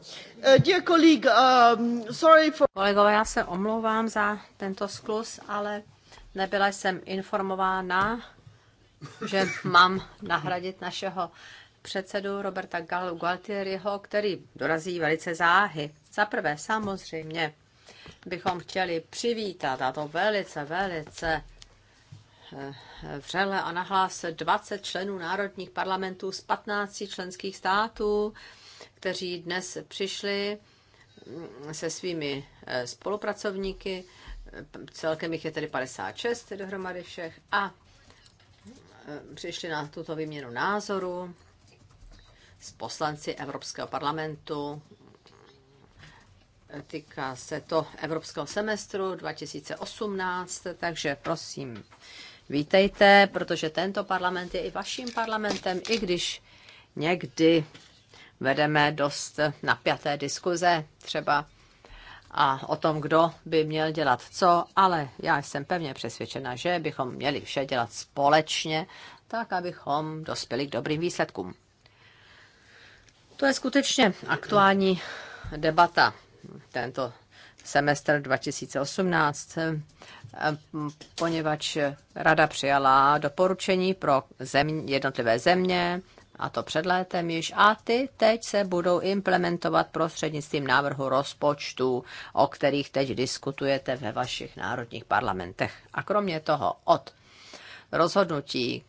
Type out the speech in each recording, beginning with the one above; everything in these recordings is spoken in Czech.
Uh, um, Kolegové, já se omlouvám za tento sklus, ale nebyla jsem informována, že mám nahradit našeho předsedu Roberta Gal Gualtieriho, který dorazí velice záhy. Za prvé, samozřejmě, bychom chtěli přivítat, a to velice, velice eh, vřele a nahlás 20 členů národních parlamentů z 15 členských států, kteří dnes přišli mm, se svými eh, spolupracovníky, eh, celkem jich je tedy 56 dohromady všech, a eh, přišli na tuto výměnu názoru s poslanci Evropského parlamentu. Týká se to Evropského semestru 2018, takže prosím, vítejte, protože tento parlament je i vaším parlamentem, i když někdy vedeme dost napjaté diskuze třeba a o tom, kdo by měl dělat co, ale já jsem pevně přesvědčena, že bychom měli vše dělat společně, tak abychom dospěli k dobrým výsledkům. To je skutečně aktuální debata. Tento semestr 2018, poněvadž rada přijala doporučení pro země, jednotlivé země a to před létem již, a ty teď se budou implementovat prostřednictvím návrhu rozpočtu, o kterých teď diskutujete ve vašich národních parlamentech. A kromě toho od rozhodnutí,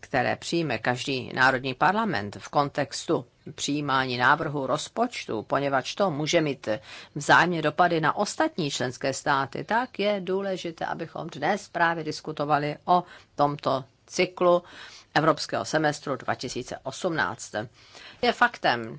které přijme každý národní parlament v kontextu přijímání návrhu rozpočtu, poněvadž to může mít vzájemně dopady na ostatní členské státy, tak je důležité, abychom dnes právě diskutovali o tomto cyklu evropského semestru 2018. Je faktem,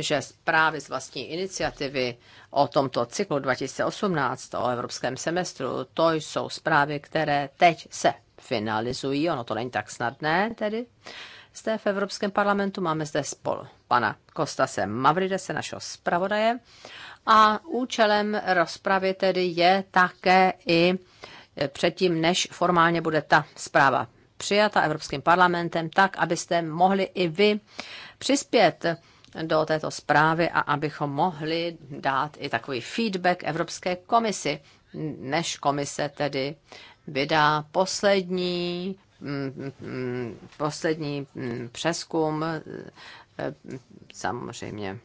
že zprávy z vlastní iniciativy o tomto cyklu 2018, o evropském semestru, to jsou zprávy, které teď se finalizují. Ono to není tak snadné tedy. Zde v Evropském parlamentu máme zde spol pana Kostase se našeho zpravodaje. A účelem rozpravy tedy je také i předtím, než formálně bude ta zpráva přijata Evropským parlamentem, tak abyste mohli i vy přispět do této zprávy a abychom mohli dát i takový feedback Evropské komisi, než komise tedy vydá poslední, mm, poslední mm, přeskum, eh, samozřejmě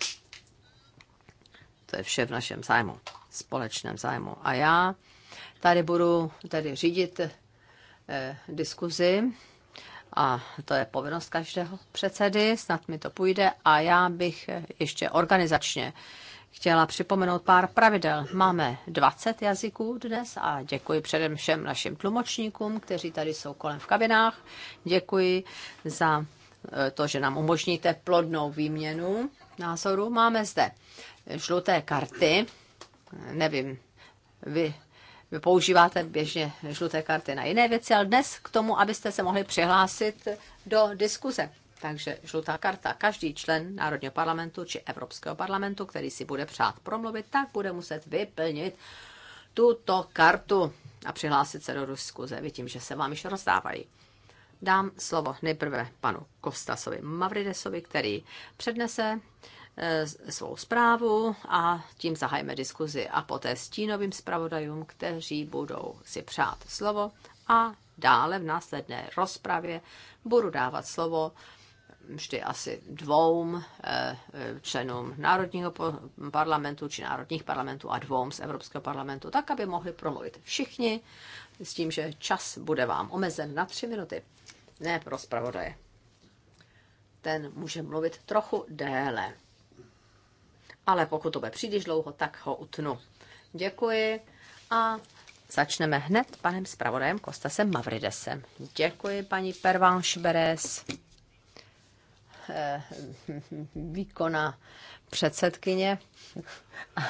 to je vše v našem zájmu, společném zájmu. A já tady budu tady řídit Eh, diskuzi a to je povinnost každého předsedy, snad mi to půjde a já bych ještě organizačně chtěla připomenout pár pravidel. Máme 20 jazyků dnes a děkuji předem všem našim tlumočníkům, kteří tady jsou kolem v kabinách. Děkuji za eh, to, že nám umožníte plodnou výměnu názorů. Máme zde žluté karty. Nevím, vy vy používáte běžně žluté karty na jiné věci, ale dnes k tomu, abyste se mohli přihlásit do diskuze. Takže žlutá karta. Každý člen Národního parlamentu či Evropského parlamentu, který si bude přát promluvit, tak bude muset vyplnit tuto kartu a přihlásit se do diskuze. Vidím, že se vám již rozdávají. Dám slovo nejprve panu Kostasovi Mavridesovi, který přednese Eh, svou zprávu a tím zahajeme diskuzi a poté stínovým zpravodajům, kteří budou si přát slovo a dále v následné rozpravě budu dávat slovo vždy asi dvou eh, členům Národního parlamentu či Národních parlamentů a dvou z Evropského parlamentu, tak, aby mohli promluvit všichni s tím, že čas bude vám omezen na tři minuty. Ne pro zpravodaje. Ten může mluvit trochu déle ale pokud to bude příliš dlouho, tak ho utnu. Děkuji a začneme hned panem zpravodajem Kostasem Mavridesem. Děkuji paní Šberes, eh, výkona předsedkyně.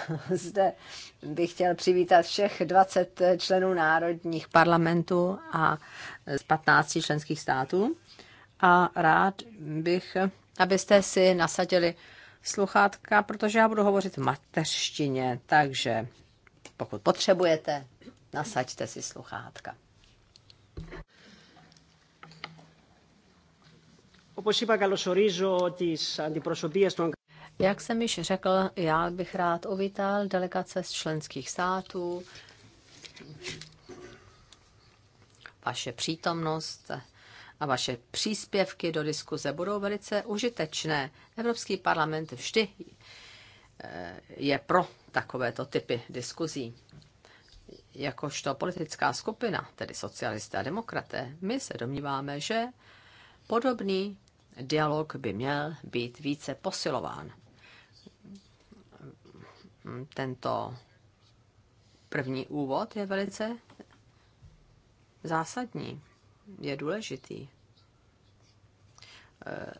Zde bych chtěl přivítat všech 20 členů národních parlamentů a z 15 členských států. A rád bych, abyste si nasadili sluchátka, protože já budu hovořit v mateřštině, takže pokud potřebujete, nasaďte si sluchátka. jak jsem již řekl, já bych rád uvítal delegace z členských států. Vaše přítomnost a vaše příspěvky do diskuze budou velice užitečné. Evropský parlament vždy eh, je pro takovéto typy diskuzí. Jakožto politická skupina, tedy socialisté a demokraté, my se domníváme, že podobný dialog by měl být více posilován. Tento první úvod je velice zásadní, je důležitý. Eh,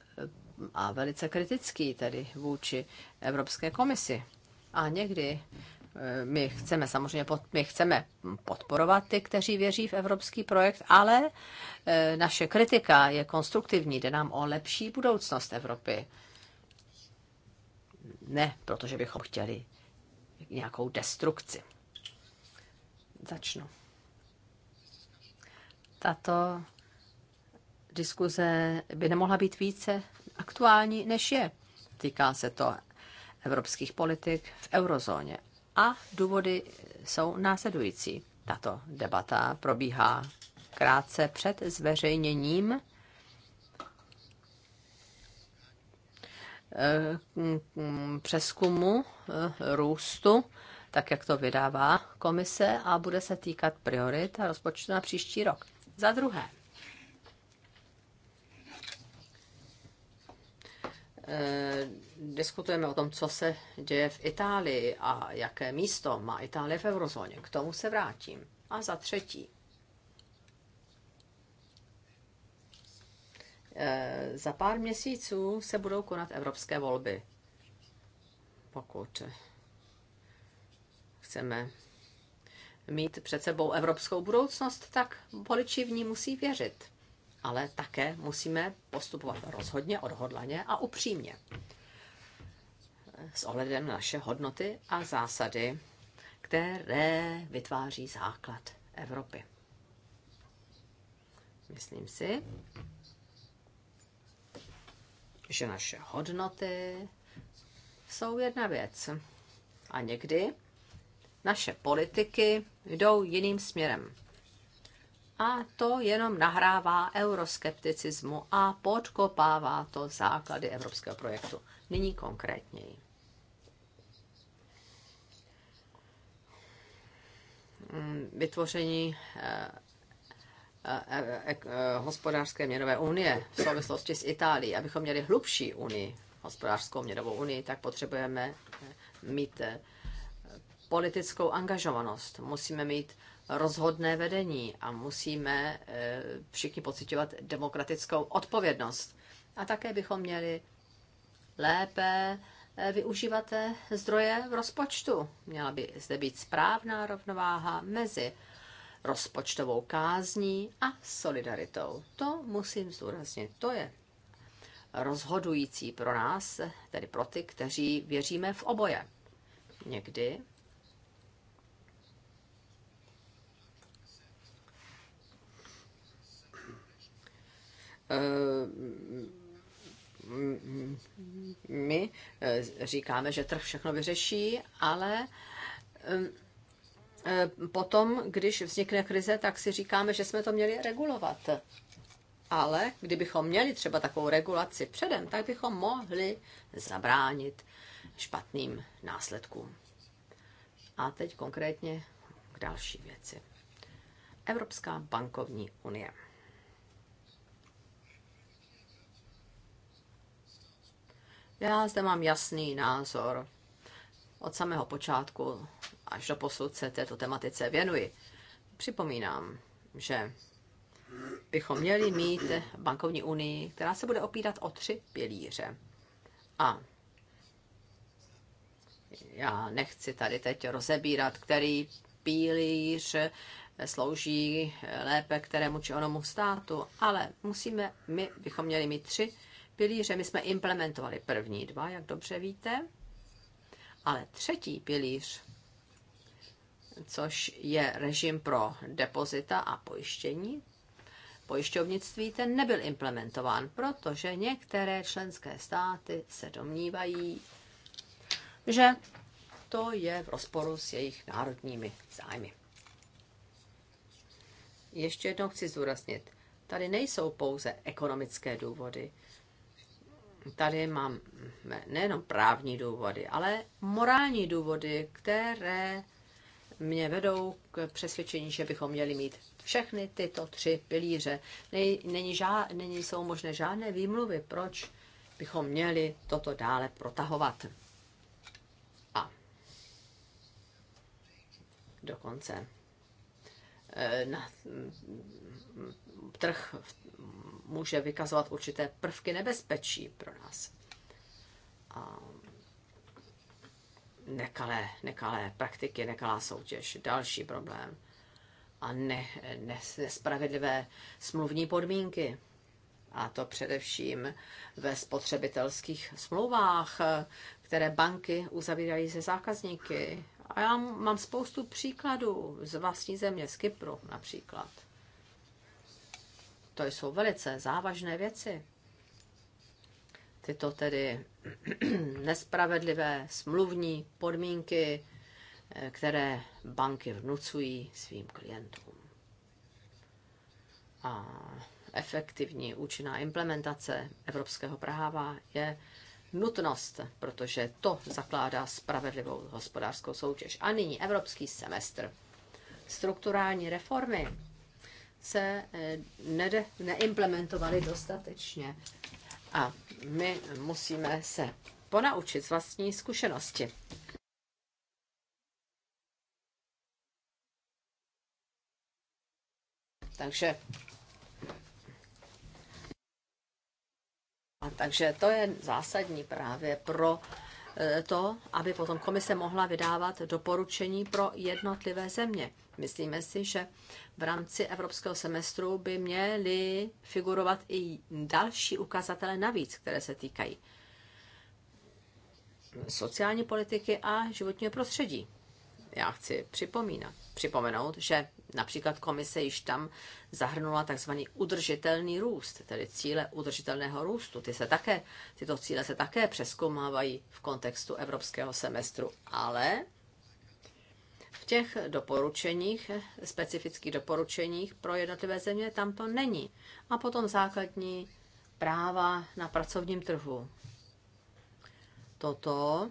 a velice kritický tedy vůči Evropské komisi. A někdy eh, my chceme samozřejmě pod, my chceme podporovat ty, kteří věří v evropský projekt, ale eh, naše kritika je konstruktivní, jde nám o lepší budoucnost Evropy. Ne, protože bychom chtěli nějakou destrukci. Začnu. Tato diskuze by nemohla být více aktuální, než je. Týká se to evropských politik v eurozóně. A důvody jsou následující. Tato debata probíhá krátce před zveřejněním eh, přeskumu eh, růstu, tak jak to vydává komise a bude se týkat priorit a rozpočtu na příští rok. Za druhé, Eh, diskutujeme o tom, co se děje v Itálii a jaké místo má Itálie v eurozóně. K tomu se vrátím. A za třetí, eh, za pár měsíců se budou konat evropské volby. Pokud chceme mít před sebou evropskou budoucnost, tak voliči v ní musí věřit ale také musíme postupovat rozhodně, odhodlaně a upřímně s ohledem na naše hodnoty a zásady, které vytváří základ Evropy. Myslím si, že naše hodnoty jsou jedna věc. A někdy naše politiky jdou jiným směrem a to jenom nahrává euroskepticismu a podkopává to základy evropského projektu. Nyní konkrétněji. Mm, vytvoření eh, eh, eh, hospodářské měnové unie v souvislosti s Itálií, abychom měli hlubší unii, hospodářskou měnovou unii, tak potřebujeme mít politickou angažovanost. Musíme mít rozhodné vedení a musíme eh, všichni pocitovat demokratickou odpovědnost. A také bychom měli lépe eh, využívat zdroje v rozpočtu. Měla by zde být správná rovnováha mezi rozpočtovou kázní a solidaritou. To musím zdůraznit. To je rozhodující pro nás, tedy pro ty, kteří věříme v oboje. Někdy Eh, my eh, říkáme, že trh všechno vyřeší, ale eh, potom, když vznikne krize, tak si říkáme, že jsme to měli regulovat. Ale kdybychom měli třeba takovou regulaci předem, tak bychom mohli zabránit špatným následkům. A teď konkrétně k další věci. Evropská bankovní unie. Já zde mám jasný názor. Od samého počátku až do posud se této tematice věnuji. Připomínám, že bychom měli mít bankovní unii, která se bude opírat o tři pilíře. A já nechci tady teď rozebírat, který pilíř slouží lépe kterému či onomu státu, ale musíme, my bychom měli mít tři pilíře. My jsme implementovali první dva, jak dobře víte, ale třetí pilíř, což je režim pro depozita a pojištění, pojišťovnictví, ten nebyl implementován, protože některé členské státy se domnívají, že to je v rozporu s jejich národními zájmy. Ještě jednou chci zdůraznit, tady nejsou pouze ekonomické důvody tady mám nejenom právní důvody, ale morální důvody, které mě vedou k přesvědčení, že bychom měli mít všechny tyto tři pilíře. Není, žád, není jsou možné žádné výmluvy, proč bychom měli toto dále protahovat. A dokonce eh, na trh může vykazovat určité prvky nebezpečí pro nás. A nekalé, nekalé praktiky, nekalá soutěž, další problém. A ne, ne, nespravedlivé smluvní podmínky. A to především ve spotřebitelských smlouvách, které banky uzavírají se zákazníky. A já mám spoustu příkladů z vlastní země, z Kypru například. To jsou velice závažné věci. Tyto tedy nespravedlivé smluvní podmínky, eh, které banky vnucují svým klientům. A efektivní účinná implementace evropského práva je nutnost, protože to zakládá spravedlivou hospodářskou soutěž. A nyní evropský semestr. Strukturální reformy se eh, nede, neimplementovaly dostatečně. A my musíme se ponaučit z vlastní zkušenosti. Takže a takže to je zásadní právě pro Eh, to, aby potom komise mohla vydávat doporučení pro jednotlivé země. Myslíme si, že v rámci evropského semestru by měly figurovat i další ukazatele navíc, které se týkají sociální politiky a životního prostředí. Já chci připomínat, připomenout, že Například komise již tam zahrnula tzv. udržitelný růst, tedy cíle udržitelného růstu. Ty se také, tyto cíle se také přeskoumávají v kontextu evropského semestru, ale v těch doporučeních, specifických doporučeních pro jednotlivé země, tam to není. A potom základní práva na pracovním trhu. Toto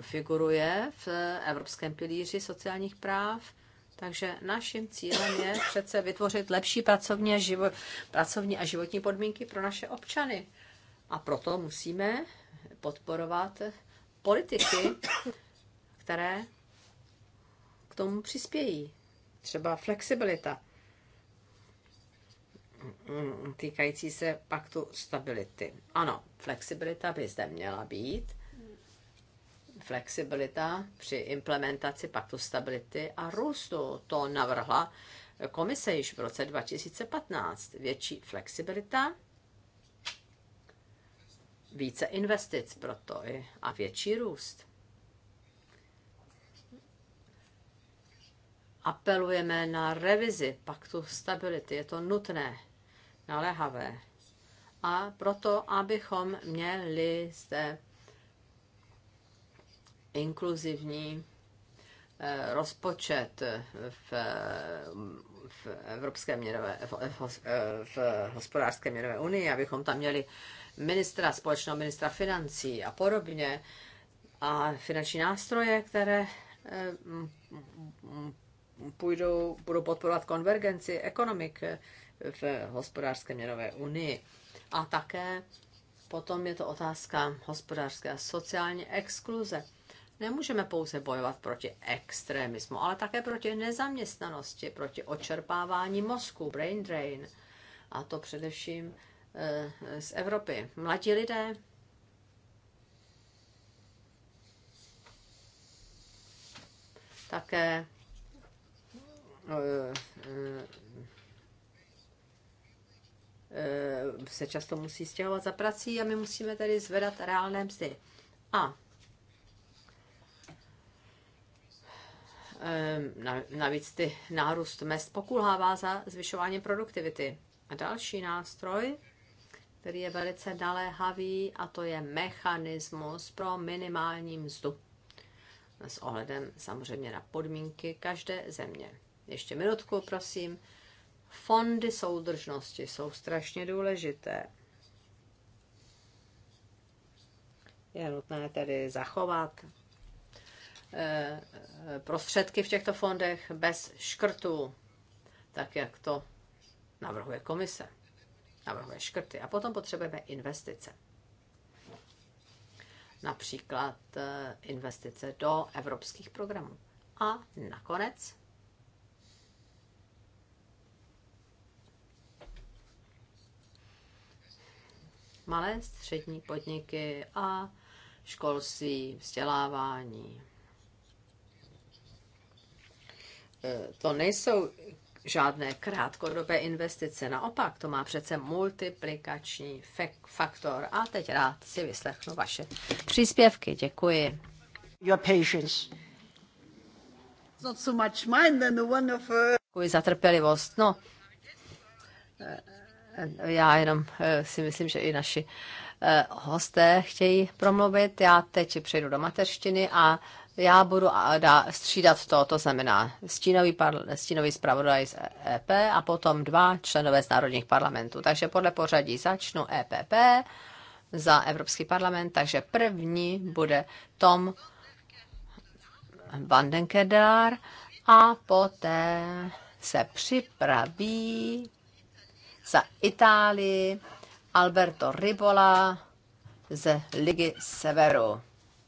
figuruje v Evropském pilíři sociálních práv. Takže naším cílem je přece vytvořit lepší pracovní a, živo, pracovní a životní podmínky pro naše občany. A proto musíme podporovat politiky, které k tomu přispějí. Třeba flexibilita týkající se paktu stability. Ano, flexibilita by zde měla být flexibilita při implementaci paktu stability a růstu. To navrhla komise již v roce 2015. Větší flexibilita, více investic proto a větší růst. Apelujeme na revizi paktu stability. Je to nutné, naléhavé. A proto, abychom měli zde inkluzivní eh, rozpočet eh, v, eh, v Evropské měnové, v, v, v hospodářské měnové unii, abychom tam měli ministra, společného ministra financí a podobně a finanční nástroje, které půjdou, budou podporovat konvergenci ekonomik v hospodářské měnové unii. A také potom je to otázka hospodářské a sociální exkluze nemůžeme pouze bojovat proti extremismu, ale také proti nezaměstnanosti, proti očerpávání mozku, brain drain. A to především eh, z Evropy. Mladí lidé také eh, eh, se často musí stěhovat za prací a my musíme tedy zvedat reálné mzdy. A Ehm, navíc ty nárůst mest pokulhává za zvyšování produktivity. A další nástroj, který je velice naléhavý, a to je mechanismus pro minimální mzdu. S ohledem samozřejmě na podmínky každé země. Ještě minutku, prosím. Fondy soudržnosti jsou strašně důležité. Je nutné tedy zachovat Eh, prostředky v těchto fondech bez škrtů, tak jak to navrhuje komise. Navrhuje škrty. A potom potřebujeme investice. Například eh, investice do evropských programů. A nakonec malé střední podniky a školství, vzdělávání. E, to nejsou žádné krátkodobé investice, naopak to má přece multiplikační faktor. A teď rád si vyslechnu vaše příspěvky. Děkuji. Your patience. Not so much mine than the one of, uh... Děkuji za trpělivost. No, e, e, já jenom si myslím, že i naši hosté chtějí promluvit. Já teď přejdu do mateřštiny a já budu dá, střídat to, to znamená stínový, parl, stínový zpravodaj z EP a potom dva členové z národních parlamentů. Takže podle pořadí začnu EPP za Evropský parlament, takže první bude Tom Vandenkedar a poté se připraví za Itálii Alberto Ribola ze Ligy Severu.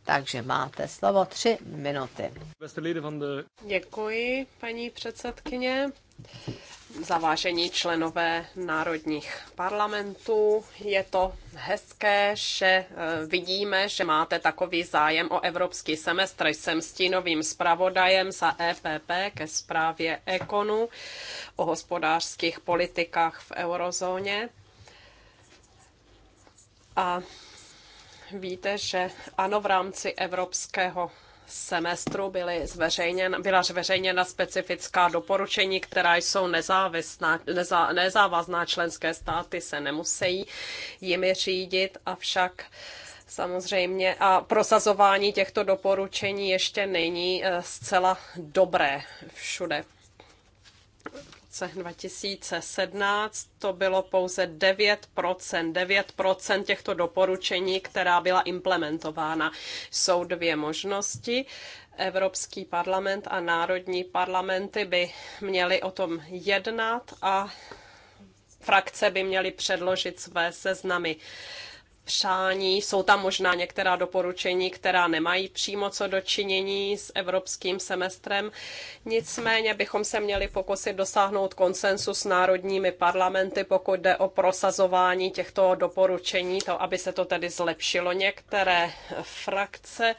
Takže máte slovo tři minuty. Děkuji, paní předsedkyně. Zavážení členové národních parlamentů. Je to hezké, že eh, vidíme, že máte takový zájem o evropský semestr. Jsem stínovým zpravodajem za EPP ke zprávě Ekonu o hospodářských politikách v eurozóně. A víte, že ano, v rámci evropského semestru byly zveřejněna, byla zveřejněna specifická doporučení, která jsou nezávisná, nezá, nezávazná. Členské státy se nemusí jimi řídit, avšak samozřejmě a prosazování těchto doporučení ještě není eh, zcela dobré všude roce 2017 to bylo pouze 9%, 9% těchto doporučení, která byla implementována. Jsou dvě možnosti. Evropský parlament a národní parlamenty by měly o tom jednat a frakce by měly předložit své seznamy přání. Jsou tam možná některá doporučení, která nemají přímo co dočinění s evropským semestrem. Nicméně bychom se měli pokusit dosáhnout konsensu s národními parlamenty, pokud jde o prosazování těchto doporučení, to, aby se to tedy zlepšilo. Některé frakce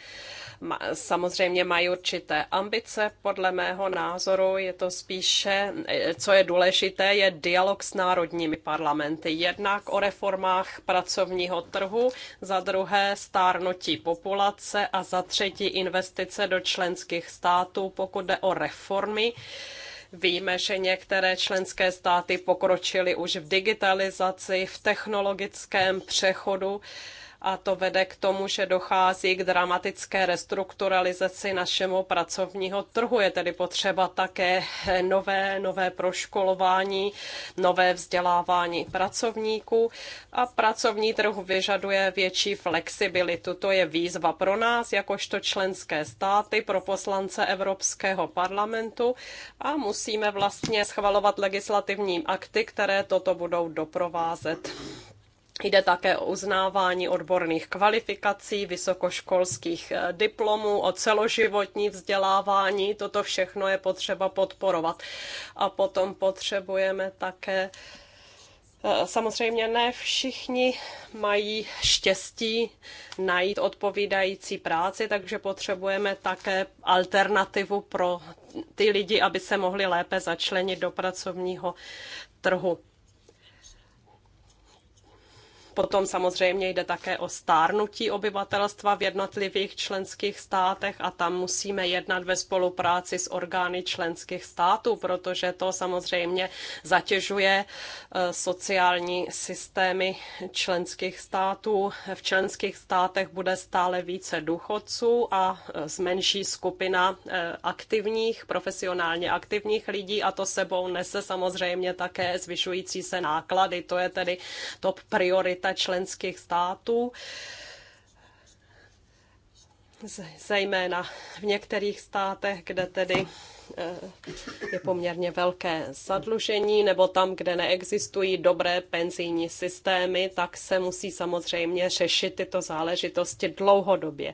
samozřejmě mají určité ambice. Podle mého názoru je to spíše, co je důležité, je dialog s národními parlamenty. Jednak o reformách pracovního trhu, za druhé stárnutí populace a za třetí investice do členských států, pokud jde o reformy. Víme, že některé členské státy pokročily už v digitalizaci, v technologickém přechodu a to vede k tomu, že dochází k dramatické restrukturalizaci našemu pracovního trhu. Je tedy potřeba také nové, nové proškolování, nové vzdělávání pracovníků a pracovní trh vyžaduje větší flexibilitu. To je výzva pro nás, jakožto členské státy, pro poslance Evropského parlamentu a musíme vlastně schvalovat legislativní akty, které toto budou doprovázet. Jde také o uznávání odborných kvalifikací, vysokoškolských eh, diplomů, o celoživotní vzdělávání. Toto všechno je potřeba podporovat. A potom potřebujeme také. Eh, samozřejmě ne všichni mají štěstí najít odpovídající práci, takže potřebujeme také alternativu pro ty lidi, aby se mohli lépe začlenit do pracovního trhu Potom samozřejmě jde také o stárnutí obyvatelstva v jednotlivých členských státech a tam musíme jednat ve spolupráci s orgány členských států, protože to samozřejmě zatěžuje eh, sociální systémy členských států. V členských státech bude stále více důchodců a eh, zmenší skupina eh, aktivních, profesionálně aktivních lidí a to sebou nese samozřejmě také zvyšující se náklady. To je tedy top priority solidarita členských států, zejména v některých státech, kde tedy eh, je poměrně velké zadlužení, nebo tam, kde neexistují dobré penzijní systémy, tak se musí samozřejmě řešit tyto záležitosti dlouhodobě.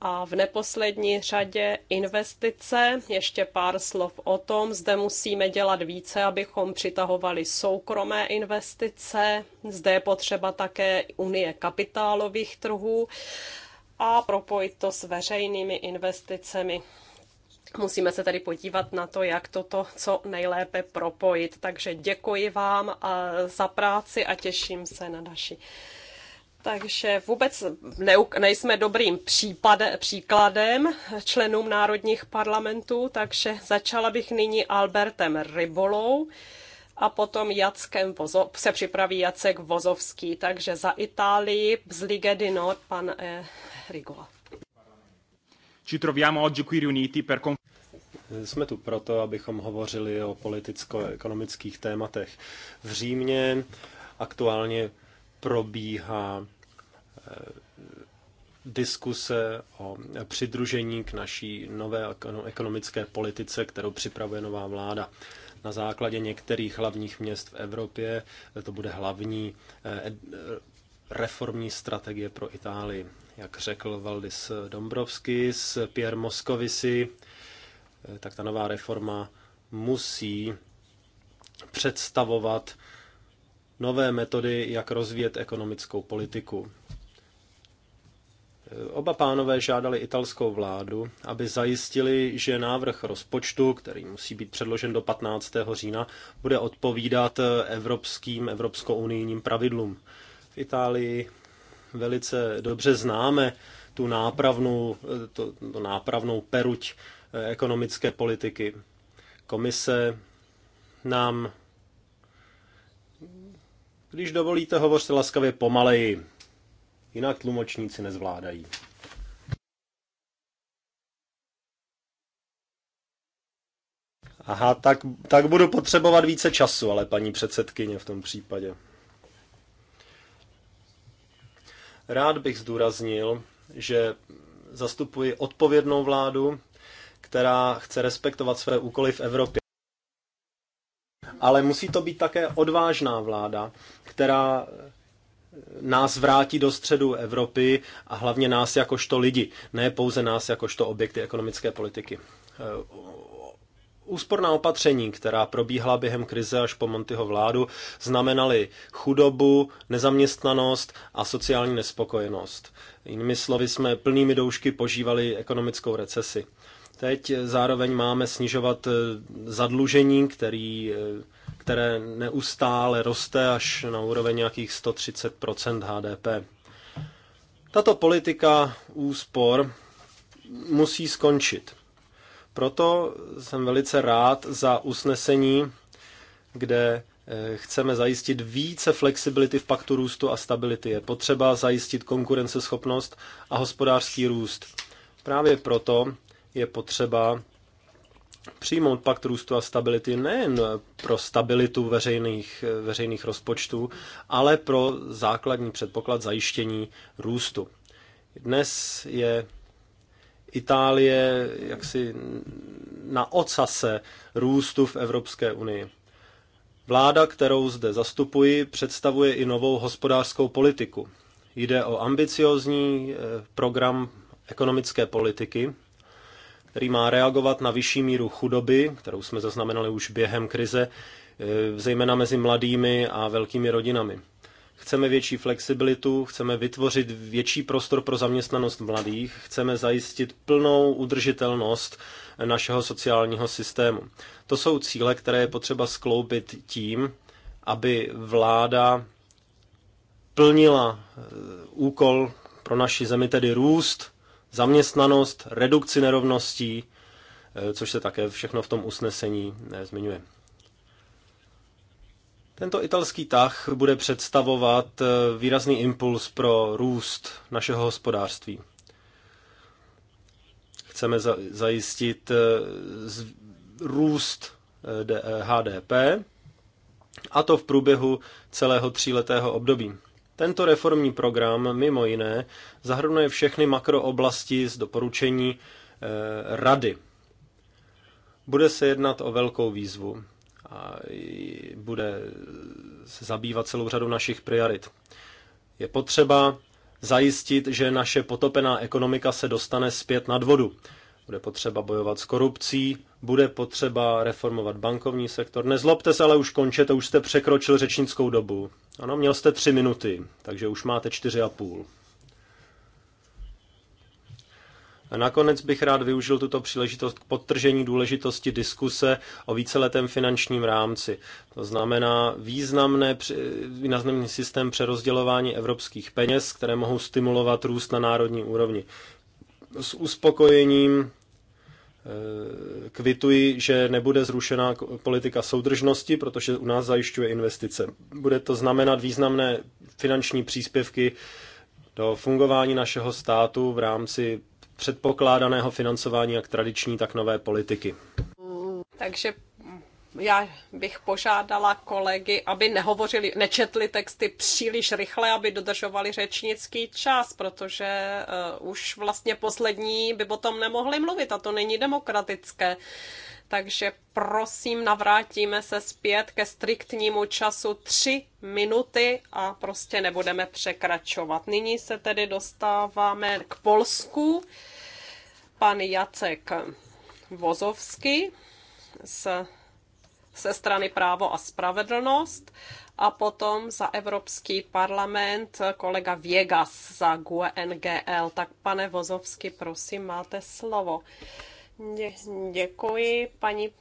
A v neposlední řadě investice. Ještě pár slov o tom. Zde musíme dělat více, abychom přitahovali soukromé investice. Zde je potřeba také unie kapitálových trhů a propojit to s veřejnými investicemi. Musíme se tedy podívat na to, jak toto co nejlépe propojit. Takže děkuji vám za práci a těším se na naši takže vůbec nejsme dobrým případe, příkladem členům národních parlamentů, takže začala bych nyní Albertem Rybolou a potom Jackem Vozo- se připraví Jacek Vozovský. Takže za Itálii z Ligue di Nord pan eh, Rigola. Ci troviamo oggi qui riuniti per jsme tu proto, abychom hovořili o politicko-ekonomických tématech. V Římě aktuálně probíhá eh, diskuse o přidružení k naší nové ekonomické politice, kterou připravuje nová vláda. Na základě některých hlavních měst v Evropě eh, to bude hlavní eh, reformní strategie pro Itálii. Jak řekl Valdis Dombrovský s Pierre Moscovici, tak ta nová reforma musí představovat nové metody, jak rozvíjet ekonomickou politiku. Oba pánové žádali italskou vládu, aby zajistili, že návrh rozpočtu, který musí být předložen do 15. října, bude odpovídat evropským, unijním pravidlům. V Itálii velice dobře známe tu nápravnou, to, to nápravnou peruť ekonomické politiky. Komise nám když dovolíte, hovořte laskavě pomaleji. Jinak tlumočníci nezvládají. Aha, tak, tak budu potřebovat více času, ale paní předsedkyně v tom případě. Rád bych zdůraznil, že zastupuji odpovědnou vládu, která chce respektovat své úkoly v Evropě ale musí to být také odvážná vláda, která nás vrátí do středu Evropy a hlavně nás jakožto lidi, ne pouze nás jakožto objekty ekonomické politiky. E, úsporná opatření, která probíhala během krize až po Montyho vládu, znamenaly chudobu, nezaměstnanost a sociální nespokojenost. Jinými slovy jsme plnými doušky požívali ekonomickou recesi. Teď zároveň máme snižovat eh, zadlužení, který, eh, které neustále roste až na úroveň nějakých 130 HDP. Tato politika úspor musí skončit. Proto jsem velice rád za usnesení, kde eh, chceme zajistit více flexibility v paktu růstu a stability. Je potřeba zajistit konkurenceschopnost a hospodářský růst. Právě proto je potřeba přijmout pakt růstu a stability nejen pro stabilitu veřejných, veřejných rozpočtů, ale pro základní předpoklad zajištění růstu. Dnes je Itálie jaksi na ocase růstu v Evropské unii. Vláda, kterou zde zastupuji, představuje i novou hospodářskou politiku. Jde o ambiciozní eh, program ekonomické politiky, který má reagovat na vyšší míru chudoby, kterou jsme zaznamenali už během krize, e, zejména mezi mladými a velkými rodinami. Chceme větší flexibilitu, chceme vytvořit větší prostor pro zaměstnanost mladých, chceme zajistit plnou udržitelnost našeho sociálního systému. To jsou cíle, které je potřeba skloubit tím, aby vláda plnila e, úkol pro naši zemi, tedy růst, zaměstnanost, redukci nerovností, eh, což se také všechno v tom usnesení eh, zmiňuje. Tento italský tah bude představovat eh, výrazný impuls pro růst našeho hospodářství. Chceme zajistit růst HDP, a to v průběhu celého tříletého období. Tento reformní program mimo jiné zahrnuje všechny makrooblasti z doporučení eh, rady. Bude se jednat o velkou výzvu a bude se zabývat celou řadu našich priorit. Je potřeba zajistit, že naše potopená ekonomika se dostane zpět nad vodu. Bude potřeba bojovat s korupcí, bude potřeba reformovat bankovní sektor. Nezlobte se, ale už končete, už jste překročil řečnickou dobu. Ano, měl jste tři minuty, takže už máte čtyři a půl. A nakonec bych rád využil tuto příležitost k podtržení důležitosti diskuse o víceletém finančním rámci. To znamená významné, významný systém přerozdělování evropských peněz, které mohou stimulovat růst na národní úrovni s uspokojením e, kvituji, že nebude zrušena politika soudržnosti, protože u nás zajišťuje investice. Bude to znamenat významné finanční příspěvky do fungování našeho státu v rámci předpokládaného financování jak tradiční, tak nové politiky. Takže já bych požádala kolegy, aby nehovořili, nečetli texty příliš rychle, aby dodržovali řečnický čas, protože uh, už vlastně poslední by potom nemohli mluvit a to není demokratické. Takže prosím, navrátíme se zpět ke striktnímu času tři minuty a prostě nebudeme překračovat. Nyní se tedy dostáváme k Polsku. Pan Jacek Vozovský z ze strany právo a spravedlnost a potom za Evropský parlament kolega Viegas za GUE Tak pane Vozovsky, prosím, máte slovo. děkuji, paní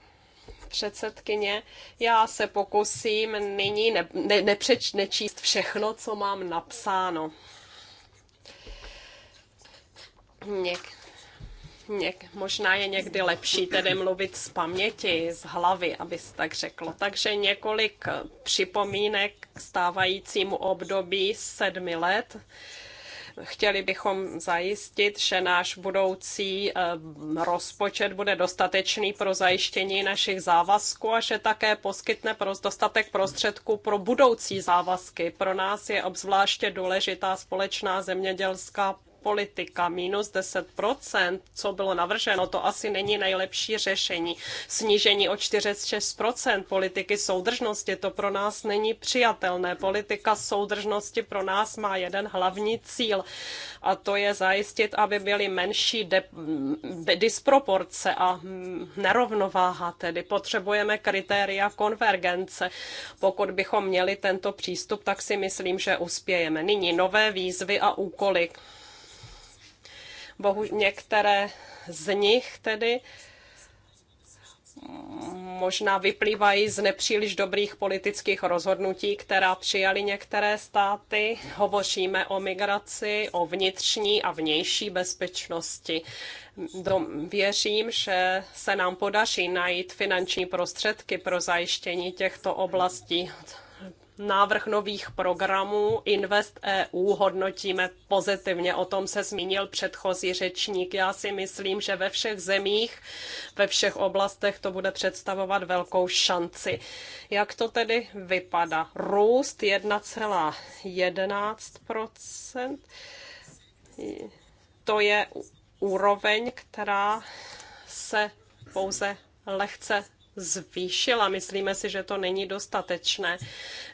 předsedkyně. Já se pokusím nyní ne, ne, nepřeč, nečíst všechno, co mám napsáno. Děkuji. Něk, možná je někdy lepší tedy mluvit z paměti, z hlavy, aby se tak řeklo. Takže několik připomínek k stávajícímu období sedmi let. Chtěli bychom zajistit, že náš budoucí eh, rozpočet bude dostatečný pro zajištění našich závazků a že také poskytne dostatek prostředků pro budoucí závazky. Pro nás je obzvláště důležitá společná zemědělská politika minus 10%, co bylo navrženo, to asi není nejlepší řešení. Snížení o 46% politiky soudržnosti, to pro nás není přijatelné. Politika soudržnosti pro nás má jeden hlavní cíl a to je zajistit, aby byly menší de- disproporce a nerovnováha. Tedy potřebujeme kritéria konvergence. Pokud bychom měli tento přístup, tak si myslím, že uspějeme. Nyní nové výzvy a úkoly Bohu, některé z nich tedy možná vyplývají z nepříliš dobrých politických rozhodnutí, která přijaly některé státy. Hovoříme o migraci, o vnitřní a vnější bezpečnosti. Věřím, že se nám podaří najít finanční prostředky pro zajištění těchto oblastí návrh nových programů Invest EU hodnotíme pozitivně. O tom se zmínil předchozí řečník. Já si myslím, že ve všech zemích, ve všech oblastech to bude představovat velkou šanci. Jak to tedy vypadá? Růst 1,11%. To je úroveň, která se pouze lehce zvýšila. Myslíme si, že to není dostatečné.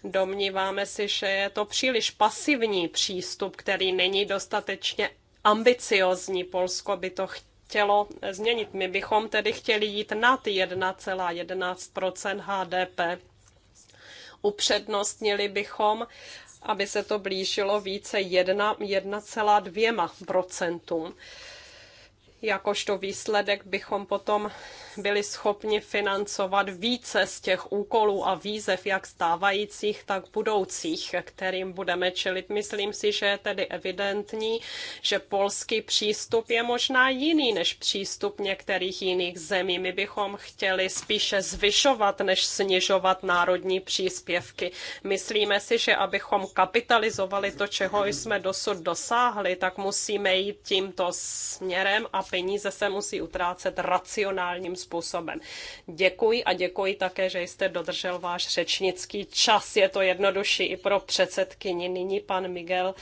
Domníváme si, že je to příliš pasivní přístup, který není dostatečně ambiciozní. Polsko by to chtělo chtělo změnit. My bychom tedy chtěli jít nad 1,11 HDP. Upřednostnili bychom, aby se to blížilo více 1,2 procentům jakožto výsledek bychom potom byli schopni financovat více z těch úkolů a výzev, jak stávajících, tak budoucích, kterým budeme čelit. Myslím si, že je tedy evidentní, že polský přístup je možná jiný než přístup některých jiných zemí. My bychom chtěli spíše zvyšovat, než snižovat národní příspěvky. Myslíme si, že abychom kapitalizovali to, čeho jsme dosud dosáhli, tak musíme jít tímto směrem a peníze se musí utrácet racionálním způsobem. Děkuji a děkuji také, že jste dodržel váš řečnický čas. Je to jednodušší i pro předsedkyni. Nyní pan Miguel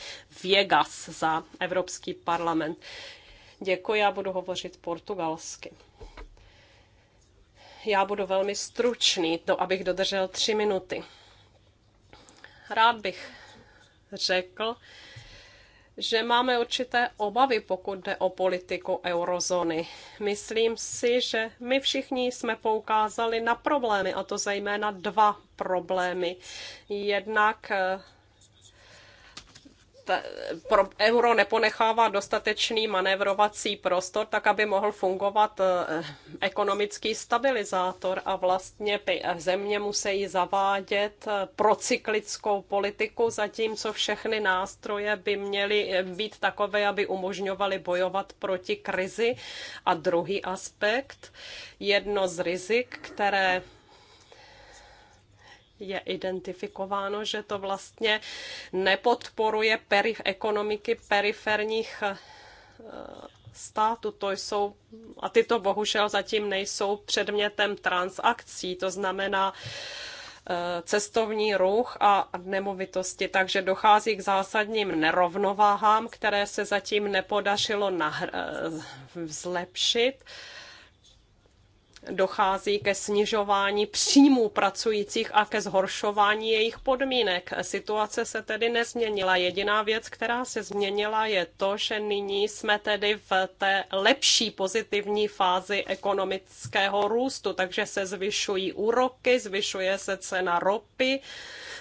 Viegas za Evropský parlament. Děkuji, já budu hovořit portugalsky já budu velmi stručný, to abych dodržel tři minuty. Rád bych řekl, že máme určité obavy, pokud jde o politiku eurozóny. Myslím si, že my všichni jsme poukázali na problémy, a to zejména dva problémy. Jednak eh, ta, pro euro neponechává dostatečný manévrovací prostor, tak aby mohl fungovat eh, ekonomický stabilizátor a vlastně země musí zavádět eh, procyklickou politiku, zatímco všechny nástroje by měly eh, být takové, aby umožňovaly bojovat proti krizi. A druhý aspekt, jedno z rizik, které je identifikováno, že to vlastně nepodporuje perif- ekonomiky periferních eh, státu. To jsou, a tyto bohužel zatím nejsou předmětem transakcí, to znamená eh, cestovní ruch a nemovitosti, takže dochází k zásadním nerovnováhám, které se zatím nepodařilo eh, zlepšit dochází ke snižování příjmů pracujících a ke zhoršování jejich podmínek. Situace se tedy nezměnila. Jediná věc, která se změnila, je to, že nyní jsme tedy v té lepší pozitivní fázi ekonomického růstu, takže se zvyšují úroky, zvyšuje se cena ropy,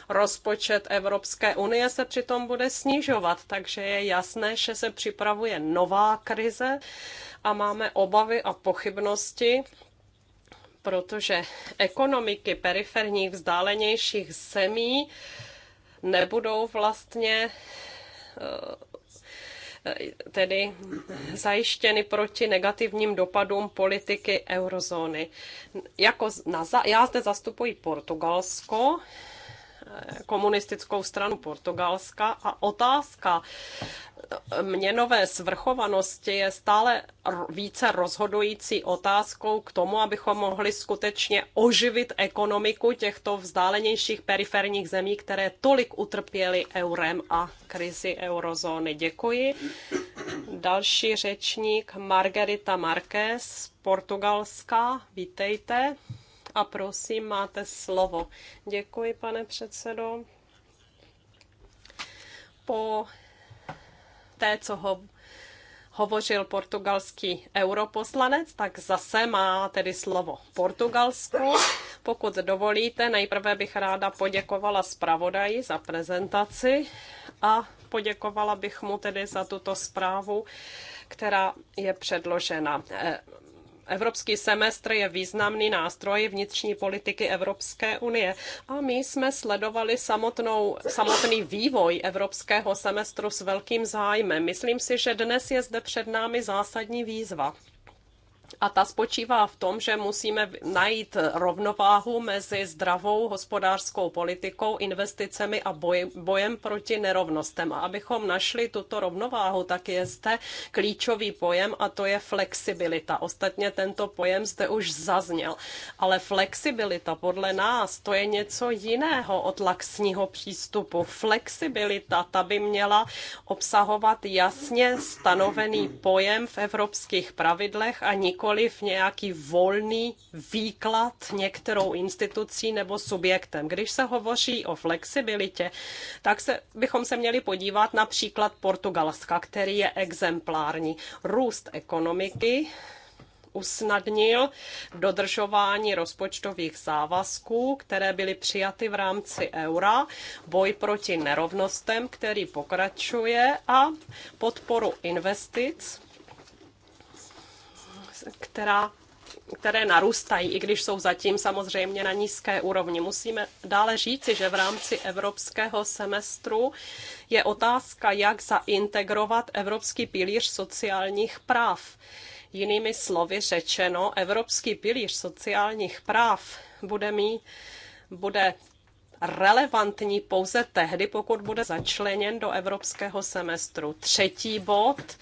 rozpočet Evropské unie se přitom bude snižovat, takže je jasné, že se připravuje nová krize a máme obavy a pochybnosti, protože ekonomiky periferních vzdálenějších zemí nebudou vlastně eh, tedy zajištěny proti negativním dopadům politiky eurozóny. Jako na, já zde zastupuji Portugalsko, komunistickou stranu Portugalska a otázka měnové svrchovanosti je stále více rozhodující otázkou k tomu, abychom mohli skutečně oživit ekonomiku těchto vzdálenějších periferních zemí, které tolik utrpěly eurem a krizi eurozóny. Děkuji. Další řečník Margarita Marques z Portugalska. Vítejte a prosím, máte slovo. Děkuji, pane předsedo. Po té, co ho hovořil portugalský europoslanec, tak zase má tedy slovo Portugalsku, Pokud dovolíte, nejprve bych ráda poděkovala zpravodaji za prezentaci a poděkovala bych mu tedy za tuto zprávu, která je předložena. Evropský semestr je významný nástroj vnitřní politiky Evropské unie a my jsme sledovali samotnou, samotný vývoj evropského semestru s velkým zájmem. Myslím si, že dnes je zde před námi zásadní výzva a ta spočívá v tom, že musíme najít rovnováhu mezi zdravou hospodářskou politikou, investicemi a bojem, bojem proti nerovnostem. A abychom našli tuto rovnováhu, tak je zde klíčový pojem a to je flexibilita. Ostatně tento pojem zde už zazněl. Ale flexibilita podle nás to je něco jiného od laxního přístupu. Flexibilita ta by měla obsahovat jasně stanovený pojem v evropských pravidlech a nikdy nikoliv nějaký volný výklad některou institucí nebo subjektem. Když se hovoří o flexibilitě, tak se, bychom se měli podívat na příklad Portugalska, který je exemplární. Růst ekonomiky usnadnil dodržování rozpočtových závazků, které byly přijaty v rámci eura, boj proti nerovnostem, který pokračuje a podporu investic která které narůstají, i když jsou zatím samozřejmě na nízké úrovni. Musíme dále říci, že v rámci evropského semestru je otázka, jak zaintegrovat evropský pilíř sociálních práv. Jinými slovy řečeno, evropský pilíř sociálních práv bude mít bude relevantní pouze tehdy, pokud bude začleněn do evropského semestru. Třetí bod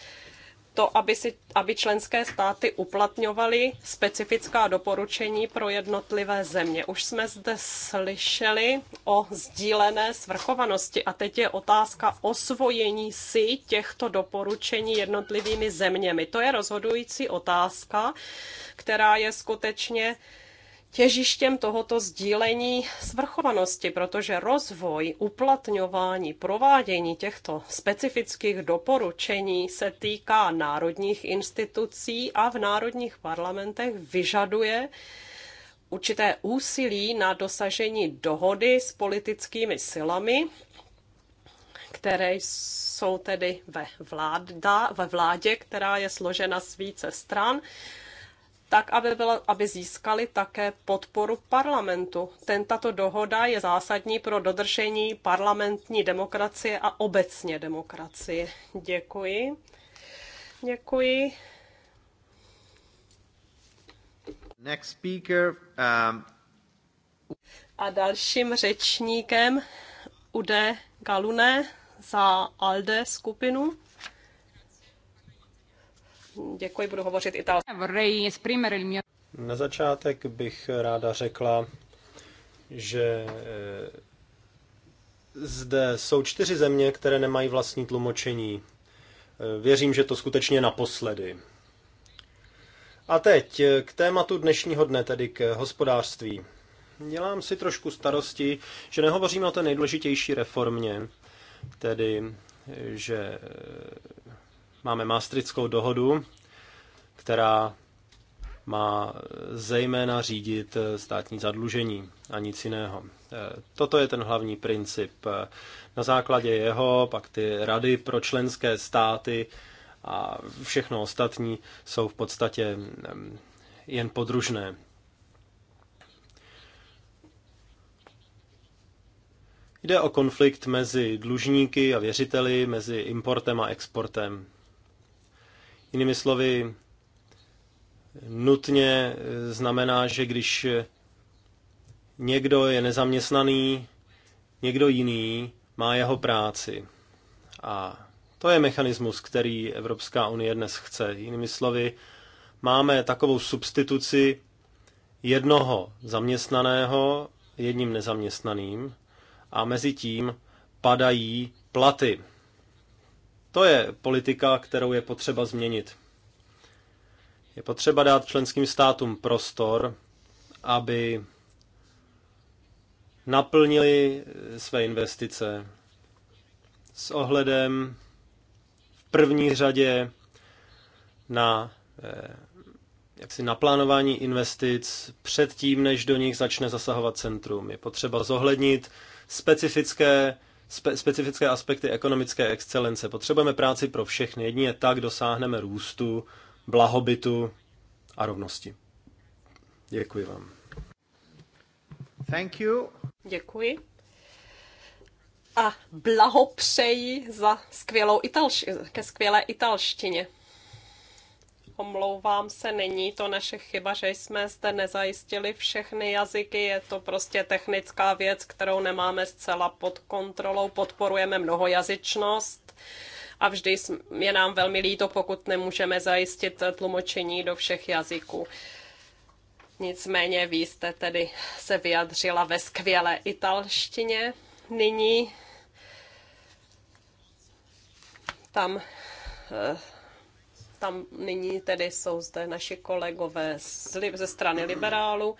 to, aby, si, aby členské státy uplatňovaly specifická doporučení pro jednotlivé země. Už jsme zde slyšeli o sdílené svrchovanosti a teď je otázka osvojení si těchto doporučení jednotlivými zeměmi. To je rozhodující otázka, která je skutečně těžištěm tohoto sdílení svrchovanosti, protože rozvoj, uplatňování, provádění těchto specifických doporučení se týká národních institucí a v národních parlamentech vyžaduje určité úsilí na dosažení dohody s politickými silami, které jsou tedy ve, vláda, ve vládě, která je složena z více stran, tak aby, byla, aby získali také podporu parlamentu. Ten, tato dohoda je zásadní pro dodržení parlamentní demokracie a obecně demokracie. Děkuji. Děkuji. Next speaker, um... A dalším řečníkem Ude Galune za ALDE skupinu. Děkuji, budu hovořit italsky. Na začátek bych ráda řekla, že e, zde jsou čtyři země, které nemají vlastní tlumočení. E, věřím, že to skutečně naposledy. A teď e, k tématu dnešního dne, tedy k hospodářství. Dělám si trošku starosti, že nehovoříme o té nejdůležitější reformě, tedy že Máme Maastrichtskou dohodu, která má zejména řídit státní zadlužení a nic jiného. E, toto je ten hlavní princip. E, na základě jeho pak ty rady pro členské státy a všechno ostatní jsou v podstatě jen podružné. Jde o konflikt mezi dlužníky a věřiteli, mezi importem a exportem. Jinými slovy, nutně znamená, že když někdo je nezaměstnaný, někdo jiný má jeho práci. A to je mechanismus, který Evropská unie dnes chce. Jinými slovy, máme takovou substituci jednoho zaměstnaného jedním nezaměstnaným a mezi tím padají platy. To je politika, kterou je potřeba změnit. Je potřeba dát členským státům prostor, aby naplnili své investice s ohledem v první řadě na eh, jaksi naplánování investic předtím, než do nich začne zasahovat centrum. Je potřeba zohlednit specifické spe- specifické aspekty ekonomické excelence. Potřebujeme práci pro všechny. Jedině tak dosáhneme růstu, blahobytu a rovnosti. Děkuji vám. Thank you. Děkuji. A blahopřeji za skvělou italš- ke skvělé italštině. Omlouvám se, není to naše chyba, že jsme zde nezajistili všechny jazyky, je to prostě technická věc, kterou nemáme zcela pod kontrolou, podporujeme mnohojazyčnost a vždy je nám velmi líto, pokud nemůžeme zajistit tlumočení do všech jazyků. Nicméně vy jste tedy se vyjadřila ve skvělé italštině. Nyní tam eh, tam nyní tedy jsou zde naši kolegové ze strany liberálu.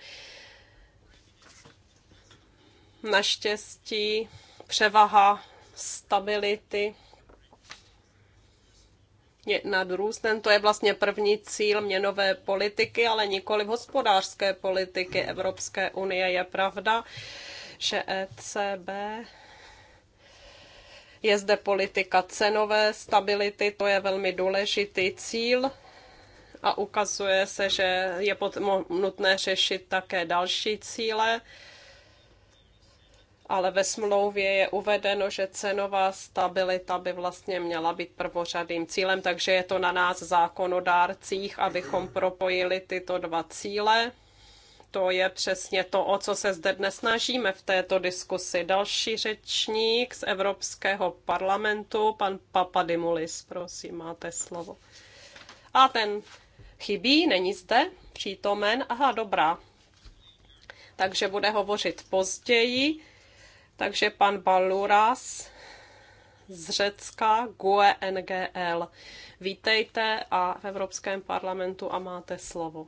Naštěstí převaha stability je nad růstem. To je vlastně první cíl měnové politiky, ale nikoli v hospodářské politiky Evropské unie. Je pravda, že ECB je zde politika cenové stability, to je velmi důležitý cíl a ukazuje se, že je nutné řešit také další cíle ale ve smlouvě je uvedeno, že cenová stabilita by vlastně měla být prvořadým cílem, takže je to na nás zákonodárcích, abychom propojili tyto dva cíle to je přesně to, o co se zde dnes snažíme v této diskusi. Další řečník z Evropského parlamentu, pan Papadimulis, prosím, máte slovo. A ten chybí, není zde přítomen. Aha, dobrá. Takže bude hovořit později. Takže pan Baluras z Řecka, GUE NGL. Vítejte a v Evropském parlamentu a máte slovo.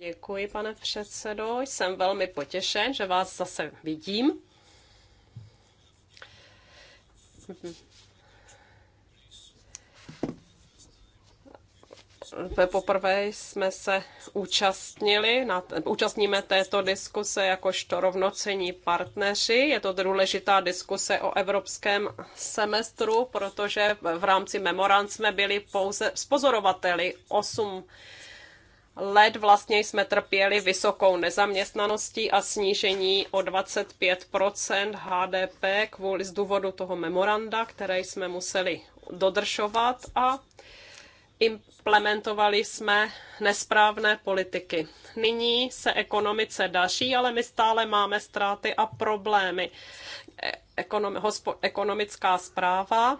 Děkuji, pane předsedo. Jsem velmi potěšen, že vás zase vidím. poprvé jsme se účastnili, na, účastníme této diskuse jakožto rovnocení partneři. Je to důležitá diskuse o evropském semestru, protože v rámci memorand jsme byli pouze spozorovateli 8 let vlastně jsme trpěli vysokou nezaměstnaností a snížení o 25 HDP kvůli z důvodu toho memoranda, které jsme museli dodržovat a Implementovali jsme nesprávné politiky. Nyní se ekonomice daří, ale my stále máme ztráty a problémy. Ekonom, hospo, ekonomická zpráva,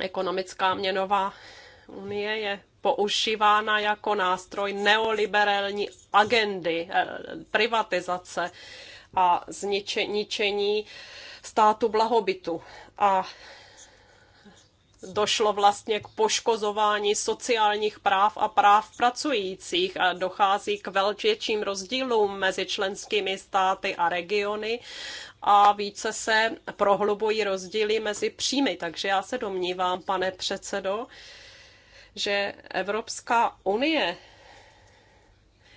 ekonomická měnová unie je používána jako nástroj neoliberální agendy, eh, privatizace a zničení státu blahobytu. A došlo vlastně k poškozování sociálních práv a práv pracujících a dochází k velčětším rozdílům mezi členskými státy a regiony a více se prohlubují rozdíly mezi příjmy. Takže já se domnívám, pane předsedo, že Evropská unie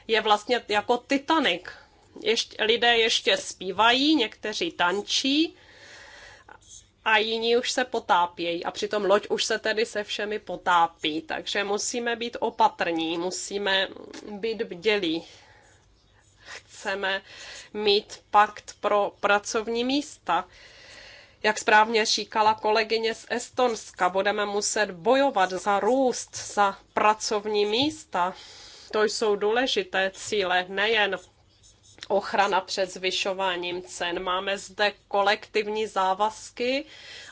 je vlastně jako Titanic. Ještě, lidé ještě zpívají, někteří tančí, a jiní už se potápějí a přitom loď už se tedy se všemi potápí, takže musíme být opatrní, musíme být bdělí. Chceme mít pakt pro pracovní místa. Jak správně říkala kolegyně z Estonska, budeme muset bojovat za růst, za pracovní místa. To jsou důležité cíle nejen ochrana před zvyšováním cen. Máme zde kolektivní závazky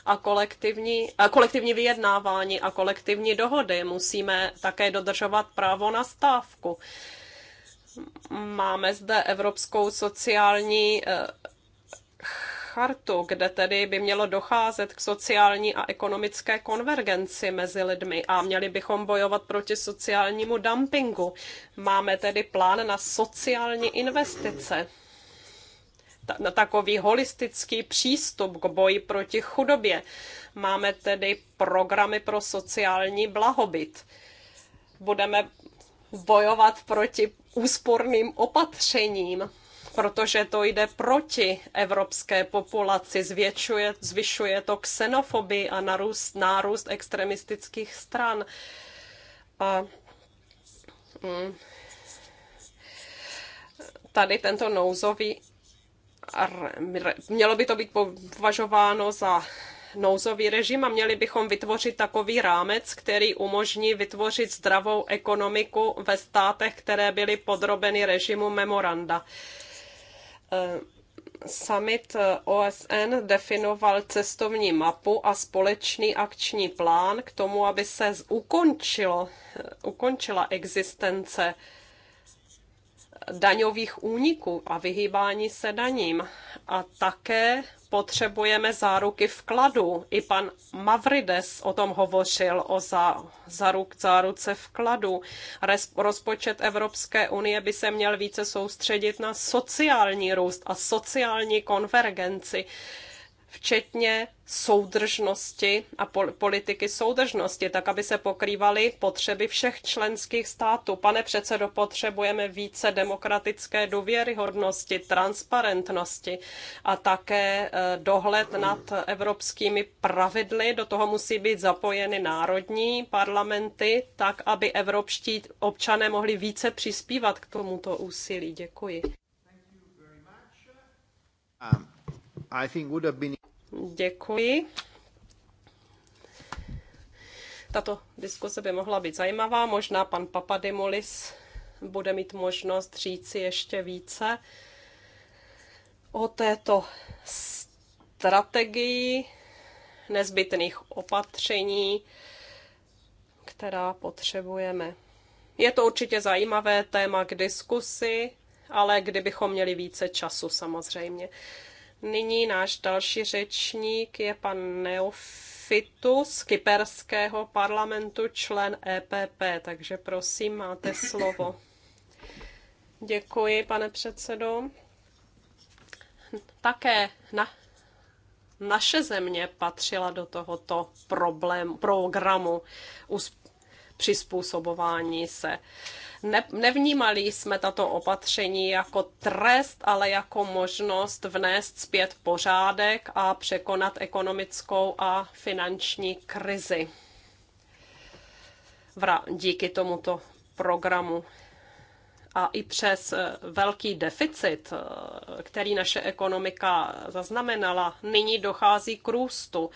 a kolektivní, a kolektivní vyjednávání a kolektivní dohody. Musíme také dodržovat právo na stávku. Máme zde Evropskou sociální eh, chartu, kde tedy by mělo docházet k sociální a ekonomické konvergenci mezi lidmi a měli bychom bojovat proti sociálnímu dumpingu. Máme tedy plán na sociální investice na takový holistický přístup k boji proti chudobě. Máme tedy programy pro sociální blahobyt. Budeme bojovat proti úsporným opatřením protože to jde proti evropské populaci, zvětšuje, zvyšuje to xenofobii a narůst, nárůst extremistických stran. A, mm, tady tento nouzový mělo by to být považováno za nouzový režim a měli bychom vytvořit takový rámec, který umožní vytvořit zdravou ekonomiku ve státech, které byly podrobeny režimu memoranda. Uh, Eh, summit eh, OSN definoval cestovní mapu a společný akční plán k tomu, aby se ukončil, eh, ukončila existence daňových úniků a vyhýbání se daním. A také potřebujeme záruky vkladu. I pan Mavrides o tom hovořil, o záruce vkladu. Res, rozpočet Evropské unie by se měl více soustředit na sociální růst a sociální konvergenci včetně soudržnosti a politiky soudržnosti, tak aby se pokrývaly potřeby všech členských států. Pane předsedo, potřebujeme více demokratické důvěryhodnosti, transparentnosti a také e, dohled nad evropskými pravidly. Do toho musí být zapojeny národní parlamenty, tak aby evropští občané mohli více přispívat k tomuto úsilí. Děkuji. Um. Děkuji. Tato diskuse by mohla být zajímavá. Možná pan Papadimolis bude mít možnost říci ještě více o této strategii nezbytných opatření, která potřebujeme. Je to určitě zajímavé téma k diskusi, ale kdybychom měli více času samozřejmě. Nyní náš další řečník je pan Neofitus z Kyperského parlamentu, člen EPP, takže prosím, máte slovo. Děkuji, pane předsedo. Také na, naše země patřila do tohoto problém, programu přizpůsobování se. Uh, ne, nevnímali jsme tato opatření jako trest, ale jako možnost vnést zpět pořádek a překonat ekonomickou a finanční krizi. Vra, díky tomuto programu a i přes eh, velký deficit, eh, který naše ekonomika zaznamenala, nyní dochází k růstu.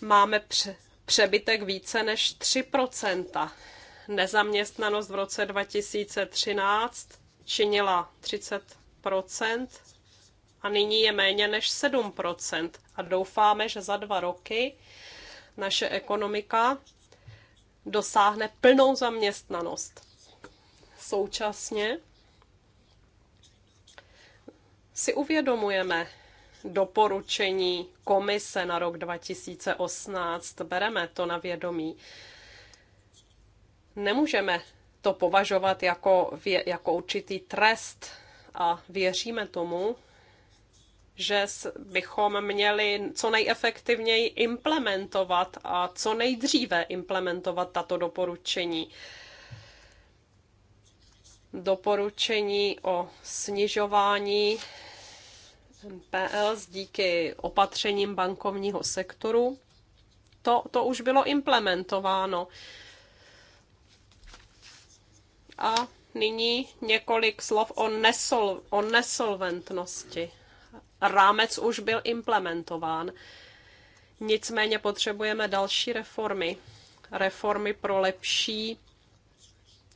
Máme přebytek více než 3 Nezaměstnanost v roce 2013 činila 30 a nyní je méně než 7 A doufáme, že za dva roky naše ekonomika dosáhne plnou zaměstnanost. Současně si uvědomujeme doporučení komise na rok 2018, bereme to na vědomí. Nemůžeme to považovat jako, jako určitý trest a věříme tomu, že bychom měli co nejefektivněji implementovat a co nejdříve implementovat tato doporučení. Doporučení o snižování NPL díky opatřením bankovního sektoru. To, to už bylo implementováno. A nyní několik slov o, nesol, o nesolventnosti. Rámec už byl implementován. Nicméně potřebujeme další reformy. Reformy pro lepší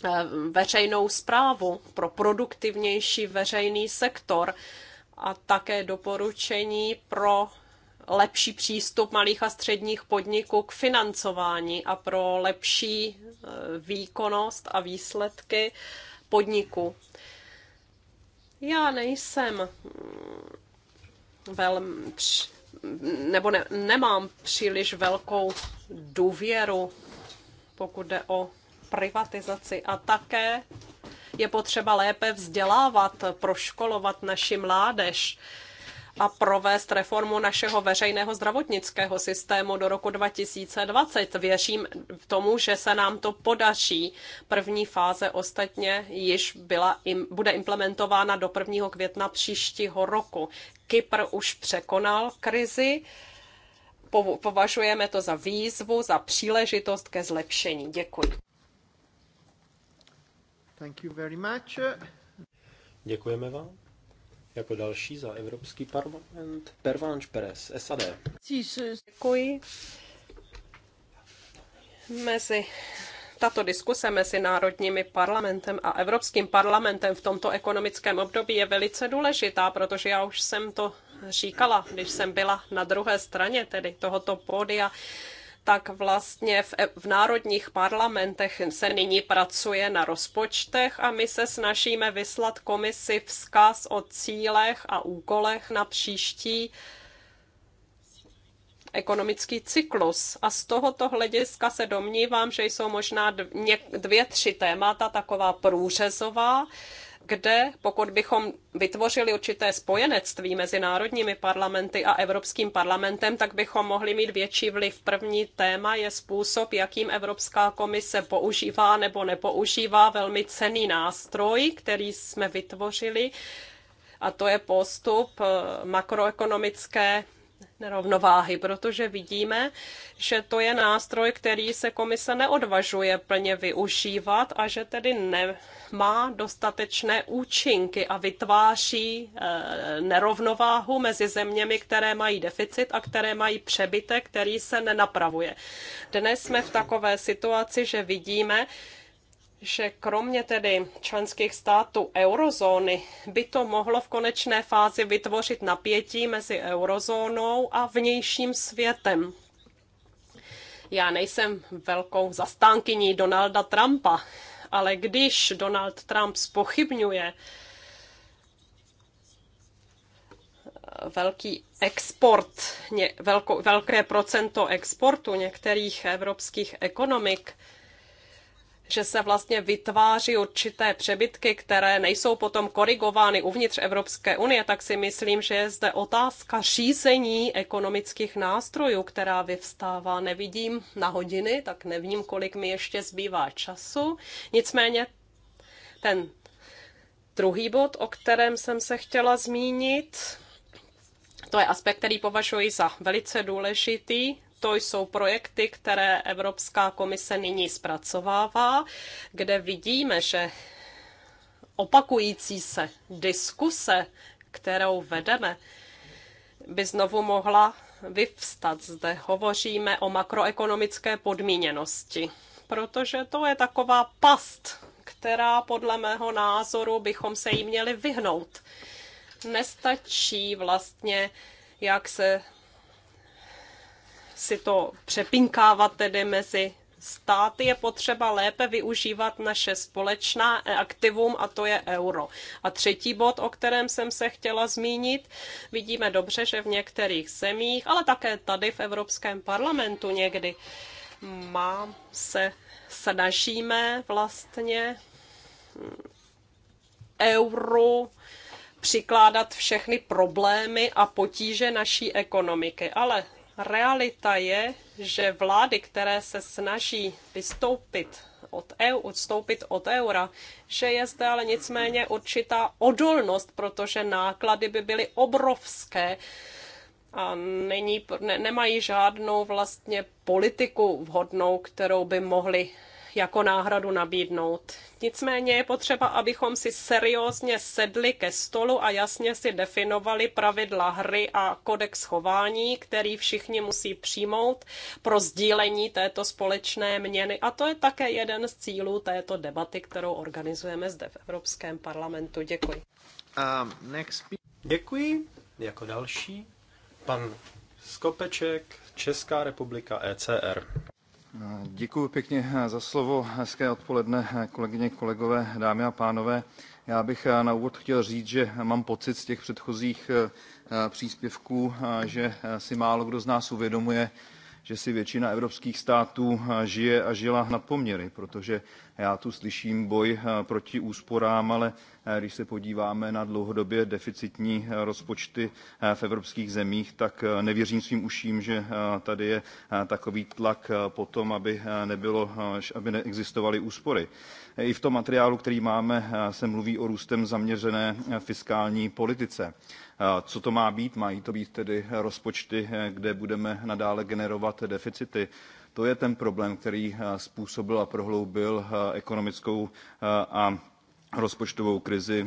eh, veřejnou zprávu, pro produktivnější veřejný sektor a také doporučení pro lepší přístup malých a středních podniků k financování a pro lepší e, výkonnost a výsledky podniku. Já nejsem mm, velmi, nebo ne, nemám příliš velkou důvěru, pokud jde o privatizaci a také je potřeba lépe vzdělávat, proškolovat naši mládež a provést reformu našeho veřejného zdravotnického systému do roku 2020. Věřím tomu, že se nám to podaří. První fáze ostatně již byla, bude implementována do 1. května příštího roku. Kypr už překonal krizi považujeme to za výzvu, za příležitost ke zlepšení. Děkuji. Thank you very much. Děkujeme vám. Jako další za Evropský parlament Pervanš Perez, SAD. Děkuji. Mezi tato diskuse mezi národními parlamentem a Evropským parlamentem v tomto ekonomickém období je velice důležitá, protože já už jsem to říkala, když jsem byla na druhé straně tedy tohoto pódia, tak vlastně v, v národních parlamentech se nyní pracuje na rozpočtech a my se snažíme vyslat komisi vzkaz o cílech a úkolech na příští ekonomický cyklus. A z tohoto hlediska se domnívám, že jsou možná dvě, tři témata taková průřezová kde pokud bychom vytvořili určité spojenectví mezi národními parlamenty a Evropským parlamentem, tak bychom mohli mít větší vliv. První téma je způsob, jakým Evropská komise používá nebo nepoužívá velmi cený nástroj, který jsme vytvořili, a to je postup eh, makroekonomické nerovnováhy, protože vidíme, že to je nástroj, který se komise neodvažuje plně využívat a že tedy nemá dostatečné účinky a vytváří eh, nerovnováhu mezi zeměmi, které mají deficit a které mají přebytek, který se nenapravuje. Dnes jsme v takové situaci, že vidíme, že kromě tedy členských států eurozóny by to mohlo v konečné fázi vytvořit napětí mezi eurozónou a vnějším světem. Já nejsem velkou zastánkyní Donalda Trumpa, ale když Donald Trump spochybňuje velký export, velké procento exportu některých evropských ekonomik, že se vlastně vytváří určité přebytky, které nejsou potom korigovány uvnitř Evropské unie, tak si myslím, že je zde otázka řízení ekonomických nástrojů, která vyvstává. Nevidím na hodiny, tak nevím, kolik mi ještě zbývá času. Nicméně ten druhý bod, o kterém jsem se chtěla zmínit, to je aspekt, který považuji za velice důležitý, to jsou projekty, které Evropská komise nyní zpracovává, kde vidíme, že opakující se diskuse, kterou vedeme, by znovu mohla vyvstat. Zde hovoříme o makroekonomické podmíněnosti, protože to je taková past, která podle mého názoru bychom se jí měli vyhnout. Nestačí vlastně, jak se si to přepinkávat tedy mezi státy je potřeba lépe využívat naše společná aktivum a to je euro. A třetí bod, o kterém jsem se chtěla zmínit, vidíme dobře, že v některých zemích, ale také tady v Evropském parlamentu někdy má se snažíme vlastně euro přikládat všechny problémy a potíže naší ekonomiky. Ale realita je, že vlády, které se snaží vystoupit od EU, odstoupit od eura, že je zde ale nicméně určitá odolnost, protože náklady by byly obrovské a není, ne, nemají žádnou vlastně politiku vhodnou, kterou by mohli jako náhradu nabídnout. Nicméně je potřeba, abychom si seriózně sedli ke stolu a jasně si definovali pravidla hry a kodex chování, který všichni musí přijmout pro sdílení této společné měny. A to je také jeden z cílů této debaty, kterou organizujeme zde v Evropském parlamentu. Děkuji. Um, next... Děkuji. Jako další pan Skopeček, Česká republika ECR. Děkuji pěkně za slovo. Hezké odpoledne, kolegyně, kolegové, dámy a pánové. Já bych na úvod chtěl říct, že mám pocit z těch předchozích eh, příspěvků, eh, že si málo kdo z nás uvědomuje, že si většina evropských států eh, žije a žila na poměry, protože já tu slyším boj eh, proti úsporám, ale eh, když se podíváme na dlouhodobě deficitní rozpočty v evropských zemích, tak nevěřím svým uším, že tady je takový tlak po tom, aby, nebylo, aby neexistovaly úspory. I v tom materiálu, který máme, eh, se mluví o růstem zaměřené eh, fiskální politice. Eh, co to má být? Mají to být tedy rozpočty, kde budeme nadále generovat deficity. To je ten problém, který způsobil a prohloubil ekonomickou a rozpočtovou krizi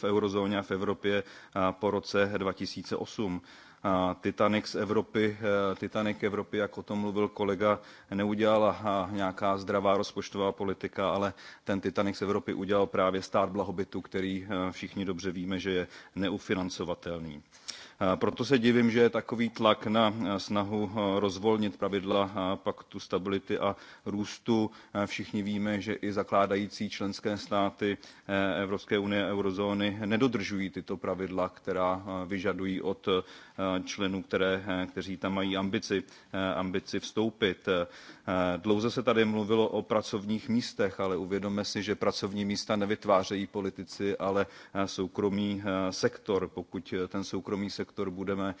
v eurozóně a v Evropě po roce 2008 Titanic z Evropy, eh, Titanic Evropy, jak o tom mluvil kolega, neudělala eh, nějaká zdravá rozpočtová politika, ale ten Titanic z Evropy udělal právě stát blahobytu, který eh, všichni dobře víme, že je neufinancovatelný. Proto se divím, že je takový tlak na snahu rozvolnit pravidla paktu stability a růstu. Všichni víme, že i zakládající členské státy Evropské unie a eurozóny nedodržují tyto pravidla, která vyžadují od Eh, členů, které, eh, kteří tam mají ambici, eh, ambici vstoupit. Dlouze se tady mluvilo o pracovních místech, ale uvědomme si, že pracovní místa nevytvářejí politici, ale soukromý sektor. Pokud ten soukromý sektor budeme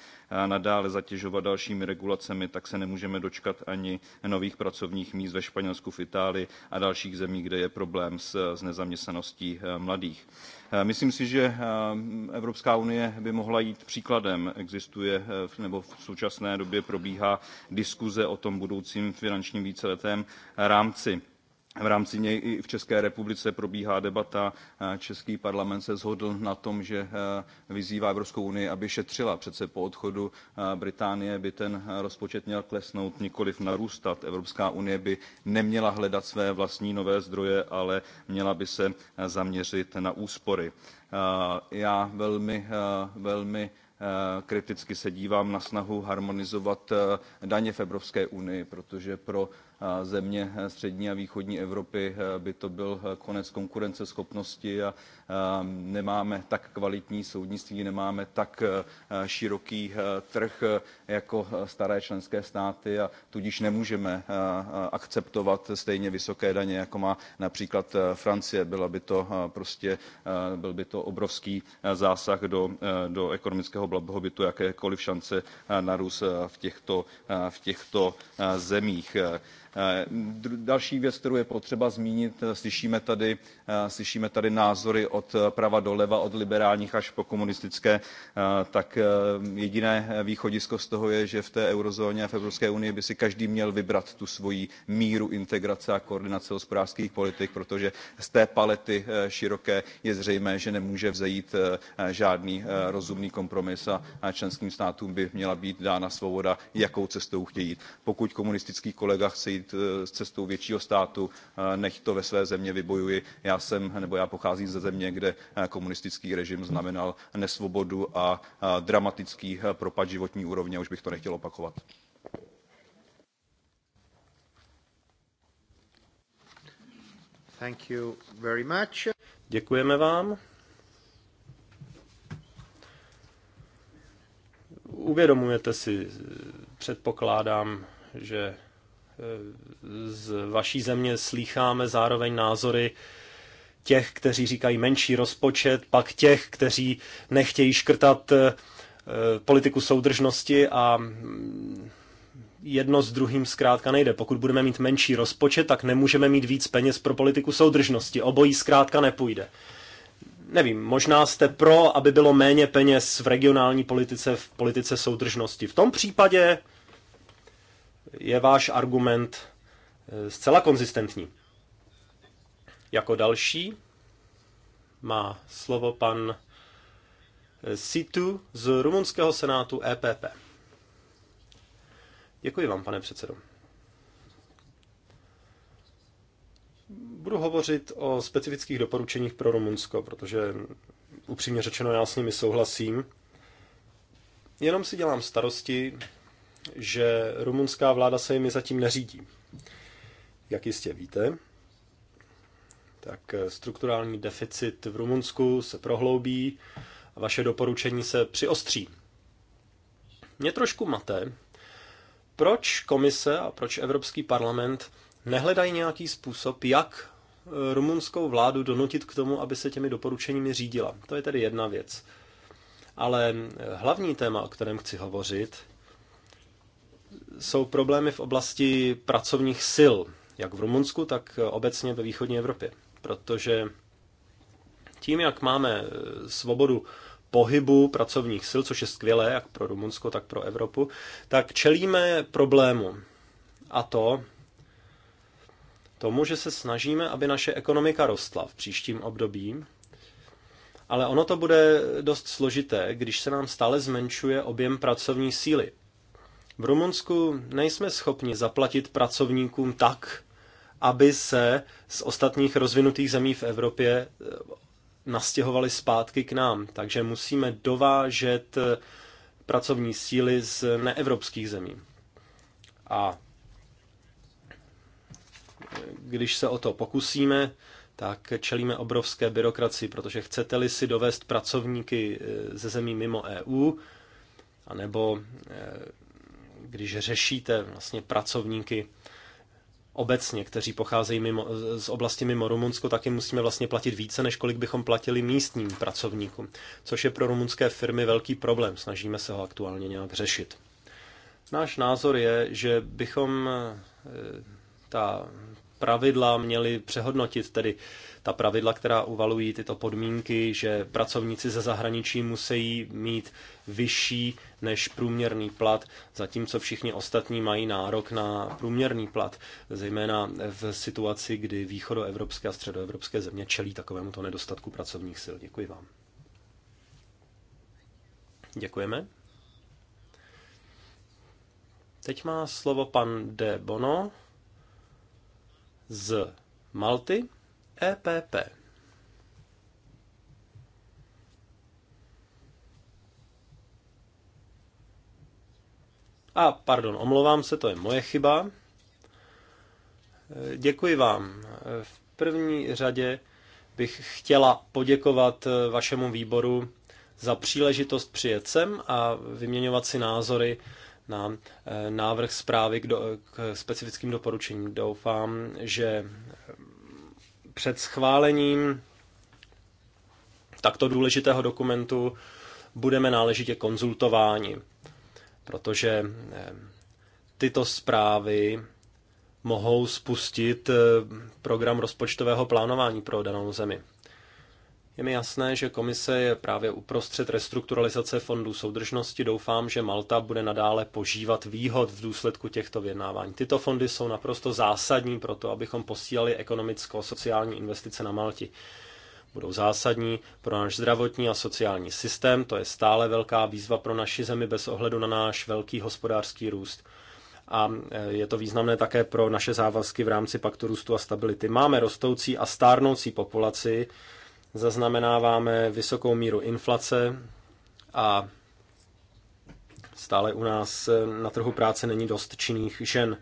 nadále zatěžovat dalšími regulacemi, tak se nemůžeme dočkat ani nových pracovních míst ve Španělsku, v Itálii a dalších zemích, kde je problém s, s nezaměstnaností mladých. Eh, myslím si, že eh, Evropská unie by mohla jít příkladem. Existuje eh, nebo v současné době probíhá diskuze o tom budoucím finančním víceletém rámci v rámci něj i v České republice probíhá debata. Český parlament se shodl na tom, že eh, vyzývá Evropskou unii, aby šetřila. Přece po odchodu eh, Británie by ten rozpočet měl klesnout, nikoliv narůstat. Evropská unie by neměla hledat své vlastní nové zdroje, ale měla by se eh, zaměřit na úspory. Já velmi, velmi kriticky se dívám na snahu harmonizovat daně v Evropské unii, protože pro země eh, střední a východní Evropy eh, by to byl eh, konec konkurenceschopnosti a Ehm, nemáme tak kvalitní soudnictví, nemáme tak eh, široký eh, trh eh, jako staré členské státy a tudíž nemůžeme akceptovat stejně vysoké daně, jako má například Francie. Byla by to prostě, byl by to obrovský zásah do, do ekonomického blahobytu, jakékoliv šance na růst v těchto, v těchto zemích. Další věc, kterou je potřeba zmínit, slyšíme tady, slyšíme tady názory od eh, prava doleva, od liberálních až po komunistické, eh, tak eh, jediné východisko z toho je, že v té eurozóně a v Evropské unii by si každý měl vybrat tu svoji míru integrace a koordinace hospodářských politik, protože z té palety široké je zřejmé, že nemůže vzejít žádný rozumný kompromis a členským státům by měla být dána svoboda, jakou cestou chtějí jít. Pokud komunistický kolega chce jít cestou většího státu, nech to ve své země vybojuji. Já jsem, nebo já pocházím ze země, země kde eh, komunistický režim znamenal nesvobodu a dramatický eh, propad životní úrovně a už bych to nechtěl opakovat. Thank you very much. Děkujeme vám. Uvědomujete si, předpokládám, že eh, z vaší země slýcháme zároveň názory těch, kteří říkají menší rozpočet, pak těch, kteří nechtějí škrtat eh, politiku soudržnosti a mm, jedno s druhým zkrátka nejde. Pokud budeme mít menší rozpočet, tak nemůžeme mít víc peněz pro politiku soudržnosti. Obojí zkrátka nepůjde. Nevím, možná jste pro, aby bylo méně peněz v regionální politice, v politice soudržnosti. V tom případě je váš argument eh, zcela konzistentní. Jako další má slovo pan Situ z rumunského senátu EPP. Děkuji vám, pane předsedo. Budu hovořit o specifických doporučeních pro Rumunsko, protože upřímně řečeno já s nimi souhlasím. Jenom si dělám starosti, že rumunská vláda se jimi zatím neřídí. Jak jistě víte, tak eh, strukturální deficit v Rumunsku se prohloubí a vaše doporučení se přiostří. Mě trošku mate, proč komise a proč Evropský parlament nehledají nějaký způsob, jak eh, rumunskou vládu donutit k tomu, aby se těmi doporučeními řídila. To je tedy jedna věc. Ale eh, hlavní téma, o kterém chci hovořit, jsou problémy v oblasti pracovních sil, jak v Rumunsku, tak obecně ve východní Evropě protože tím, jak máme e, svobodu pohybu pracovních sil, což je skvělé, jak pro Rumunsko, tak pro Evropu, tak čelíme problému. A to tomu, že se snažíme, aby naše ekonomika rostla v příštím období, ale ono to bude dost složité, když se nám stále zmenšuje objem pracovní síly. V Rumunsku nejsme schopni zaplatit pracovníkům tak, aby se z ostatních rozvinutých zemí v Evropě eh, nastěhovali zpátky k nám. Takže musíme dovážet eh, pracovní síly z neevropských zemí. A když se o to pokusíme, tak čelíme obrovské byrokracii, protože chcete-li si dovést pracovníky eh, ze zemí mimo EU, anebo když řešíte vlastně pracovníky obecně, kteří pocházejí mimo, z oblasti mimo Rumunsko, taky musíme vlastně platit více, než kolik bychom platili místním pracovníkům, což je pro rumunské firmy velký problém. Snažíme se ho aktuálně nějak řešit. Náš názor je, že bychom eh, ta pravidla měli přehodnotit, tedy ta pravidla, která uvalují tyto podmínky, že pracovníci ze zahraničí musí mít vyšší než průměrný plat, zatímco všichni ostatní mají nárok na průměrný plat, zejména v situaci, kdy východoevropské a středoevropské země čelí takovému to nedostatku pracovních sil. Děkuji vám. Děkujeme. Teď má slovo pan De Bono z Malty EPP. A pardon, omlouvám se, to je moje chyba. E, děkuji vám. E, v první řadě bych chtěla poděkovat e, vašemu výboru za příležitost přijet sem a vyměňovat si názory na návrh zprávy k, do, k specifickým doporučením. Doufám, že před schválením takto důležitého dokumentu budeme náležitě konzultováni, protože eh, tyto zprávy mohou spustit eh, program rozpočtového plánování pro danou zemi. Je mi jasné, že komise je právě uprostřed restrukturalizace fondů soudržnosti. Doufám, že Malta bude nadále požívat výhod v důsledku těchto vyjednávání. Tyto fondy jsou naprosto zásadní pro to, abychom posílali ekonomicko-sociální investice na Malti. Budou zásadní pro náš zdravotní a sociální systém, to je stále velká výzva pro naši zemi bez ohledu na náš velký hospodářský růst a eh, je to významné také pro naše závazky v rámci paktu růstu a stability. Máme rostoucí a stárnoucí populaci, zaznamenáváme vysokou míru inflace a stále u nás na trhu práce není dost činných žen.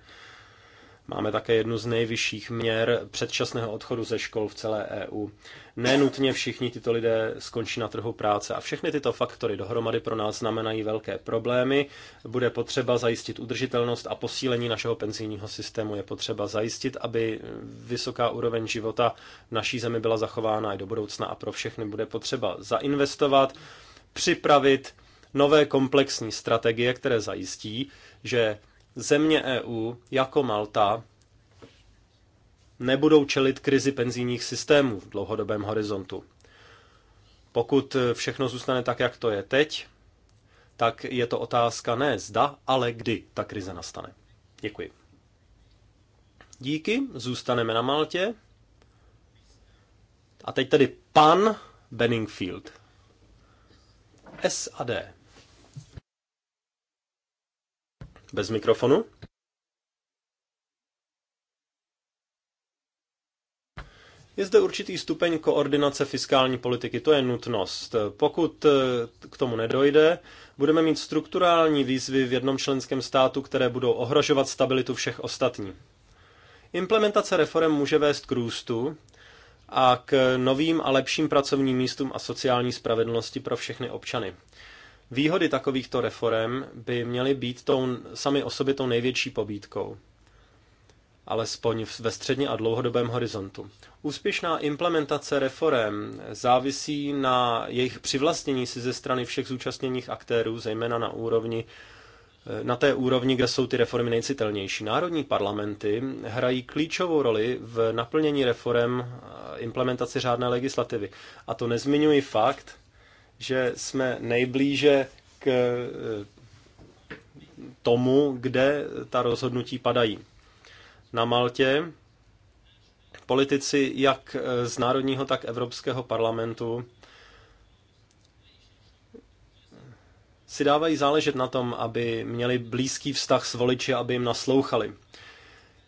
Máme také jednu z nejvyšších měr předčasného odchodu ze škol v celé EU. Nenutně všichni tyto lidé skončí na trhu práce a všechny tyto faktory dohromady pro nás znamenají velké problémy. Bude potřeba zajistit udržitelnost a posílení našeho penzijního systému. Je potřeba zajistit, aby vysoká úroveň života v naší zemi byla zachována i do budoucna a pro všechny bude potřeba zainvestovat, připravit nové komplexní strategie, které zajistí, že země EU jako Malta nebudou čelit krizi penzijních systémů v dlouhodobém horizontu. Pokud všechno zůstane tak, jak to je teď, tak je to otázka ne zda, ale kdy ta krize nastane. Děkuji. Díky, zůstaneme na Maltě. A teď tedy pan Benningfield. S a D. Bez mikrofonu. Je zde určitý stupeň koordinace fiskální politiky, to je nutnost. Pokud eh, k tomu nedojde, budeme mít strukturální výzvy v jednom členském státu, které budou ohrožovat stabilitu všech ostatních. Implementace reform může vést k růstu a k novým a lepším pracovním místům a sociální spravedlnosti pro všechny občany. Výhody takovýchto reform by měly být tou, sami o sobě tou největší pobídkou, alespoň ve středně a dlouhodobém horizontu. Úspěšná implementace reform závisí na jejich přivlastnění si ze strany všech zúčastněných aktérů, zejména na úrovni eh, na té úrovni, kde jsou ty reformy nejcitelnější. Národní parlamenty hrají klíčovou roli v naplnění reform implementaci řádné legislativy. A to nezmiňuji fakt, že jsme nejblíže k eh, tomu, kde ta rozhodnutí padají. Na Maltě politici jak eh, z Národního, tak Evropského parlamentu si dávají záležet na tom, aby měli blízký vztah s voliči, aby jim naslouchali.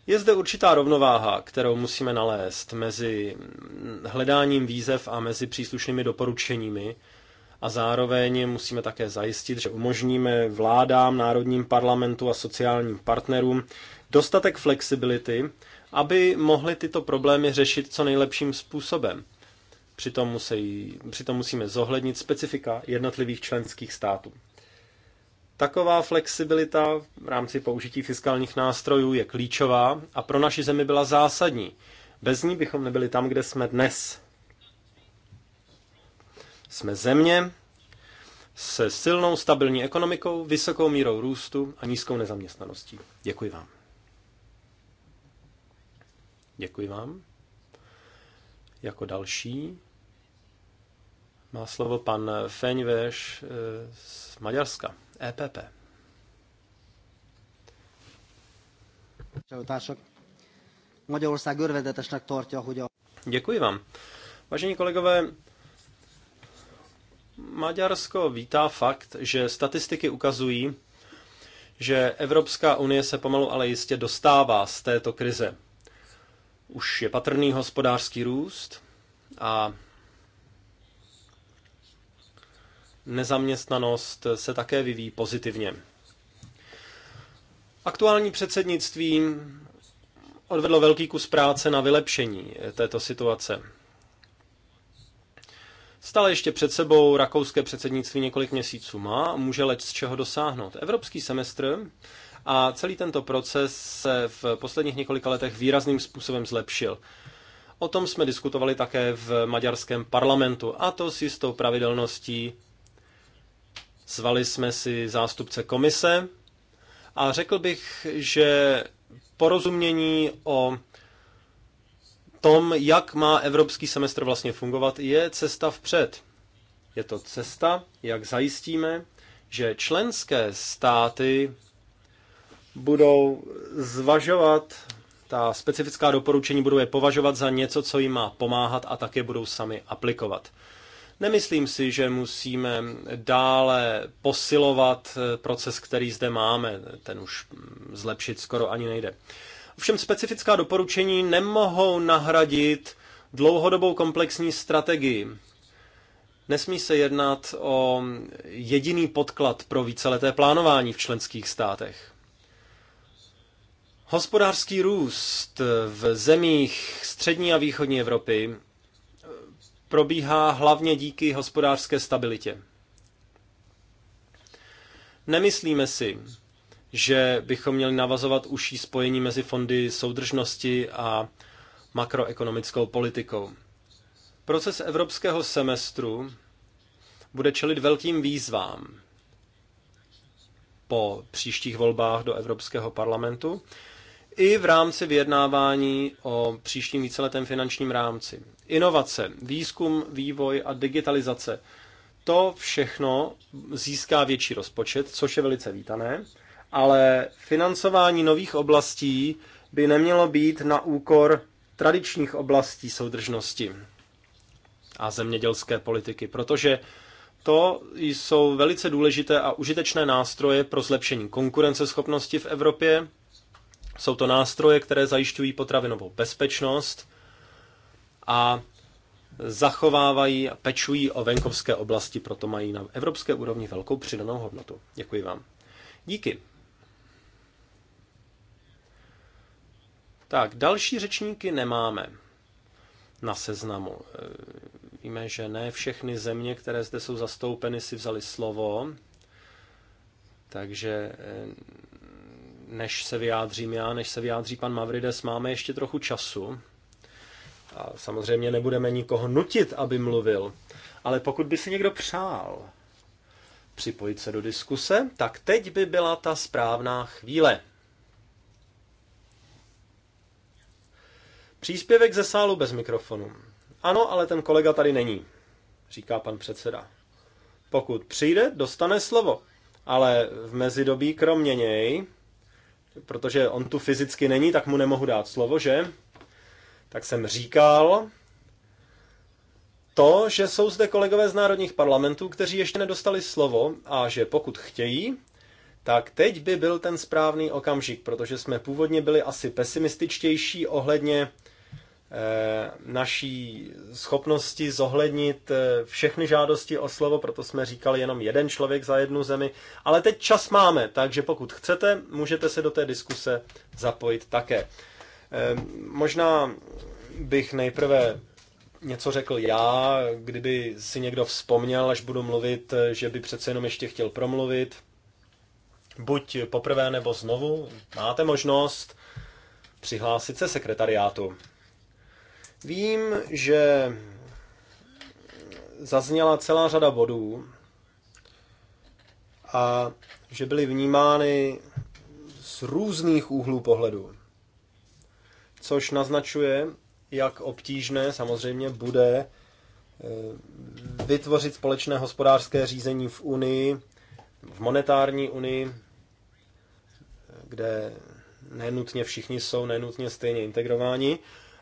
Je zde určitá rovnováha, kterou musíme nalézt mezi hledáním výzev a mezi příslušnými doporučeními, a zároveň musíme také zajistit, že umožníme vládám, národním parlamentu a sociálním partnerům dostatek flexibility, aby mohli tyto problémy řešit co nejlepším způsobem. Přitom, musí, přitom musíme zohlednit specifika jednotlivých členských států. Taková flexibilita v rámci použití fiskálních nástrojů je klíčová a pro naši zemi byla zásadní. Bez ní bychom nebyli tam, kde jsme dnes. Jsme země se silnou stabilní ekonomikou, vysokou mírou růstu a nízkou nezaměstnaností. Děkuji vám. Děkuji vám. Jako další má slovo pan Feňveš eh, z Maďarska, EPP. Děkuji vám. Vážení kolegové, Maďarsko vítá fakt, že statistiky ukazují, že Evropská unie se pomalu ale jistě dostává z této krize. Už je patrný hospodářský růst a nezaměstnanost se také vyvíjí pozitivně. Aktuální předsednictví odvedlo velký kus práce na vylepšení této situace. Stále ještě před sebou rakouské předsednictví několik měsíců má a může leč z čeho dosáhnout. Evropský semestr a celý tento proces se v posledních několika letech výrazným způsobem zlepšil. O tom jsme diskutovali také v maďarském parlamentu a to s jistou pravidelností. Zvali jsme si zástupce komise a řekl bych, že porozumění o tom, jak má evropský semestr vlastně fungovat, je cesta vpřed. Je to cesta, jak zajistíme, že členské státy budou zvažovat ta specifická doporučení, budou je považovat za něco, co jim má pomáhat a také budou sami aplikovat. Nemyslím si, že musíme dále posilovat proces, který zde máme, ten už zlepšit skoro ani nejde. Ovšem specifická doporučení nemohou nahradit dlouhodobou komplexní strategii. Nesmí se jednat o jediný podklad pro víceleté plánování v členských státech. Hospodářský růst v zemích střední a východní Evropy probíhá hlavně díky hospodářské stabilitě. Nemyslíme si, že bychom měli navazovat užší spojení mezi fondy soudržnosti a makroekonomickou politikou. Proces evropského semestru bude čelit velkým výzvám po příštích volbách do Evropského parlamentu i v rámci vyjednávání o příštím víceletém finančním rámci. Inovace, výzkum, vývoj a digitalizace. To všechno získá větší rozpočet, což je velice vítané ale financování nových oblastí by nemělo být na úkor tradičních oblastí soudržnosti a zemědělské politiky, protože to jsou velice důležité a užitečné nástroje pro zlepšení konkurenceschopnosti v Evropě. Jsou to nástroje, které zajišťují potravinovou bezpečnost a zachovávají a pečují o venkovské oblasti, proto mají na evropské úrovni velkou přidanou hodnotu. Děkuji vám. Díky. Tak, další řečníky nemáme na seznamu. Eh, víme, že ne všechny země, které zde jsou zastoupeny, si vzali slovo, takže eh, než se vyjádřím já, než se vyjádří pan Mavrides, máme ještě trochu času. A samozřejmě nebudeme nikoho nutit, aby mluvil, ale pokud by si někdo přál připojit se do diskuse, tak teď by byla ta správná chvíle. Příspěvek ze sálu bez mikrofonu. Ano, ale ten kolega tady není, říká pan předseda. Pokud přijde, dostane slovo. Ale v mezidobí kromě něj, protože on tu fyzicky není, tak mu nemohu dát slovo, že? Tak jsem říkal to, že jsou zde kolegové z národních parlamentů, kteří ještě nedostali slovo a že pokud chtějí, tak teď by byl ten správný okamžik, protože jsme původně byli asi pesimističtější ohledně Eh, naší schopnosti zohlednit eh, všechny žádosti o slovo, proto jsme říkali jenom jeden člověk za jednu zemi. Ale teď čas máme, takže pokud chcete, můžete se do té diskuse zapojit také. Eh, možná bych nejprve něco řekl já, kdyby si někdo vzpomněl, až budu mluvit, že by přece jenom ještě chtěl promluvit. Buď poprvé nebo znovu máte možnost přihlásit se sekretariátu. Vím, že zazněla celá řada bodů a že byly vnímány z různých úhlů pohledu, což naznačuje, jak obtížné samozřejmě bude eh, vytvořit společné hospodářské řízení v Unii, v monetární unii, kde nenutně všichni jsou nenutně stejně integrováni,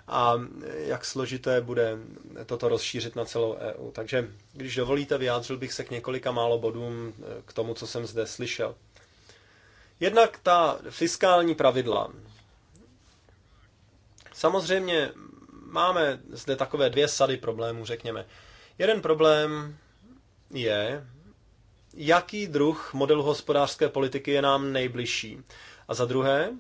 a jak složité bude toto rozšířit na celou EU. Takže když dovolíte, vyjádřil bych se k několika málo bodům eh, k tomu, co jsem zde slyšel. Jednak ta fiskální pravidla. Samozřejmě máme zde takové dvě sady problémů, řekněme. Jeden problém je, jaký druh modelu hospodářské politiky je nám nejbližší. A za druhé,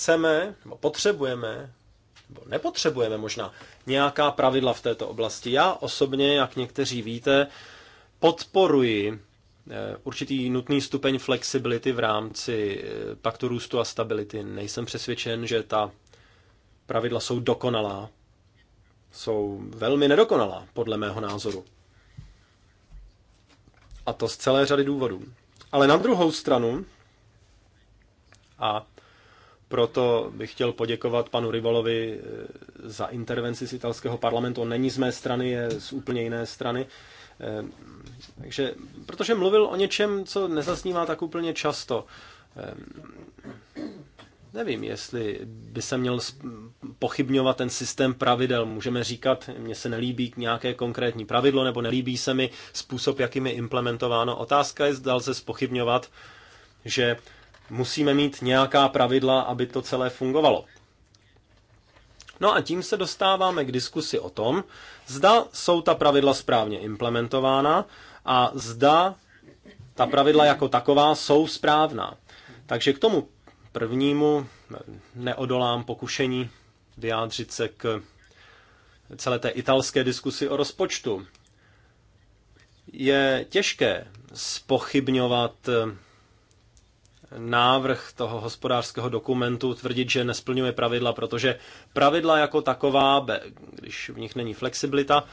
chceme, nebo potřebujeme, nebo nepotřebujeme možná, nějaká pravidla v této oblasti. Já osobně, jak někteří víte, podporuji eh, určitý nutný stupeň flexibility v rámci eh, paktu růstu a stability. Nejsem přesvědčen, že ta pravidla jsou dokonalá. Jsou velmi nedokonalá, podle mého názoru. A to z celé řady důvodů. Ale na druhou stranu, a proto bych chtěl poděkovat panu Rivalovi eh, za intervenci z italského parlamentu. On není z mé strany, je z úplně jiné strany. Eh, takže, protože mluvil o něčem, co nezaznívá tak úplně často. Eh, nevím, jestli by se měl pochybňovat ten systém pravidel. Můžeme říkat, mně se nelíbí nějaké konkrétní pravidlo, nebo nelíbí se mi způsob, jakým je implementováno. Otázka je, zdal se spochybňovat, že musíme mít nějaká pravidla, aby to celé fungovalo. No a tím se dostáváme k diskusi o tom, zda jsou ta pravidla správně implementována a zda ta pravidla jako taková jsou správná. Takže k tomu prvnímu neodolám pokušení vyjádřit se k celé té italské diskusi o rozpočtu. Je těžké spochybňovat návrh toho hospodářského dokumentu tvrdit, že nesplňuje pravidla, protože pravidla jako taková, když v nich není flexibilita,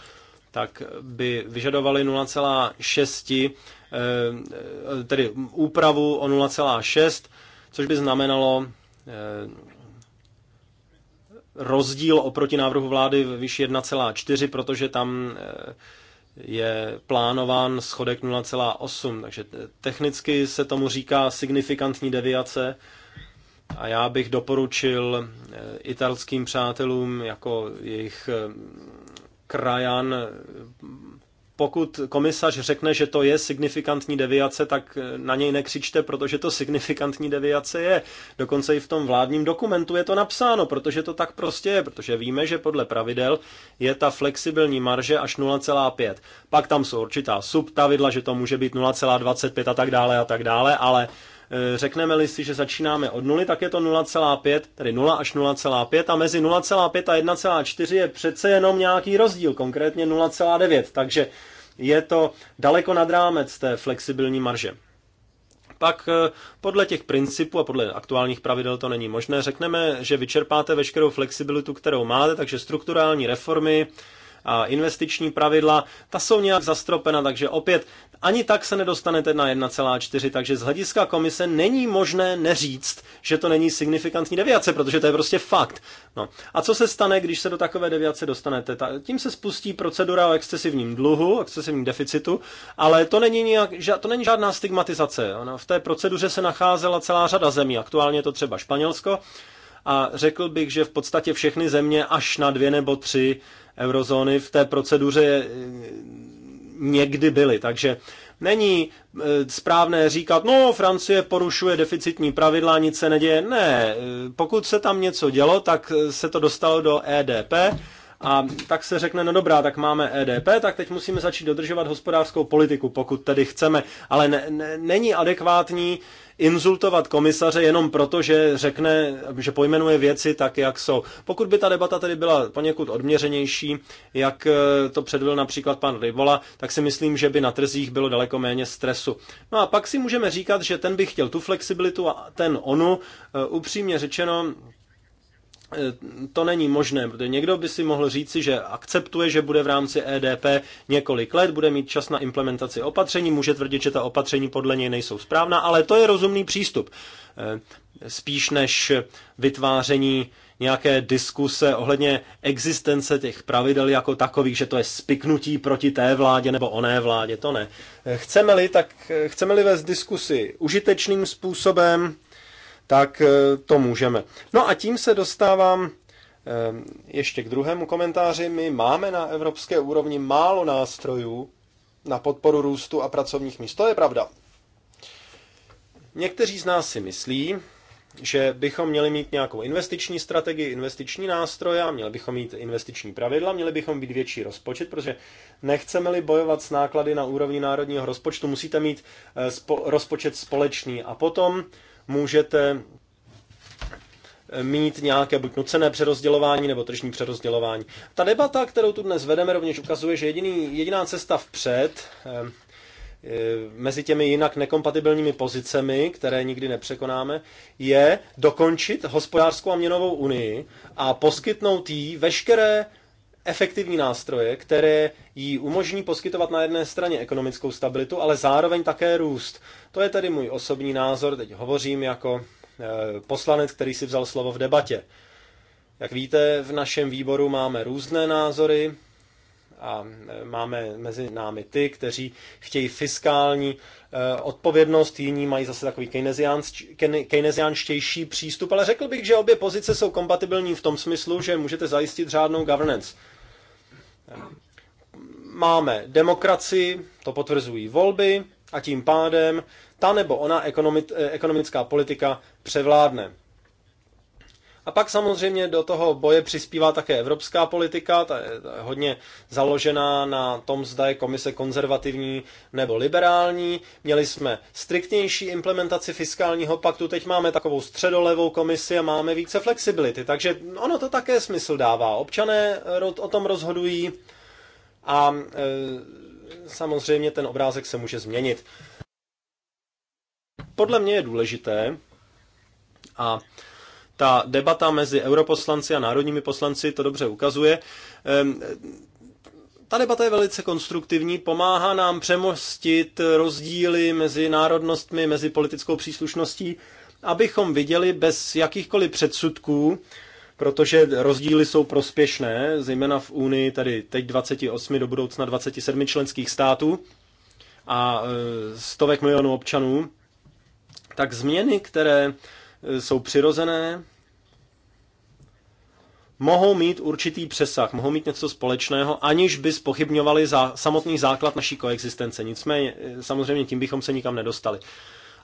tak by vyžadovali 0,6, eh, tedy úpravu o 0,6, což by znamenalo eh, rozdíl oproti návrhu vlády vyšší 1,4, protože tam eh, je plánován schodek 0,8, takže technicky se tomu říká signifikantní deviace a já bych doporučil eh, italským přátelům jako jejich eh, krajan eh, pokud komisař řekne, že to je signifikantní deviace, tak eh, na něj nekřičte, protože to signifikantní deviace je. Dokonce i v tom vládním dokumentu je to napsáno, protože to tak prostě je, protože víme, že podle pravidel je ta flexibilní marže až 0,5. Pak tam jsou určitá subpravidla, že to může být 0,25 a tak dále a tak dále, ale Eh, řekneme-li si, že začínáme od nuly, tak je to 0,5, tedy 0 až 0,5 a mezi 0,5 a 1,4 je přece jenom nějaký rozdíl, konkrétně 0,9, takže je to daleko nad rámec té flexibilní marže. Pak eh, podle těch principů a podle aktuálních pravidel to není možné. Řekneme, že vyčerpáte veškerou flexibilitu, kterou máte, takže strukturální reformy, a investiční pravidla, ta jsou nějak zastropena, takže opět ani tak se nedostanete na 1,4, takže z hlediska komise není možné neříct, že to není signifikantní deviace, protože to je prostě fakt. No. A co se stane, když se do takové deviace dostanete? Ta, tím se spustí procedura o excesivním dluhu, o excesivním deficitu, ale to není, nějak, to není žádná stigmatizace. Ona v té proceduře se nacházela celá řada zemí, aktuálně je to třeba Španělsko, a řekl bych, že v podstatě všechny země až na dvě nebo tři eurozóny v té proceduře eh, někdy byly. Takže není eh, správné říkat, no, Francie porušuje deficitní pravidla, nic se neděje. Ne, eh, pokud se tam něco dělo, tak se to dostalo do EDP a tak se řekne, no dobrá, tak máme EDP, tak teď musíme začít dodržovat hospodářskou politiku, pokud tedy chceme. Ale ne, ne, není adekvátní insultovat komisaře jenom proto, že řekne, že pojmenuje věci tak, jak jsou. Pokud by ta debata tedy byla poněkud odměřenější, jak eh, to předvedl například pan Rivola, tak si myslím, že by na trzích bylo daleko méně stresu. No a pak si můžeme říkat, že ten by chtěl tu flexibilitu a ten onu. Eh, upřímně řečeno, Eh, to není možné, protože někdo by si mohl říci, že akceptuje, že bude v rámci EDP několik let, bude mít čas na implementaci opatření, může tvrdit, že ta opatření podle něj nejsou správná, ale to je rozumný přístup. Eh, spíš než vytváření nějaké diskuse ohledně existence těch pravidel jako takových, že to je spiknutí proti té vládě nebo oné vládě, to ne. Eh, chceme-li, tak chceme-li vést diskusi užitečným způsobem, tak eh, to můžeme. No a tím se dostávám eh, ještě k druhému komentáři. My máme na evropské úrovni málo nástrojů na podporu růstu a pracovních míst. To je pravda. Někteří z nás si myslí, že bychom měli mít nějakou investiční strategii, investiční nástroje, měli bychom mít investiční pravidla, měli bychom být větší rozpočet, protože nechceme-li bojovat s náklady na úrovni národního rozpočtu, musíte mít eh, rozpočet společný a potom můžete mít nějaké buď nucené přerozdělování nebo tržní přerozdělování. Ta debata, kterou tu dnes vedeme, rovněž ukazuje, že jediný, jediná cesta vpřed eh, mezi těmi jinak nekompatibilními pozicemi, které nikdy nepřekonáme, je dokončit hospodářskou a měnovou unii a poskytnout jí veškeré efektivní nástroje, které jí umožní poskytovat na jedné straně ekonomickou stabilitu, ale zároveň také růst. To je tedy můj osobní názor, teď hovořím jako e, poslanec, který si vzal slovo v debatě. Jak víte, v našem výboru máme různé názory a e, máme mezi námi ty, kteří chtějí fiskální e, odpovědnost, jiní mají zase takový keynesianštější přístup, ale řekl bych, že obě pozice jsou kompatibilní v tom smyslu, že můžete zajistit řádnou governance. Máme demokracii, to potvrzují volby, a tím pádem ta nebo ona eh, ekonomická politika převládne. A pak samozřejmě do toho boje přispívá také evropská politika, ta je hodně založená na tom, zda je komise konzervativní nebo liberální. Měli jsme striktnější implementaci fiskálního paktu, teď máme takovou středolevou komisi a máme více flexibility. Takže ono to také smysl dává. Občané o tom rozhodují a e, samozřejmě ten obrázek se může změnit. Podle mě je důležité, a ta debata mezi europoslanci a národními poslanci to dobře ukazuje. Ehm, ta debata je velice konstruktivní, pomáhá nám přemostit rozdíly mezi národnostmi, mezi politickou příslušností, abychom viděli bez jakýchkoliv předsudků, protože rozdíly jsou prospěšné, zejména v Unii, tady teď 28 do budoucna 27 členských států a e, stovek milionů občanů, tak změny, které E, jsou přirozené, mohou mít určitý přesah, mohou mít něco společného, aniž by spochybňovali za samotný základ naší koexistence. Nicméně, e, samozřejmě tím bychom se nikam nedostali.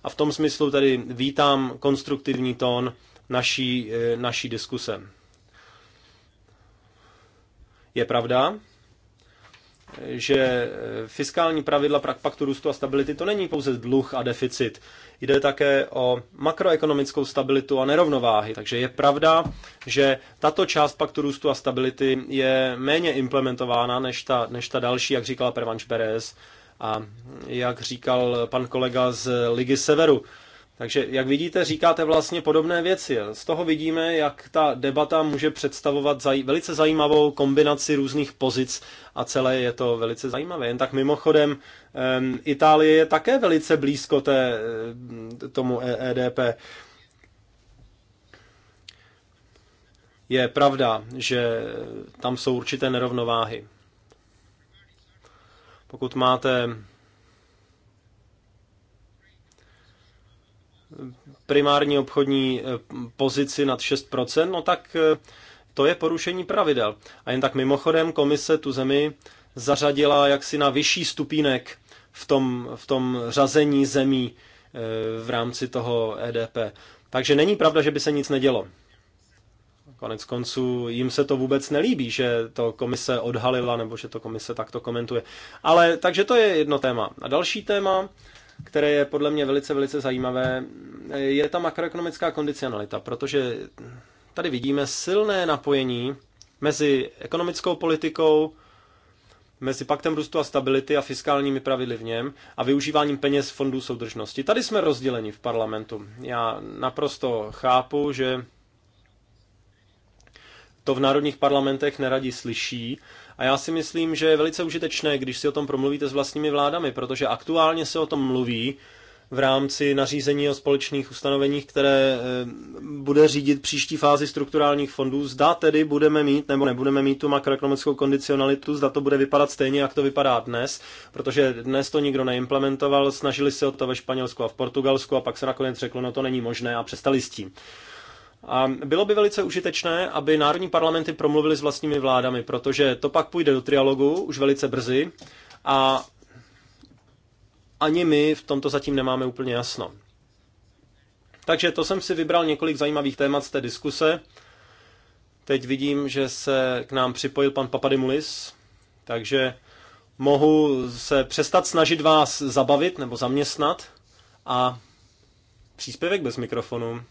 A v tom smyslu tedy vítám konstruktivní tón naší, e, naší diskuse. Je pravda, že eh, fiskální pravidla paktu růstu a stability to není pouze dluh a deficit. Jde také o makroekonomickou stabilitu a nerovnováhy. Takže je pravda, že tato část paktu růstu a stability je méně implementována než ta, než ta další, jak říkala Pervanč Perez a jak říkal pan kolega z Ligy Severu takže, jak vidíte, říkáte vlastně podobné věci. Z toho vidíme, jak ta debata může představovat zaj- velice zajímavou kombinaci různých pozic a celé je to velice zajímavé. Jen tak mimochodem, um, Itálie je také velice blízko té, eh, tomu EDP. E je pravda, že tam jsou určité nerovnováhy. Pokud máte primární obchodní eh, pozici nad 6%, no tak eh, to je porušení pravidel. A jen tak mimochodem komise tu zemi zařadila jaksi na vyšší stupínek v tom, v tom řazení zemí eh, v rámci toho EDP. Takže není pravda, že by se nic nedělo. Konec konců jim se to vůbec nelíbí, že to komise odhalila nebo že to komise takto komentuje. Ale takže to je jedno téma. A další téma které je podle mě velice, velice zajímavé, je ta makroekonomická kondicionalita, protože tady vidíme silné napojení mezi ekonomickou politikou, mezi paktem růstu a stability a fiskálními pravidly v něm a využíváním peněz fondů soudržnosti. Tady jsme rozděleni v parlamentu. Já naprosto chápu, že to v národních parlamentech neradi slyší, a já si myslím, že je velice užitečné, když si o tom promluvíte s vlastními vládami, protože aktuálně se o tom mluví v rámci nařízení o společných ustanoveních, které eh, bude řídit příští fázi strukturálních fondů. Zda tedy budeme mít nebo nebudeme mít tu makroekonomickou kondicionalitu, zda to bude vypadat stejně, jak to vypadá dnes, protože dnes to nikdo neimplementoval, snažili se o to ve Španělsku a v Portugalsku a pak se nakonec řeklo, no to není možné a přestali s tím. A bylo by velice užitečné, aby národní parlamenty promluvili s vlastními vládami, protože to pak půjde do trialogu už velice brzy a ani my v tomto zatím nemáme úplně jasno. Takže to jsem si vybral několik zajímavých témat z té diskuse. Teď vidím, že se k nám připojil pan Papadimulis, takže mohu se přestat snažit vás zabavit nebo zaměstnat a příspěvek bez mikrofonu.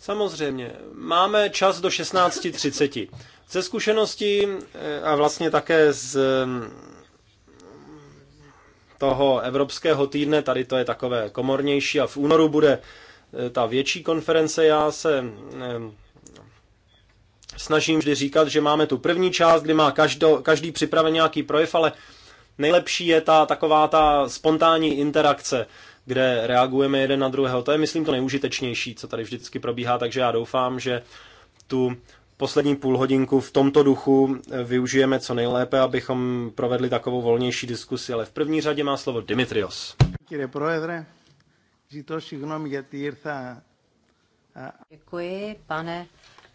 Samozřejmě, máme čas do 16.30. Ze zkušeností eh, a vlastně také z mm, toho Evropského týdne, tady to je takové komornější a v únoru bude eh, ta větší konference. Já se mm, snažím vždy říkat, že máme tu první část, kdy má každo, každý připraven nějaký projev, ale nejlepší je ta taková ta spontánní interakce kde reagujeme jeden na druhého. To je, myslím, to nejúžitečnější, co tady vždycky probíhá, takže já doufám, že tu poslední půl hodinku v tomto duchu eh, využijeme co nejlépe, abychom provedli takovou volnější diskusi, ale v první řadě má slovo Dimitrios. Děkuji, pane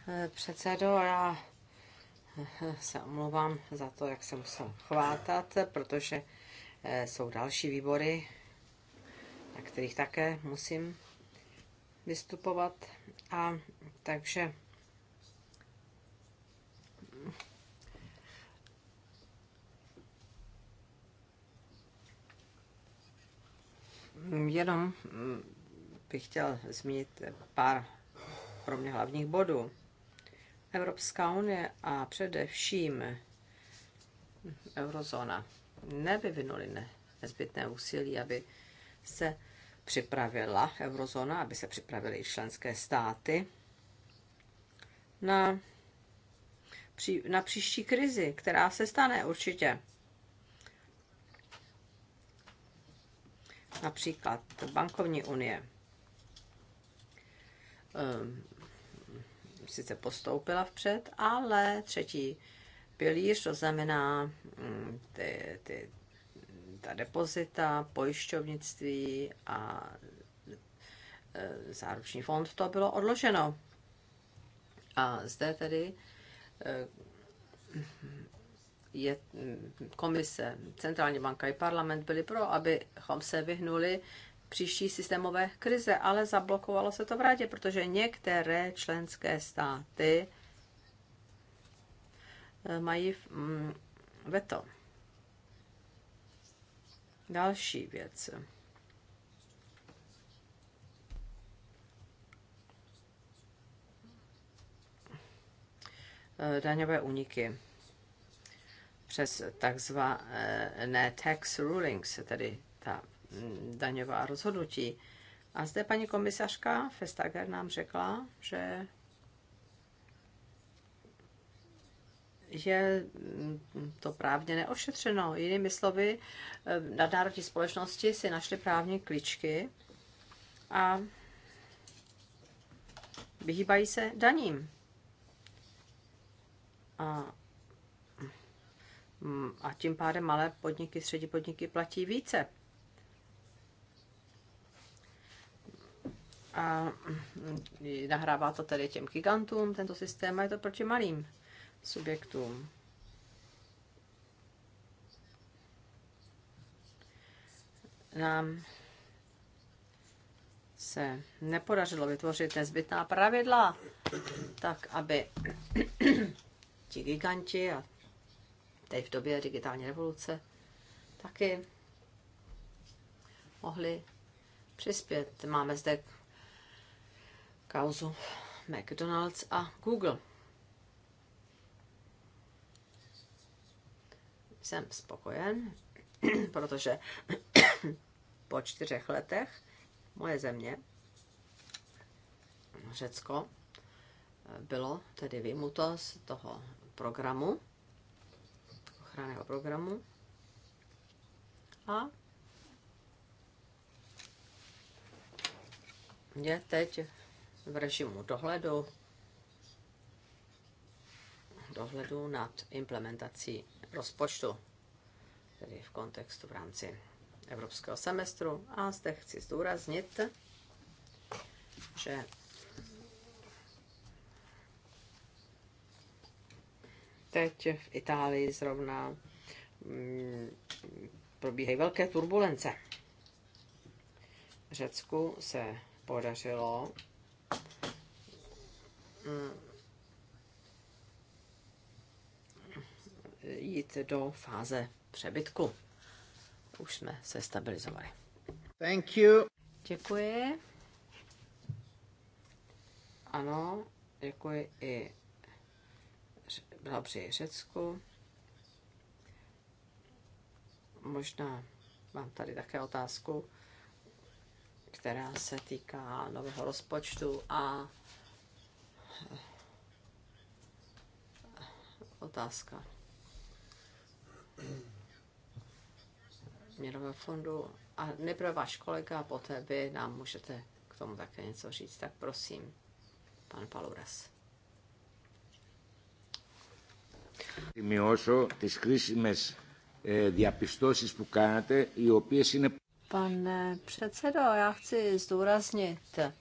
eh, předsedo. Já eh, se omlouvám za to, jak jsem musel chvátat, protože jsou další výbory, na kterých také musím vystupovat. A takže jenom bych chtěl zmínit pár pro mě hlavních bodů. Evropská unie a především eurozóna nevyvinuli ne, nezbytné úsilí, aby se připravila eurozóna, aby se připravily i členské státy na, pří, na příští krizi, která se stane určitě. Například bankovní unie ehm, sice postoupila vpřed, ale třetí pilíř, to znamená mm, ty, ty, ta depozita, pojišťovnictví a e, záruční fond, to bylo odloženo. A zde tedy e, je komise, centrální banka i parlament byli pro, abychom se vyhnuli příští systémové krize, ale zablokovalo se to v rádě, protože některé členské státy e, mají mm, veto. Další věc. Eh, daňové úniky přes takzvané tax rulings, tedy ta mm, daňová rozhodnutí. A zde paní komisařka Festager nám řekla, že je mm, to právně neošetřeno. Jinými slovy, eh, nadnárodní společnosti si našly právně kličky a vyhýbají se daním. A, mm, a tím pádem malé podniky, střední podniky platí více. A mm, nahrává to tedy těm gigantům, tento systém, a je to proti malým subjektům. Nám se nepodařilo vytvořit nezbytná pravidla, tak aby ti giganti a teď v době digitální revoluce taky mohli přispět. Máme zde kauzu McDonald's a Google. jsem spokojen, protože po čtyřech letech moje země, Řecko, bylo tedy vymuto z toho programu, ochranného programu. A je teď v režimu dohledu dohledu nad implementací rozpočtu, tedy v kontextu v rámci evropského semestru. A zde chci zdůraznit, že teď v Itálii zrovna mm, probíhají velké turbulence. Řecku se podařilo mm, jít do fáze přebytku. Už jsme se stabilizovali. Thank you. Děkuji. Ano, děkuji i při Řecku. Možná mám tady také otázku, která se týká nového rozpočtu a otázka měnového fondu. A nejprve váš kolega, poté vy nám můžete k tomu také něco říct. Tak prosím, pan Paluras. Σημειώσω τις κρίσιμες διαπιστώσεις που κάνατε, οι οποίες είναι... Pane předsedo, já chci zdůraznit, e,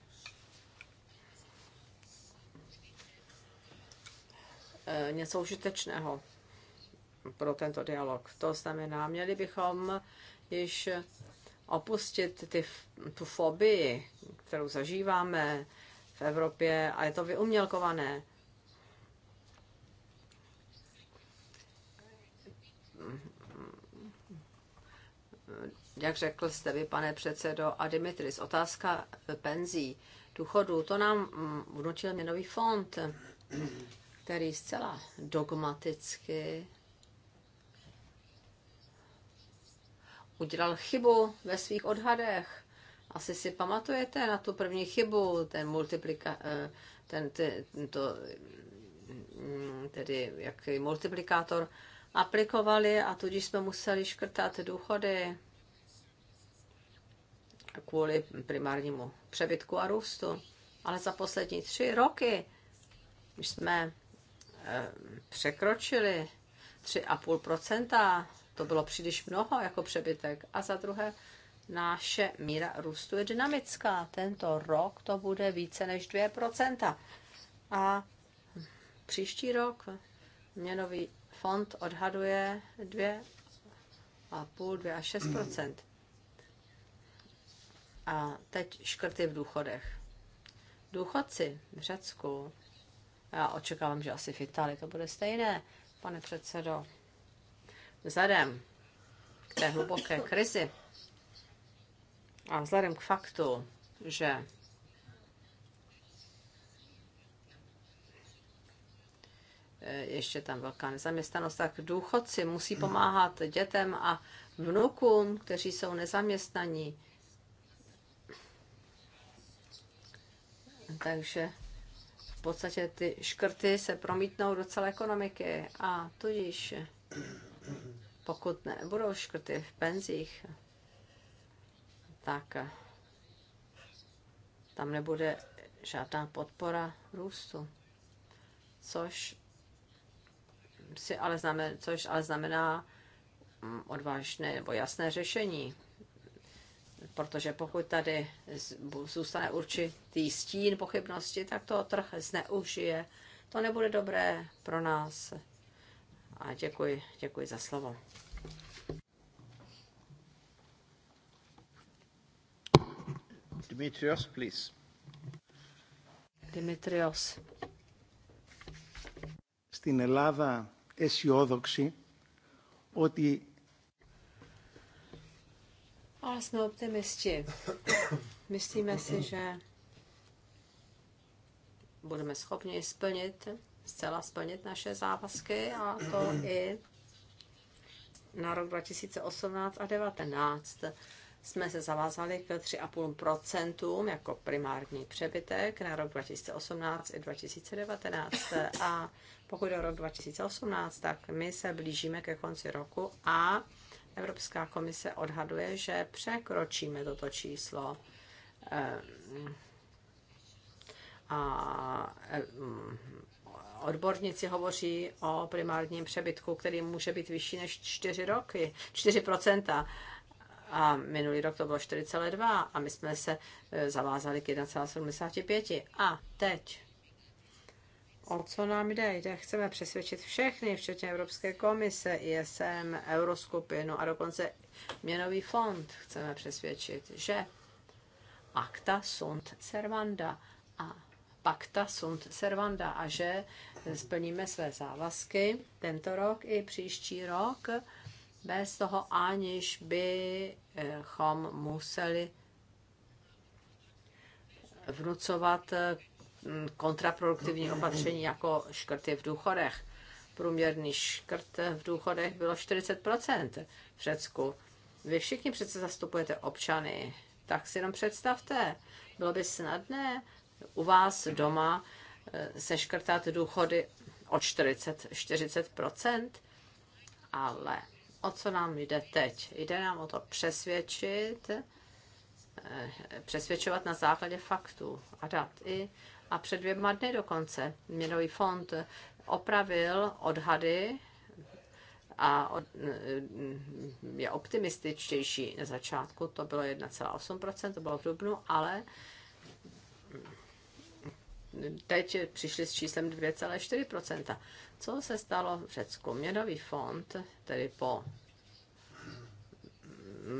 něco užitečného, pro tento dialog. To znamená, měli bychom již opustit ty, tu fobii, kterou zažíváme v Evropě a je to vyumělkované. Jak řekl jste vy, pane předsedo a Dimitris, otázka penzí, důchodu, to nám vnutil měnový fond, který zcela dogmaticky udělal chybu ve svých odhadech. Asi si pamatujete na tu první chybu, ten multiplika, eh, ten, ten, to, mm, tedy jaký multiplikátor aplikovali a tudíž jsme museli škrtat důchody kvůli primárnímu přebytku a růstu. Ale za poslední tři roky jsme eh, překročili 3,5 to bylo příliš mnoho jako přebytek. A za druhé, naše míra růstu je dynamická. Tento rok to bude více než 2%. A příští rok měnový fond odhaduje 2,5, 2 až 6 A teď škrty v důchodech. Důchodci v Řecku, já očekávám, že asi v Itálii to bude stejné, pane předsedo, vzhledem k té hluboké krizi a vzhledem k faktu, že ještě tam velká nezaměstnanost, tak důchodci musí pomáhat dětem a vnukům, kteří jsou nezaměstnaní. Takže v podstatě ty škrty se promítnou do celé ekonomiky a tudíž pokud nebudou škrty v penzích, tak tam nebude žádná podpora růstu. Což si ale znamená, což ale znamená mm, odvážné nebo jasné řešení. Protože pokud tady zůstane určitý stín pochybnosti, tak to trh zneužije. To nebude dobré pro nás, a děkuji, děkuji za slovo. Dimitrios, please. Dimitrios. Στην Ελλάδα αισιόδοξη ότι ale jsme optimisti. Myslíme si, že budeme schopni splnit zcela splnit naše závazky a to i na rok 2018 a 2019 jsme se zavázali k 3,5% jako primární přebytek na rok 2018 i 2019. A pokud je rok 2018, tak my se blížíme ke konci roku a Evropská komise odhaduje, že překročíme toto číslo. Ehm, a ehm, odborníci hovoří o primárním přebytku, který může být vyšší než 4 roky, 4%. A minulý rok to bylo 4,2 a my jsme se e, zavázali k 1,75. A teď O co nám jde? Jde, chceme přesvědčit všechny, včetně Evropské komise, ISM, Euroskupinu a dokonce Měnový fond chceme přesvědčit, že akta sunt servanda a pacta sunt servanda a že splníme své závazky tento rok i příští rok bez toho, aniž bychom museli vnucovat mm, kontraproduktivní opatření jako škrty v důchodech. Průměrný škrt v důchodech bylo 40% v Řecku. Vy všichni přece zastupujete občany, tak si jenom představte, bylo by snadné u vás doma eh, seškrtat důchody o 40, 40%, ale o co nám jde teď? Jde nám o to přesvědčit, eh, přesvědčovat na základě faktů a dat. I a před dvěma dny dokonce Měnový fond opravil odhady a od, eh, je optimističtější. Na začátku to bylo 1,8%, to bylo v dubnu, ale teď přišli s číslem 2,4%. Co se stalo v Řecku? Měnový fond, tedy po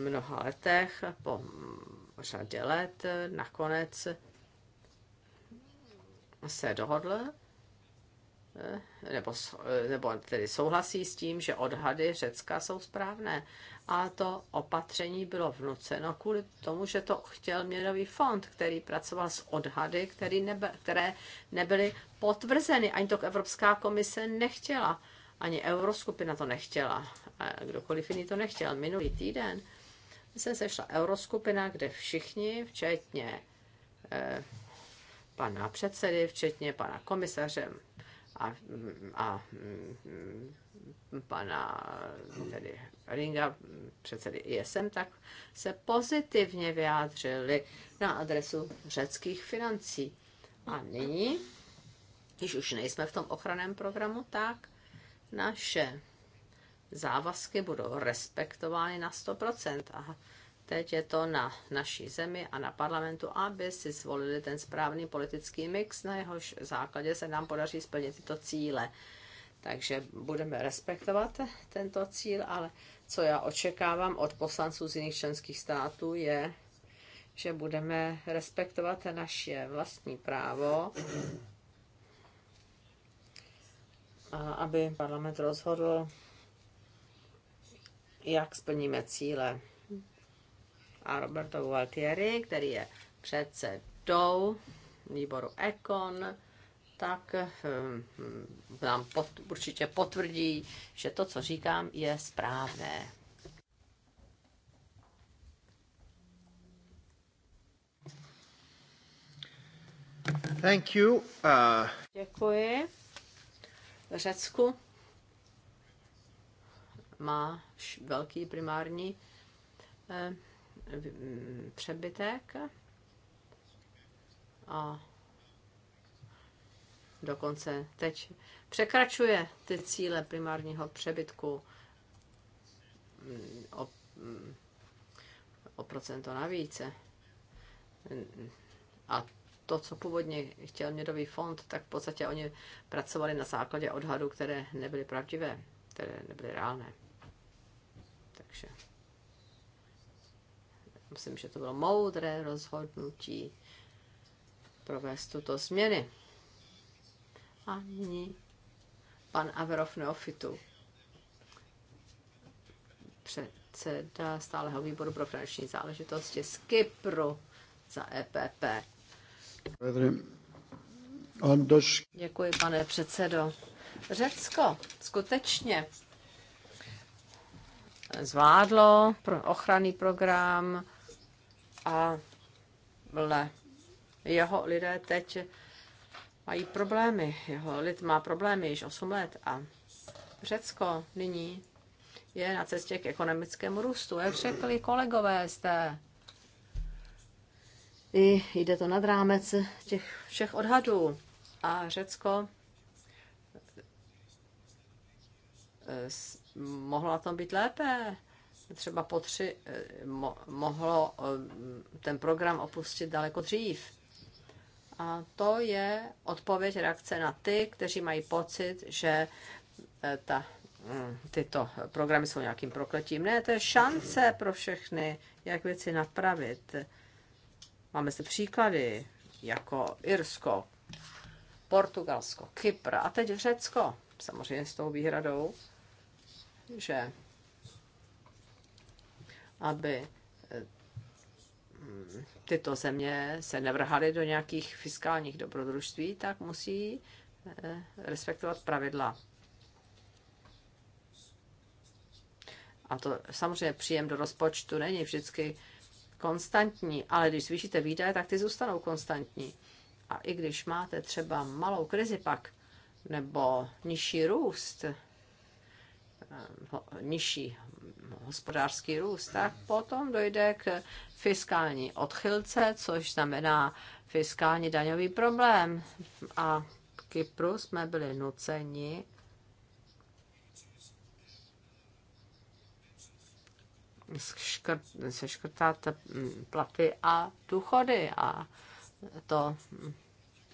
mnoha letech, po řadě let, nakonec se dohodl, eh, nebo, eh, nebo tedy souhlasí s tím, že odhady Řecka jsou správné a to opatření bylo vnuceno kvůli tomu, že to chtěl měnový fond, který pracoval s odhady, který nebe, které nebyly potvrzeny. Ani to Evropská komise nechtěla, ani Euroskupina to nechtěla, a kdokoliv jiný to nechtěl. Minulý týden se sešla Euroskupina, kde všichni, včetně eh, pana předsedy, včetně pana komisaře a, a mm, pana tedy Ringa, předsedy ISM, tak se pozitivně vyjádřili na adresu řeckých financí. A nyní, když už nejsme v tom ochraném programu, tak naše závazky budou respektovány na 100%. A Teď je to na naší zemi a na parlamentu, aby si zvolili ten správný politický mix, na jehož základě se nám podaří splnit tyto cíle. Takže budeme respektovat tento cíl, ale co já očekávám od poslanců z jiných členských států je, že budeme respektovat naše vlastní právo, a aby parlament rozhodl, jak splníme cíle a Roberto Gualtieri, který je předsedou výboru Econ, tak eh, nám pot, určitě potvrdí, že to, co říkám, je správné. Thank you. Uh... Děkuji. V Řecku má velký primární eh, přebytek a dokonce teď překračuje ty cíle primárního přebytku o, o procento navíc. A to, co původně chtěl Měnový fond, tak v podstatě oni pracovali na základě odhadů, které nebyly pravdivé, které nebyly reálné. Takže. Myslím, že to bylo moudré rozhodnutí provést tuto změny. Ani pan Averov Neofitu, předseda stáleho výboru pro finanční záležitosti z Kypru za EPP. Děkuji, pane předsedo. Řecko skutečně zvládlo pro ochranný program a le. Jeho lidé teď mají problémy. Jeho lid má problémy již 8 let a Řecko nyní je na cestě k ekonomickému růstu. Jak řekli kolegové jste i jde to nad rámec těch všech odhadů. A Řecko eh, mohlo na tom být lépe třeba po tři eh, mo, mohlo eh, ten program opustit daleko dřív. A to je odpověď reakce na ty, kteří mají pocit, že eh, ta, hm, tyto programy jsou nějakým prokletím. Ne, to je šance pro všechny, jak věci napravit. Máme zde příklady jako Irsko, Portugalsko, Kypr a teď Řecko. Samozřejmě s tou výhradou, že aby eh, tyto země se nevrhaly do nějakých fiskálních dobrodružství, tak musí eh, respektovat pravidla. A to samozřejmě příjem do rozpočtu není vždycky konstantní, ale když zvýšíte výdaje, tak ty zůstanou konstantní. A i když máte třeba malou krizi pak, nebo nižší růst, eh, nižší hospodářský růst, tak potom dojde k fiskální odchylce, což znamená fiskální daňový problém. A v Kypru jsme byli nuceni škrt, seškrtat platy a důchody. A to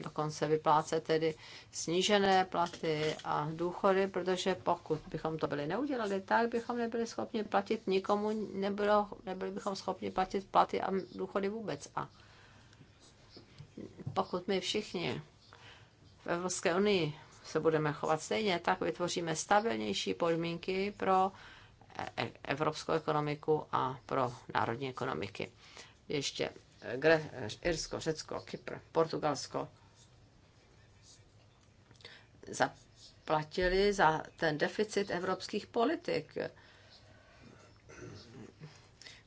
dokonce vyplácet tedy snížené platy a důchody, protože pokud bychom to byli neudělali, tak bychom nebyli schopni platit nikomu, nebylo, nebyli bychom schopni platit platy a důchody vůbec. A pokud my všichni v Evropské unii se budeme chovat stejně, tak vytvoříme stabilnější podmínky pro e- e- evropskou ekonomiku a pro národní ekonomiky. Ještě Irsko, Řecko, Kypr, Portugalsko, zaplatili za ten deficit evropských politik.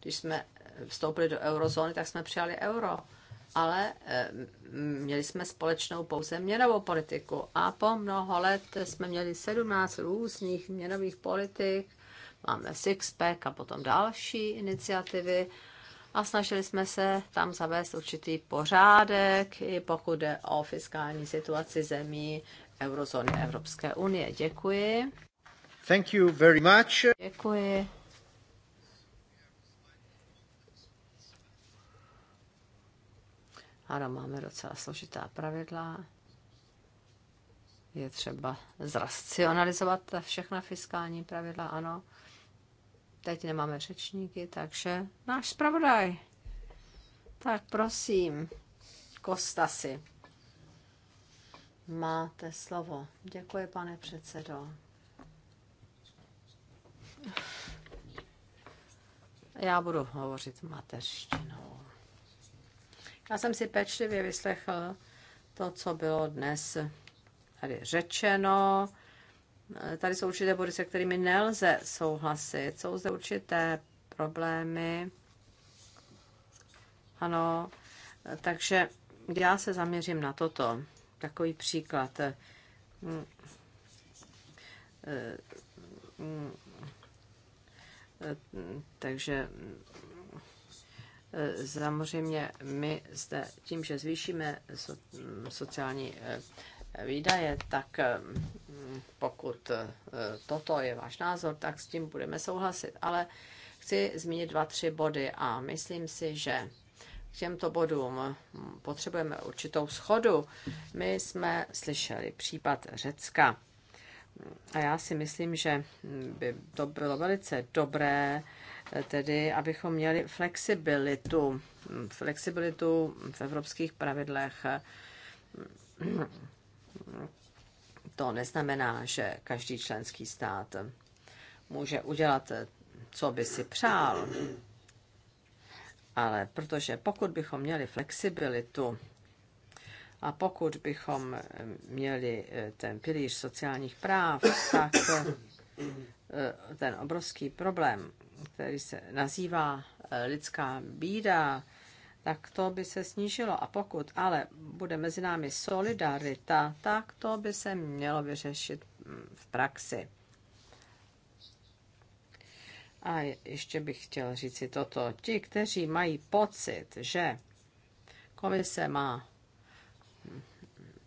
Když jsme vstoupili do eurozóny, tak jsme přijali euro, ale eh, měli jsme společnou pouze měnovou politiku a po mnoho let jsme měli 17 různých měnových politik, máme Sixpack a potom další iniciativy a snažili jsme se tam zavést určitý pořádek, i pokud jde o fiskální situaci zemí, eurozóny Evropské unie. Děkuji. Thank you very much. Děkuji. Ano, máme docela složitá pravidla. Je třeba zracionalizovat všechna fiskální pravidla, ano. Teď nemáme řečníky, takže náš zpravodaj. Tak prosím, Kostasi. Máte slovo. Děkuji, pane předsedo. Já budu hovořit mateřštinou. Já jsem si pečlivě vyslechl to, co bylo dnes tady řečeno. Tady jsou určité body, se kterými nelze souhlasit. Jsou zde určité problémy. Ano, takže já se zaměřím na toto takový příklad. Eh, mm, eh, mm, eh, takže samozřejmě my zde tím, že zvýšíme mm, sociální výdaje, tak pokud toto je váš názor, tak s tím budeme souhlasit. Ale chci zmínit dva, tři body a myslím si, že k těmto bodům. Potřebujeme určitou schodu. My jsme slyšeli případ Řecka. A já si myslím, že by to bylo velice dobré, tedy abychom měli flexibilitu, flexibilitu v evropských pravidlech. To neznamená, že každý členský stát může udělat, co by si přál ale protože pokud bychom měli flexibilitu a pokud bychom eh, měli eh, ten pilíř sociálních práv, tak eh, ten obrovský problém, který se nazývá lidská bída, tak to by se snížilo. A pokud ale bude mezi námi solidarita, tak to by se mělo vyřešit mm, v praxi. A ještě bych chtěl říct si toto. Ti, kteří mají pocit, že komise má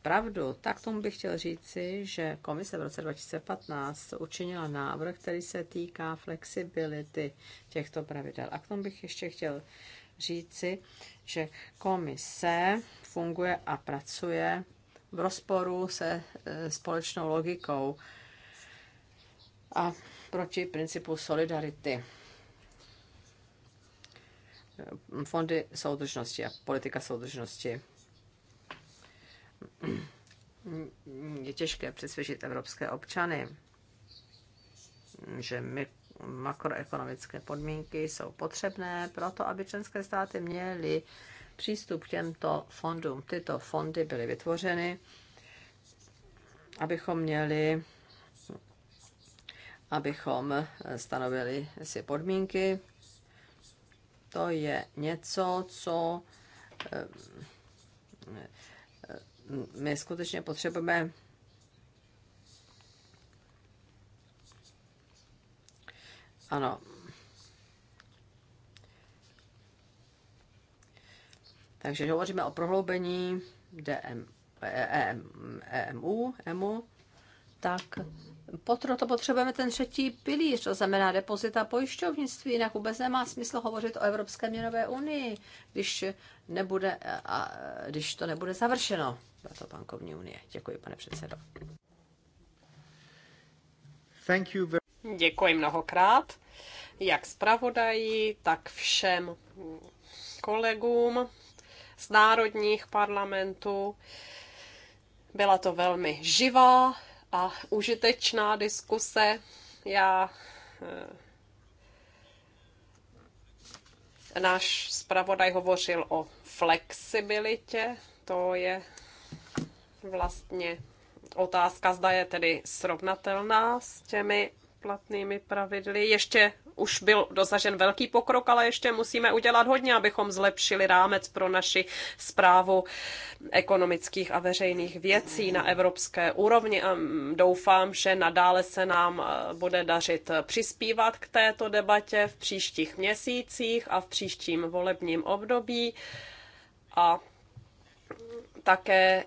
pravdu, tak tomu bych chtěl říci, že komise v roce 2015 učinila návrh, který se týká flexibility těchto pravidel. A k tomu bych ještě chtěl říci, že komise funguje a pracuje v rozporu se e, společnou logikou. A proti principu solidarity. Fondy soudržnosti a politika soudržnosti. Je těžké přesvědčit evropské občany, že my makroekonomické podmínky jsou potřebné pro to, aby členské státy měly přístup k těmto fondům. Tyto fondy byly vytvořeny, abychom měli abychom stanovili si podmínky. To je něco, co eh, my skutečně potřebujeme Ano. Takže hovoříme o prohloubení DM, EM, EMU, EMU, tak to potřebujeme ten třetí pilíř, to znamená depozita pojišťovnictví, jinak vůbec nemá smysl hovořit o Evropské měnové unii, když, nebude, a, když to nebude završeno, tato bankovní unie. Děkuji, pane předsedo. Thank you very... Děkuji mnohokrát, jak zpravodaji, tak všem kolegům z národních parlamentů. Byla to velmi živá a užitečná diskuse. Já eh, Náš zpravodaj hovořil o flexibilitě, to je vlastně otázka, zda je tedy srovnatelná s těmi platnými pravidly. Ještě už byl dosažen velký pokrok, ale ještě musíme udělat hodně, abychom zlepšili rámec pro naši zprávu ekonomických a veřejných věcí na evropské úrovni a mm, doufám, že nadále se nám e, bude dařit přispívat k této debatě v příštích měsících a v příštím volebním období. A také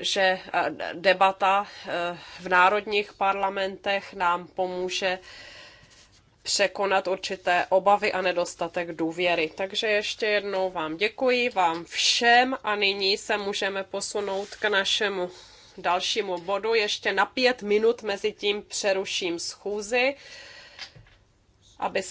že debata e, v národních parlamentech nám pomůže překonat určité obavy a nedostatek důvěry. Takže ještě jednou vám děkuji, vám všem a nyní se můžeme posunout k našemu dalšímu bodu. Ještě na pět minut mezi tím přeruším schůzi, aby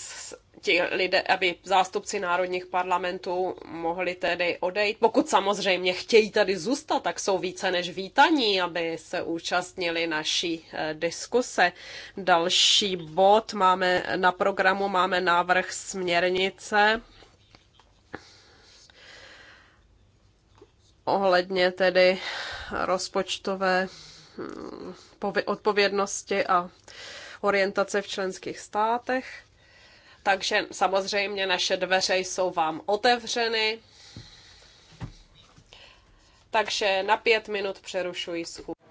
ti lidé, aby zástupci národních parlamentů mohli tedy odejít. Pokud samozřejmě chtějí tady zůstat, tak jsou více než vítaní, aby se účastnili naší eh, diskuse. Další bod máme na programu máme návrh směrnice ohledně tedy rozpočtové hm, odpovědnosti a orientace v členských státech. Takže samozřejmě naše dveře jsou vám otevřeny. Takže na pět minut přerušuji schůzi.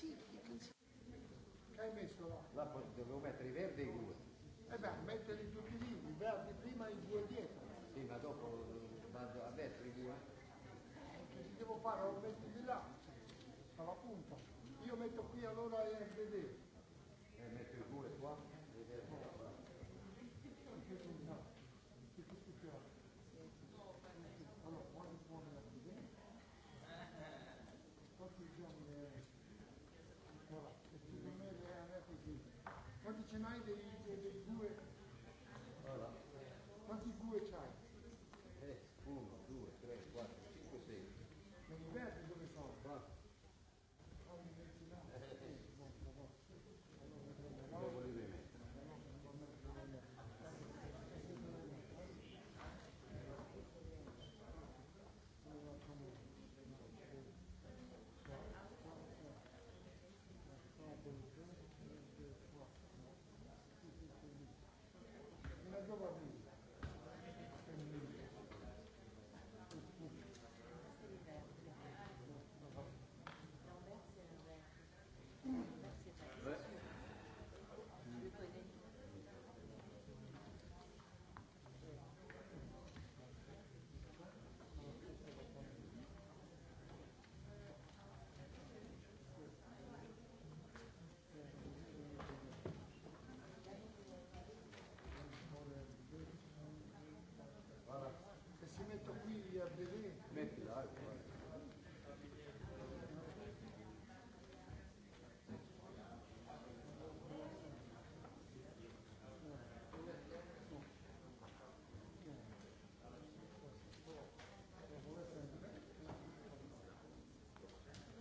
see, you can see. Che hai messo là? Là dovevo mettere i verdi e i due. Eh beh, metterli tutti lì, i verdi prima e i due eh? dietro. Sì, ma dopo vado a destra i due. Eh, che li devo fare? Lo metti di là, alla punta. Io metto qui allora e vedete.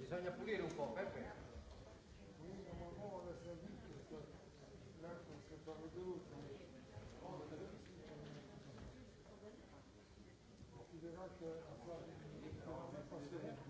Bisogna pulire un po', Peppe. Considerato a fare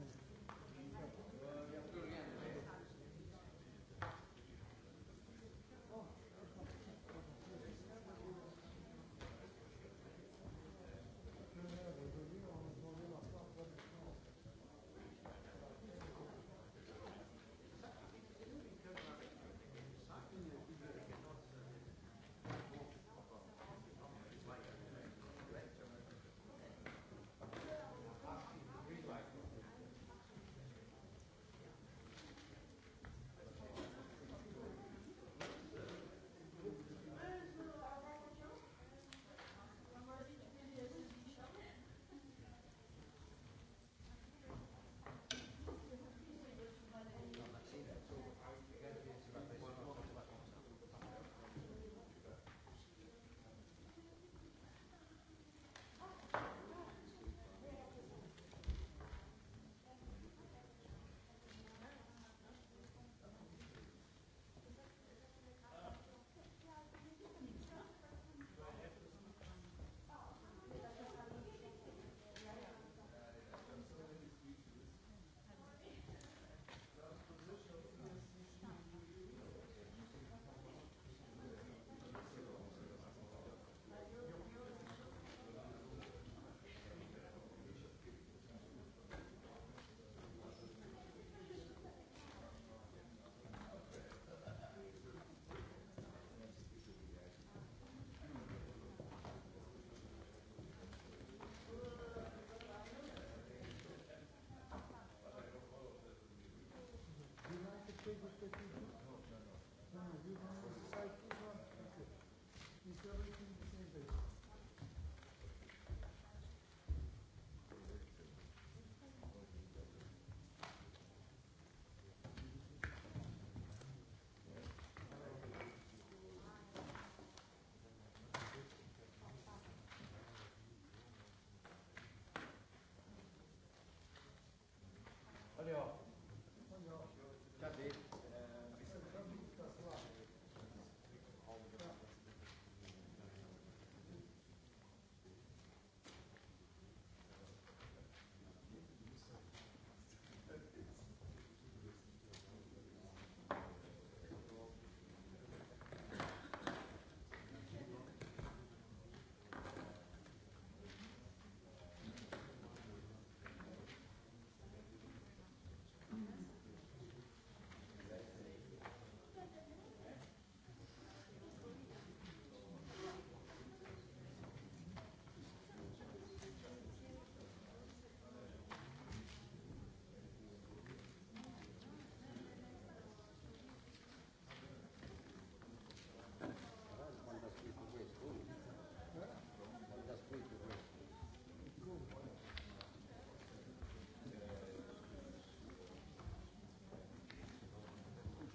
Adiós.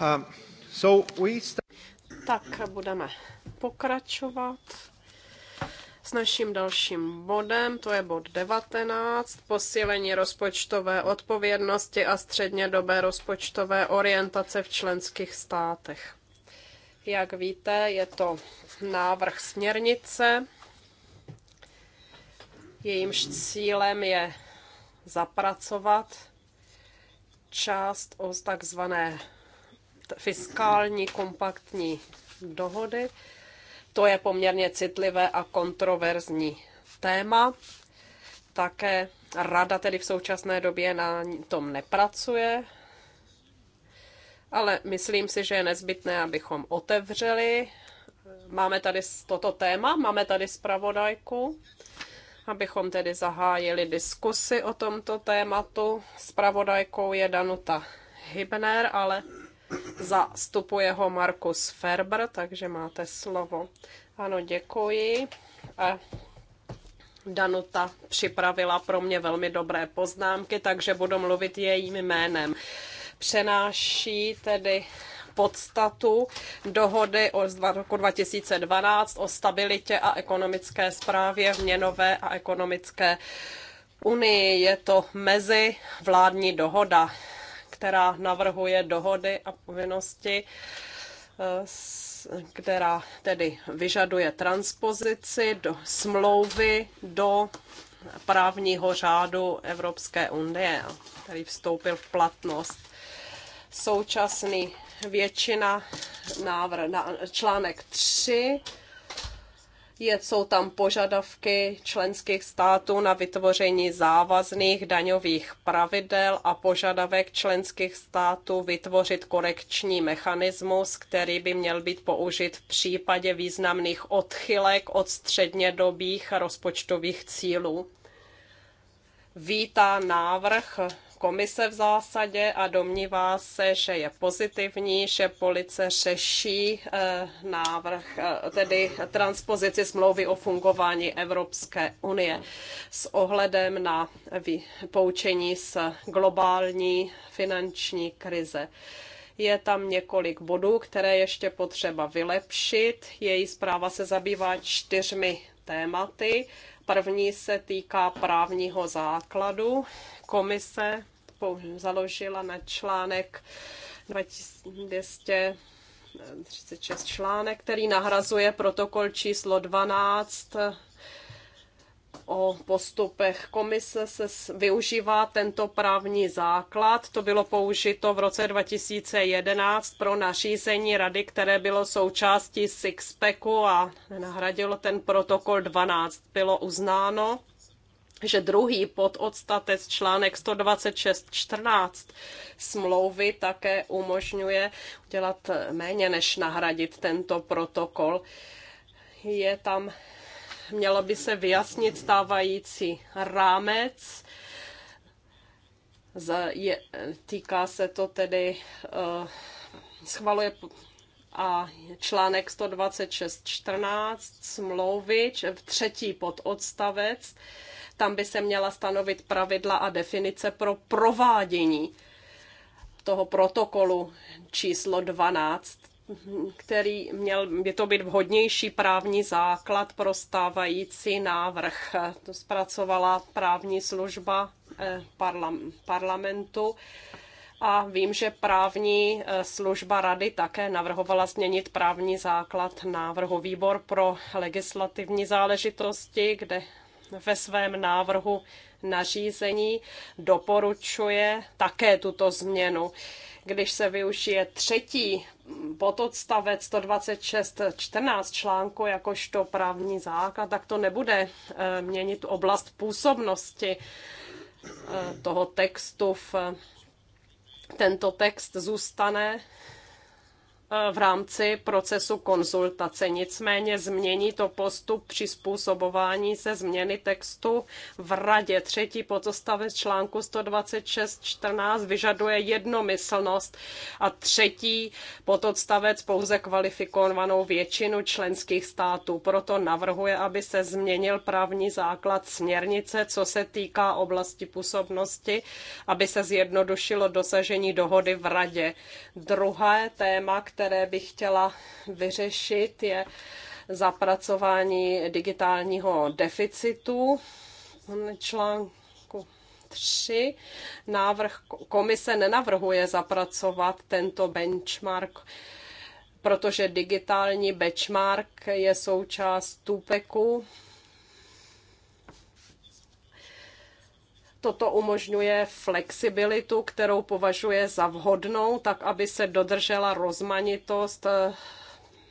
Um, tak budeme pokračovat s naším dalším bodem, to je bod 19, posílení rozpočtové odpovědnosti a střednědobé rozpočtové orientace v členských státech. Jak víte, je to návrh směrnice, jejímž cílem je zapracovat část o takzvané fiskální kompaktní dohody. To je poměrně citlivé a kontroverzní téma. Také rada tedy v současné době na tom nepracuje, ale myslím si, že je nezbytné, abychom otevřeli. Máme tady toto téma, máme tady zpravodajku, abychom tedy zahájili diskusy o tomto tématu. Zpravodajkou je Danuta Hibner, ale Zastupuje ho Markus Ferber, takže máte slovo. Ano, děkuji. A Danuta připravila pro mě velmi dobré poznámky, takže budu mluvit jejím jménem. Přenáší tedy podstatu dohody z roku 2012 o stabilitě a ekonomické správě v měnové a ekonomické unii. Je to mezi vládní dohoda která navrhuje dohody a povinnosti, eh, která tedy vyžaduje transpozici do smlouvy do právního řádu Evropské unie, který vstoupil v platnost. Současný většina návr, článek 3 jsou tam požadavky členských států na vytvoření závazných daňových pravidel a požadavek členských států vytvořit korekční mechanismus, který by měl být použit v případě významných odchylek od střednědobých rozpočtových cílů. Vítá návrh komise v zásadě a domnívá se, že je pozitivní, že police řeší eh, návrh, eh, tedy transpozici smlouvy o fungování Evropské unie s ohledem na poučení z globální finanční krize. Je tam několik bodů, které ještě potřeba vylepšit. Její zpráva se zabývá čtyřmi tématy. První se týká právního základu. Komise založila na článek 2236 článek, který nahrazuje protokol číslo 12 o postupech komise se využívá tento právní základ. To bylo použito v roce 2011 pro nařízení rady, které bylo součástí Sixpacku a nahradilo ten protokol 12. Bylo uznáno že druhý pododstatec článek 126.14 smlouvy také umožňuje udělat méně než nahradit tento protokol. Je tam, mělo by se vyjasnit stávající rámec, týká se to tedy, eh, schvaluje a článek 126.14 smlouvy, v třetí pododstavec, tam by se měla stanovit pravidla a definice pro provádění toho protokolu číslo 12, který měl by to být vhodnější právní základ pro stávající návrh. To zpracovala právní služba eh, parlamentu a vím, že právní e, služba rady také navrhovala změnit právní základ návrhu výbor pro legislativní záležitosti, kde ve svém návrhu nařízení doporučuje také tuto změnu. Když se využije třetí pododstavec 126.14 článku jakožto právní základ, tak to nebude e, měnit oblast působnosti e, toho textu v tento text zůstane E, v rámci procesu konzultace. Nicméně změní to postup přizpůsobování se změny textu v radě. Třetí pozostavec článku 126.14 vyžaduje jednomyslnost a třetí pododstavec pouze kvalifikovanou většinu členských států. Proto navrhuje, aby se změnil právní základ směrnice, co se týká oblasti působnosti, aby se zjednodušilo dosažení dohody v radě. Druhé téma, které které bych chtěla vyřešit, je zapracování digitálního deficitu článku 3. Návrh komise nenavrhuje zapracovat tento benchmark protože digitální benchmark je součást TUPEKu Toto umožňuje flexibilitu, kterou považuje za vhodnou, tak aby se dodržela rozmanitost eh,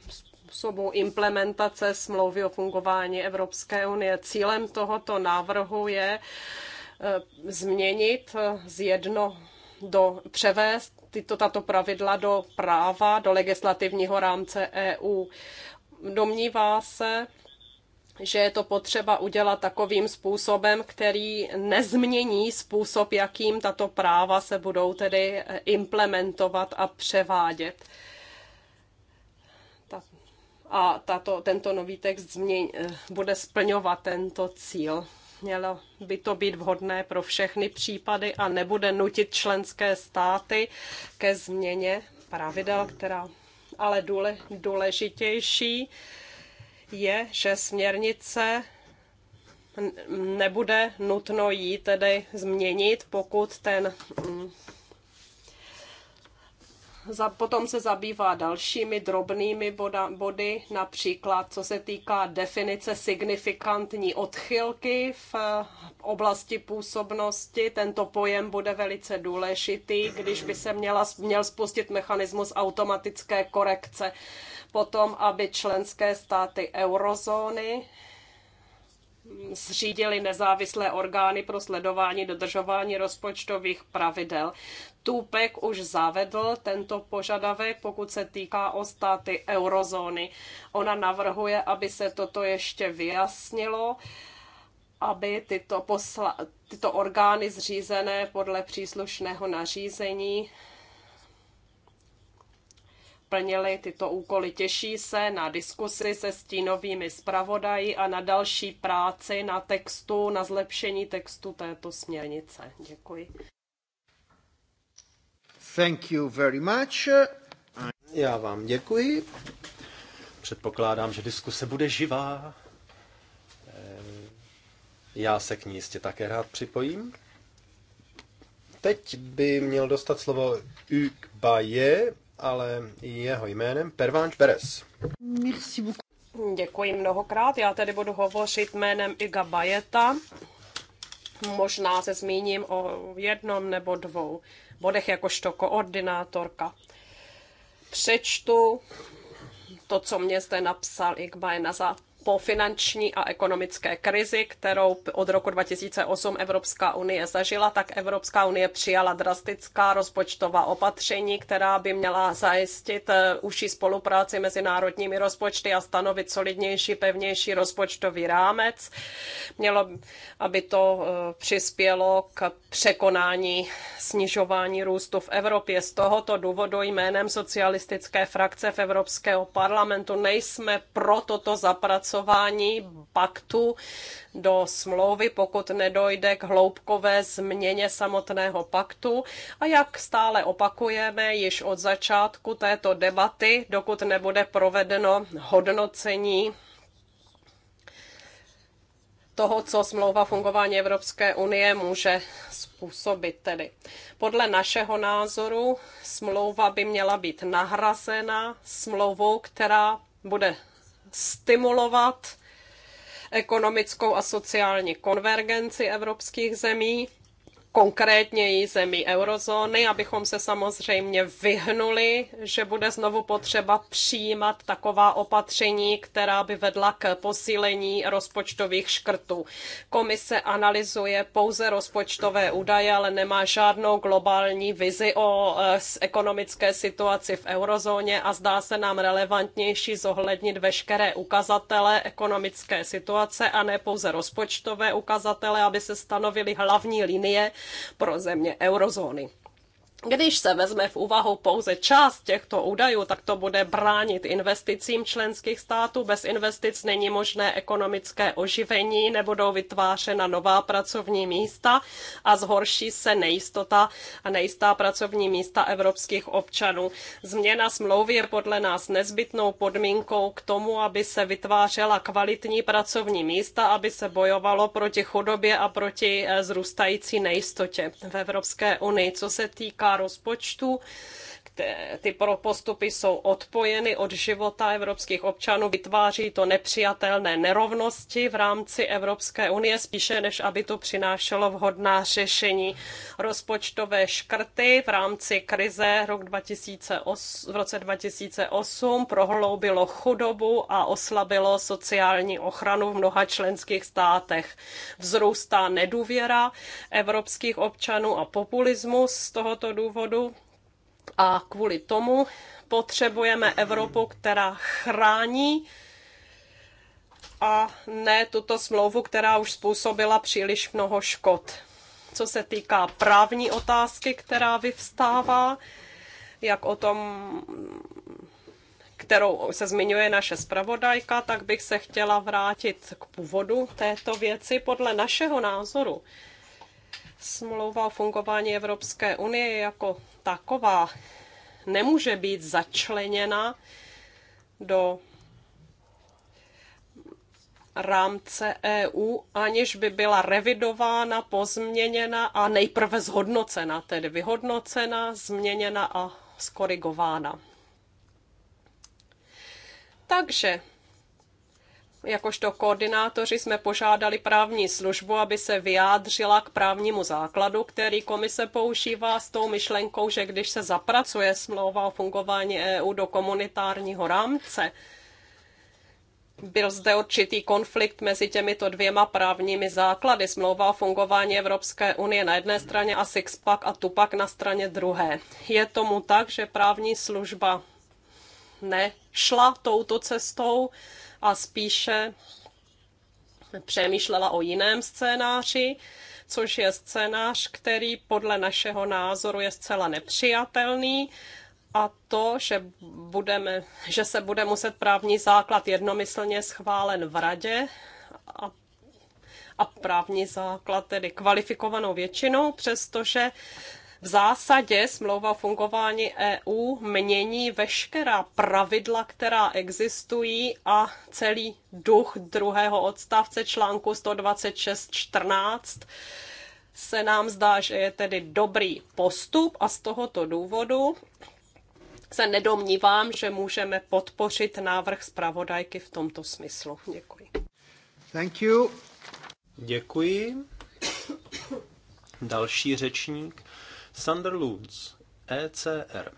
způsobu implementace smlouvy o fungování Evropské unie. Cílem tohoto návrhu je eh, změnit eh, z jedno do převést tyto tato pravidla do práva, do legislativního rámce EU. Domnívá se, že je to potřeba udělat takovým způsobem, který nezmění způsob, jakým tato práva se budou tedy eh, implementovat a převádět. A tato, tento nový text změň, eh, bude splňovat tento cíl. Mělo by to být vhodné pro všechny případy a nebude nutit členské státy ke změně pravidel, která ale důle, důležitější je, že směrnice nebude nutno ji tedy změnit, pokud ten mm, za, potom se zabývá dalšími drobnými boda, body, například co se týká definice signifikantní odchylky v eh, oblasti působnosti. Tento pojem bude velice důležitý, když by se měla, měl spustit mechanismus automatické korekce. Potom, aby členské státy eurozóny zřídili nezávislé orgány pro sledování dodržování rozpočtových pravidel. Tupek už zavedl tento požadavek, pokud se týká o státy eurozóny. Ona navrhuje, aby se toto ještě vyjasnilo, aby tyto, posla, tyto orgány zřízené podle příslušného nařízení plnili tyto úkoly. Těší se na diskusy se stínovými zpravodaji a na další práci na textu, na zlepšení textu této směrnice. Děkuji. Thank you very much. Já vám děkuji. Předpokládám, že diskuse bude živá. Eh, já se k ní jistě také rád připojím. Teď by měl dostat slovo Ukbaje, ale jeho jménem Pervánč Beres. Merci beaucoup. Děkuji mnohokrát. Já tedy budu hovořit jménem Iga Bajeta. Možná se zmíním o jednom nebo dvou bodech jakožto koordinátorka. Přečtu to, co mě zde napsal Igba za, po finanční a ekonomické krizi, kterou od roku 2008 Evropská unie zažila, tak Evropská unie přijala drastická rozpočtová opatření, která by měla zajistit eh, užší spolupráci mezi národními rozpočty a stanovit solidnější, pevnější rozpočtový rámec. Mělo, aby to eh, přispělo k překonání snižování růstu v Evropě. Z tohoto důvodu jménem socialistické frakce v Evropského parlamentu nejsme pro toto zapracování zapracování paktu do smlouvy, pokud nedojde k hloubkové změně samotného paktu. A jak stále opakujeme již od začátku této debaty, dokud nebude provedeno hodnocení toho, co smlouva fungování Evropské unie může způsobit. Tedy podle našeho názoru smlouva by měla být nahrazena smlouvou, která bude stimulovat ekonomickou a sociální konvergenci evropských zemí konkrétněji zemí eurozóny, abychom se samozřejmě vyhnuli, že bude znovu potřeba přijímat taková opatření, která by vedla k posílení rozpočtových škrtů. Komise analyzuje pouze rozpočtové údaje, ale nemá žádnou globální vizi o e, ekonomické situaci v eurozóně a zdá se nám relevantnější zohlednit veškeré ukazatele ekonomické situace a ne pouze rozpočtové ukazatele, aby se stanovily hlavní linie, pro země eurozóny. Když se vezme v úvahu pouze část těchto údajů, tak to bude bránit investicím členských států. Bez investic není možné ekonomické oživení, nebudou vytvářena nová pracovní místa a zhorší se nejistota a nejistá pracovní místa evropských občanů. Změna smlouvy je podle nás nezbytnou podmínkou k tomu, aby se vytvářela kvalitní pracovní místa, aby se bojovalo proti chudobě a proti eh, zrůstající nejistotě v Evropské unii. Co se týká rozpočtu ty postupy jsou odpojeny od života evropských občanů, vytváří to nepřijatelné nerovnosti v rámci Evropské unie, spíše než aby to přinášelo vhodná řešení. Rozpočtové škrty v rámci krize rok 2008, v roce 2008 prohloubilo chudobu a oslabilo sociální ochranu v mnoha členských státech. Vzrůstá nedůvěra evropských občanů a populismus z tohoto důvodu a kvůli tomu potřebujeme Evropu, která chrání a ne tuto smlouvu, která už způsobila příliš mnoho škod. Co se týká právní otázky, která vyvstává, jak o tom, kterou se zmiňuje naše zpravodajka, tak bych se chtěla vrátit k původu této věci. Podle našeho názoru Smlouva o fungování Evropské unie jako taková nemůže být začleněna do rámce EU, aniž by byla revidována, pozměněna a nejprve zhodnocena, tedy vyhodnocena, změněna a skorigována. Takže jakožto koordinátoři jsme požádali právní službu, aby se vyjádřila k právnímu základu, který komise používá s tou myšlenkou, že když se zapracuje smlouva o fungování EU do komunitárního rámce, byl zde určitý konflikt mezi těmito dvěma právními základy. Smlouva o fungování Evropské unie na jedné straně a Sixpack a Tupak na straně druhé. Je tomu tak, že právní služba nešla touto cestou a spíše přemýšlela o jiném scénáři, což je scénář, který podle našeho názoru je zcela nepřijatelný, a to, že, budeme, že se bude muset právní základ jednomyslně schválen v radě a, a právní základ tedy kvalifikovanou většinou, přestože v zásadě smlouva o fungování EU mění veškerá pravidla, která existují a celý duch druhého odstavce článku 126.14 se nám zdá, že je tedy dobrý postup a z tohoto důvodu se nedomnívám, že můžeme podpořit návrh zpravodajky v tomto smyslu. Děkuji. Thank you. Děkuji. Další řečník Sander Lunds, ECR.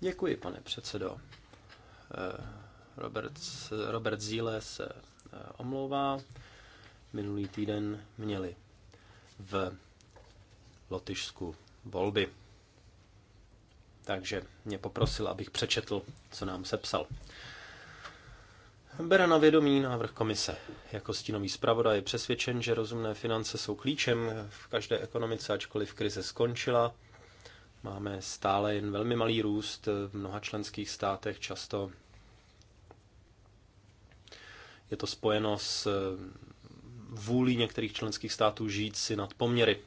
Děkuji, pane předsedo. Eh, Robert, Robert Zíle se eh, omlouvá. Minulý týden měli v Lotyšsku volby. Takže mě poprosil, abych přečetl, co nám sepsal. psal bere na vědomí návrh komise. Jako stínový zpravodaj je přesvědčen, že rozumné finance jsou klíčem v každé ekonomice, ačkoliv krize skončila. Máme stále jen velmi malý růst v mnoha členských státech, často je to spojeno s vůlí některých členských států žít si nad poměry.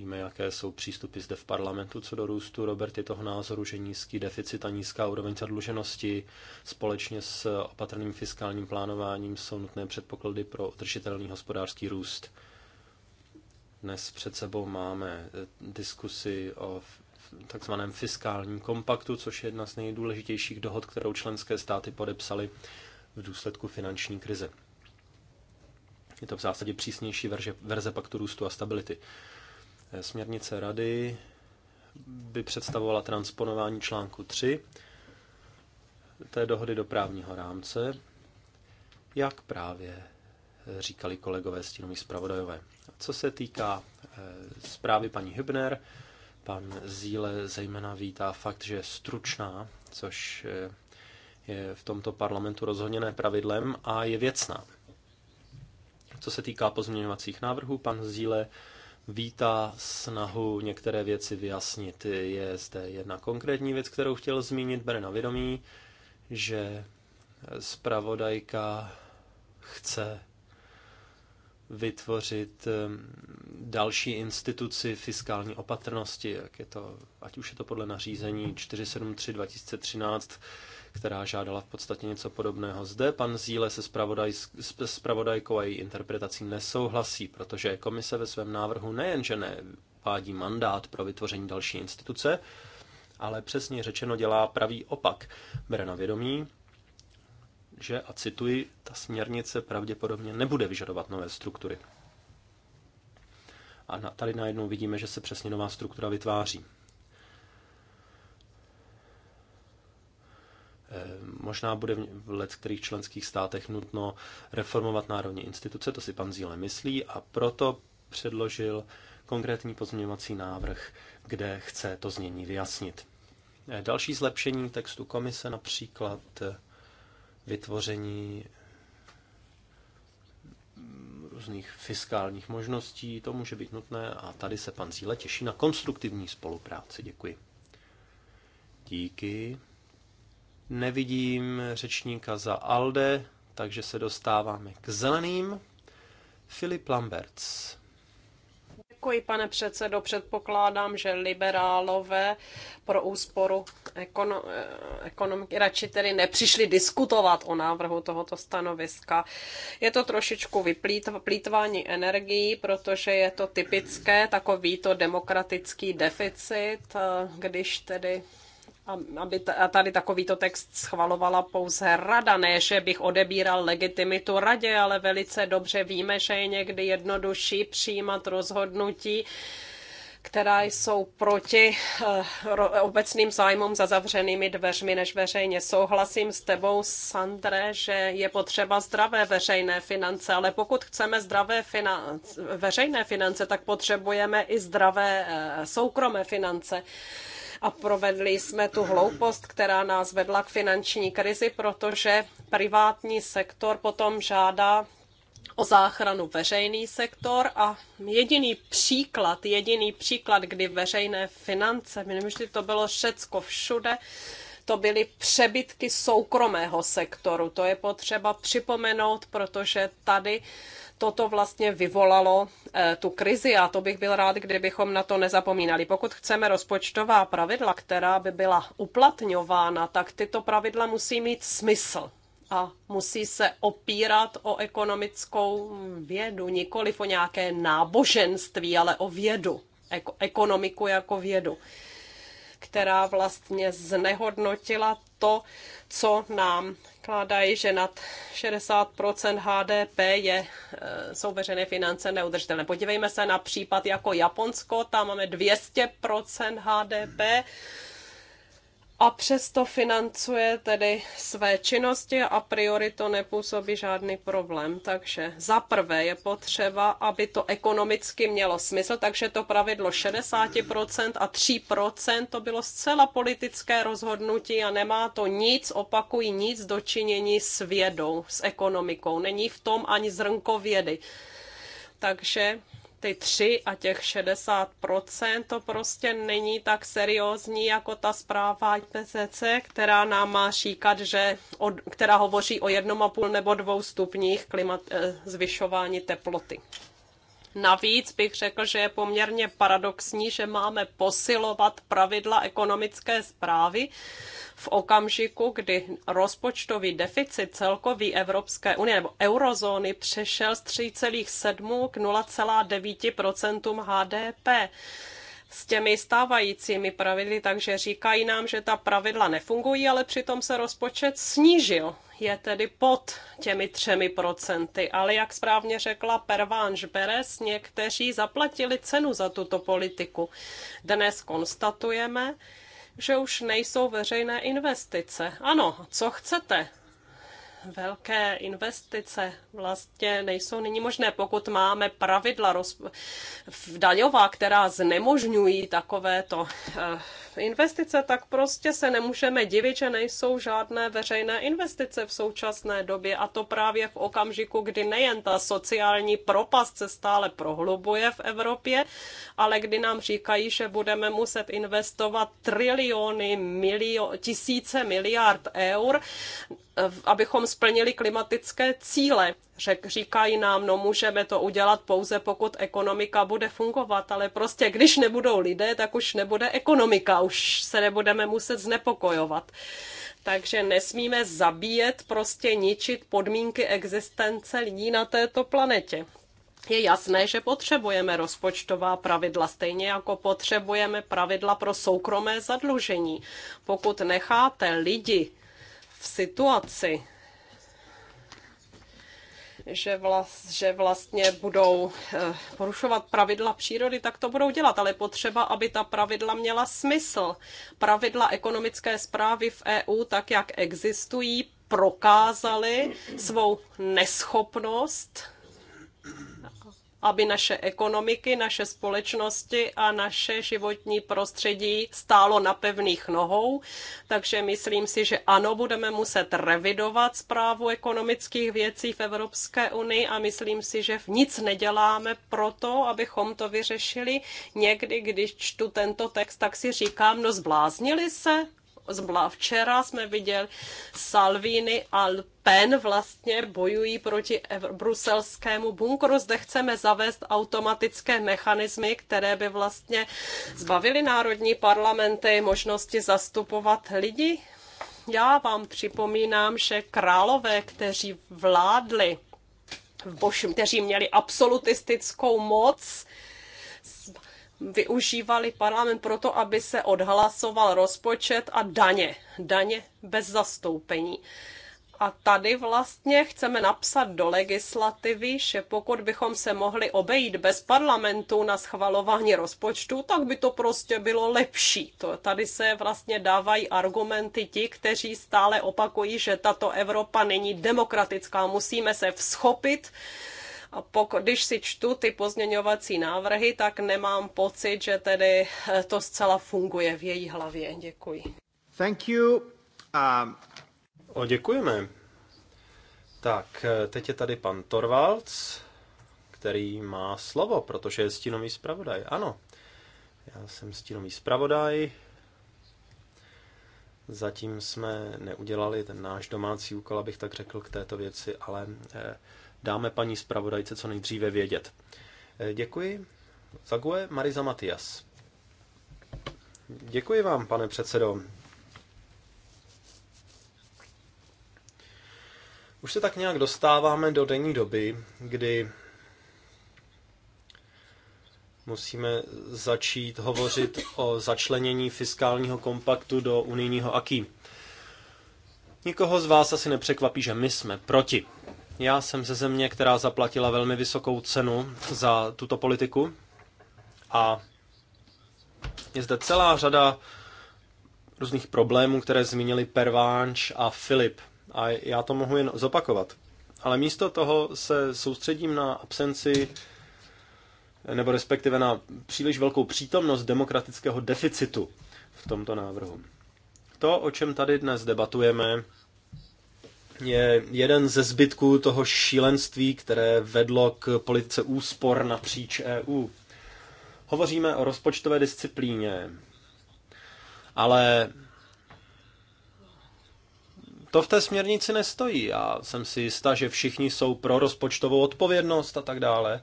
Víme, jaké jsou přístupy zde v parlamentu co do růstu. Robert je toho názoru, že nízký deficit a nízká úroveň zadluženosti společně s opatrným fiskálním plánováním jsou nutné předpoklady pro udržitelný hospodářský růst. Dnes před sebou máme eh, diskusy o takzvaném fiskálním kompaktu, což je jedna z nejdůležitějších dohod, kterou členské státy podepsaly v důsledku finanční krize. Je to v zásadě přísnější verze, verze paktu růstu a stability. Směrnice Rady by představovala transponování článku 3 té dohody do právního rámce, jak právě říkali kolegové stínoví zpravodajové. Co se týká eh, zprávy paní Hübner, pan Zíle zejména vítá fakt, že je stručná, což eh, je v tomto parlamentu rozhodně pravidlem a je věcná. Co se týká pozměňovacích návrhů, pan Zíle vítá snahu některé věci vyjasnit. Je zde jedna konkrétní věc, kterou chtěl zmínit, bere na vědomí, že zpravodajka chce vytvořit další instituci fiskální opatrnosti, jak je to, ať už je to podle nařízení 473 2013, která žádala v podstatě něco podobného. Zde pan Zíle se zpravodajkou a její interpretací nesouhlasí, protože komise ve svém návrhu nejenže nevádí mandát pro vytvoření další instituce, ale přesně řečeno dělá pravý opak. Bere na vědomí, že, a cituji, ta směrnice pravděpodobně nebude vyžadovat nové struktury. A na, tady najednou vidíme, že se přesně nová struktura vytváří. Eh, možná bude v let kterých členských státech nutno reformovat národní instituce, to si pan Zíle myslí, a proto předložil konkrétní pozměňovací návrh, kde chce to znění vyjasnit. Eh, další zlepšení textu komise, například eh, vytvoření mm, různých fiskálních možností, to může být nutné a tady se pan Zíle těší na konstruktivní spolupráci. Děkuji. Díky. Nevidím řečníka za ALDE, takže se dostáváme k zeleným. Filip Lamberts. Děkuji, pane předsedo. Předpokládám, že liberálové pro úsporu ekono, ekonomiky radši tedy nepřišli diskutovat o návrhu tohoto stanoviska. Je to trošičku vyplýtvání energií, protože je to typické, takový to demokratický deficit, když tedy aby tady takovýto text schvalovala pouze rada, ne, že bych odebíral legitimitu radě, ale velice dobře víme, že je někdy jednodušší přijímat rozhodnutí, která jsou proti eh, obecným zájmům za zavřenými dveřmi než veřejně. Souhlasím s tebou, Sandre, že je potřeba zdravé veřejné finance, ale pokud chceme zdravé finance, veřejné finance, tak potřebujeme i zdravé eh, soukromé finance a provedli jsme tu hloupost, která nás vedla k finanční krizi, protože privátní sektor potom žádá o záchranu veřejný sektor a jediný příklad, jediný příklad, kdy veřejné finance, my nevím, to bylo všecko všude, to byly přebytky soukromého sektoru. To je potřeba připomenout, protože tady toto vlastně vyvolalo eh, tu krizi a to bych byl rád, kdybychom na to nezapomínali. Pokud chceme rozpočtová pravidla, která by byla uplatňována, tak tyto pravidla musí mít smysl a musí se opírat o ekonomickou vědu, nikoli o nějaké náboženství, ale o vědu, ekonomiku jako vědu která vlastně znehodnotila to, co nám kládají, že nad 60% HDP je, e, jsou veřejné finance neudržitelné. Podívejme se na případ jako Japonsko, tam máme 200% HDP. Hmm a přesto financuje tedy své činnosti a priori to nepůsobí žádný problém. Takže za prvé je potřeba, aby to ekonomicky mělo smysl, takže to pravidlo 60% a 3% to bylo zcela politické rozhodnutí a nemá to nic, opakují nic dočinění s vědou, s ekonomikou. Není v tom ani zrnko vědy. Takže ty 3 a těch 60%, to prostě není tak seriózní jako ta zpráva IPCC, která nám má říkat, že od, která hovoří o 1,5 nebo 2 stupních klimat, eh, zvyšování teploty. Navíc bych řekl, že je poměrně paradoxní, že máme posilovat pravidla ekonomické zprávy v okamžiku, kdy rozpočtový deficit celkový Evropské unie nebo eurozóny přešel z 3,7 k 0,9 HDP s těmi stávajícími pravidly, takže říkají nám, že ta pravidla nefungují, ale přitom se rozpočet snížil. Je tedy pod těmi třemi procenty. Ale jak správně řekla Pervánž Beres, někteří zaplatili cenu za tuto politiku. Dnes konstatujeme, že už nejsou veřejné investice. Ano, co chcete? velké investice vlastně nejsou nyní možné, pokud máme pravidla roz... daňová, která znemožňují takovéto eh, investice, tak prostě se nemůžeme divit, že nejsou žádné veřejné investice v současné době a to právě v okamžiku, kdy nejen ta sociální propast se stále prohlubuje v Evropě, ale kdy nám říkají, že budeme muset investovat triliony, milio, tisíce miliard eur, eh, abychom splnili klimatické cíle řek, říkají nám, no můžeme to udělat pouze pokud ekonomika bude fungovat, ale prostě když nebudou lidé, tak už nebude ekonomika, už se nebudeme muset znepokojovat. Takže nesmíme zabíjet, prostě ničit podmínky existence lidí na této planetě. Je jasné, že potřebujeme rozpočtová pravidla, stejně jako potřebujeme pravidla pro soukromé zadlužení. Pokud necháte lidi v situaci, že, vlast, že vlastně budou eh, porušovat pravidla přírody, tak to budou dělat, ale potřeba, aby ta pravidla měla smysl. Pravidla ekonomické zprávy v EU, tak jak existují, prokázaly svou neschopnost aby naše ekonomiky, naše společnosti a naše životní prostředí stálo na pevných nohou. Takže myslím si, že ano, budeme muset revidovat zprávu ekonomických věcí v Evropské unii a myslím si, že nic neděláme proto, abychom to vyřešili. Někdy, když čtu tento text, tak si říkám, no zbláznili se, zbla. Včera jsme viděli Salvini a Pen vlastně bojují proti bruselskému bunkru. Zde chceme zavést automatické mechanismy, které by vlastně zbavily národní parlamenty možnosti zastupovat lidi. Já vám připomínám, že králové, kteří vládli, kteří měli absolutistickou moc, využívali parlament proto, aby se odhlasoval rozpočet a daně. Daně bez zastoupení. A tady vlastně chceme napsat do legislativy, že pokud bychom se mohli obejít bez parlamentu na schvalování rozpočtu, tak by to prostě bylo lepší. To, tady se vlastně dávají argumenty ti, kteří stále opakují, že tato Evropa není demokratická. Musíme se vzchopit a pok- když si čtu ty pozměňovací návrhy, tak nemám pocit, že tedy eh, to zcela funguje v její hlavě. Děkuji. Thank you. Um... O, děkujeme. Tak, eh, teď je tady pan Torvalds, který má slovo, protože je stínový zpravodaj. Ano, já jsem stínový zpravodaj. Zatím jsme neudělali ten náš domácí úkol, abych tak řekl, k této věci, ale eh, dáme paní zpravodajce co nejdříve vědět. Eh, děkuji. Zague Mariza Matias. Děkuji vám, pane předsedo. Už se tak nějak dostáváme do denní doby, kdy musíme začít hovořit o začlenění fiskálního kompaktu do unijního AKI. Nikoho z vás asi nepřekvapí, že my jsme proti. Já jsem ze země, která zaplatila velmi vysokou cenu za tuto politiku a je zde celá řada různých problémů, které zmínili Pervánč a Filip. A já to mohu jen zopakovat. Ale místo toho se soustředím na absenci nebo respektive na příliš velkou přítomnost demokratického deficitu v tomto návrhu. To, o čem tady dnes debatujeme, je jeden ze zbytků toho šílenství, které vedlo k politice úspor napříč EU. Hovoříme o rozpočtové disciplíně, ale to v té směrnici nestojí. Já jsem si jistá, že všichni jsou pro rozpočtovou odpovědnost a tak dále,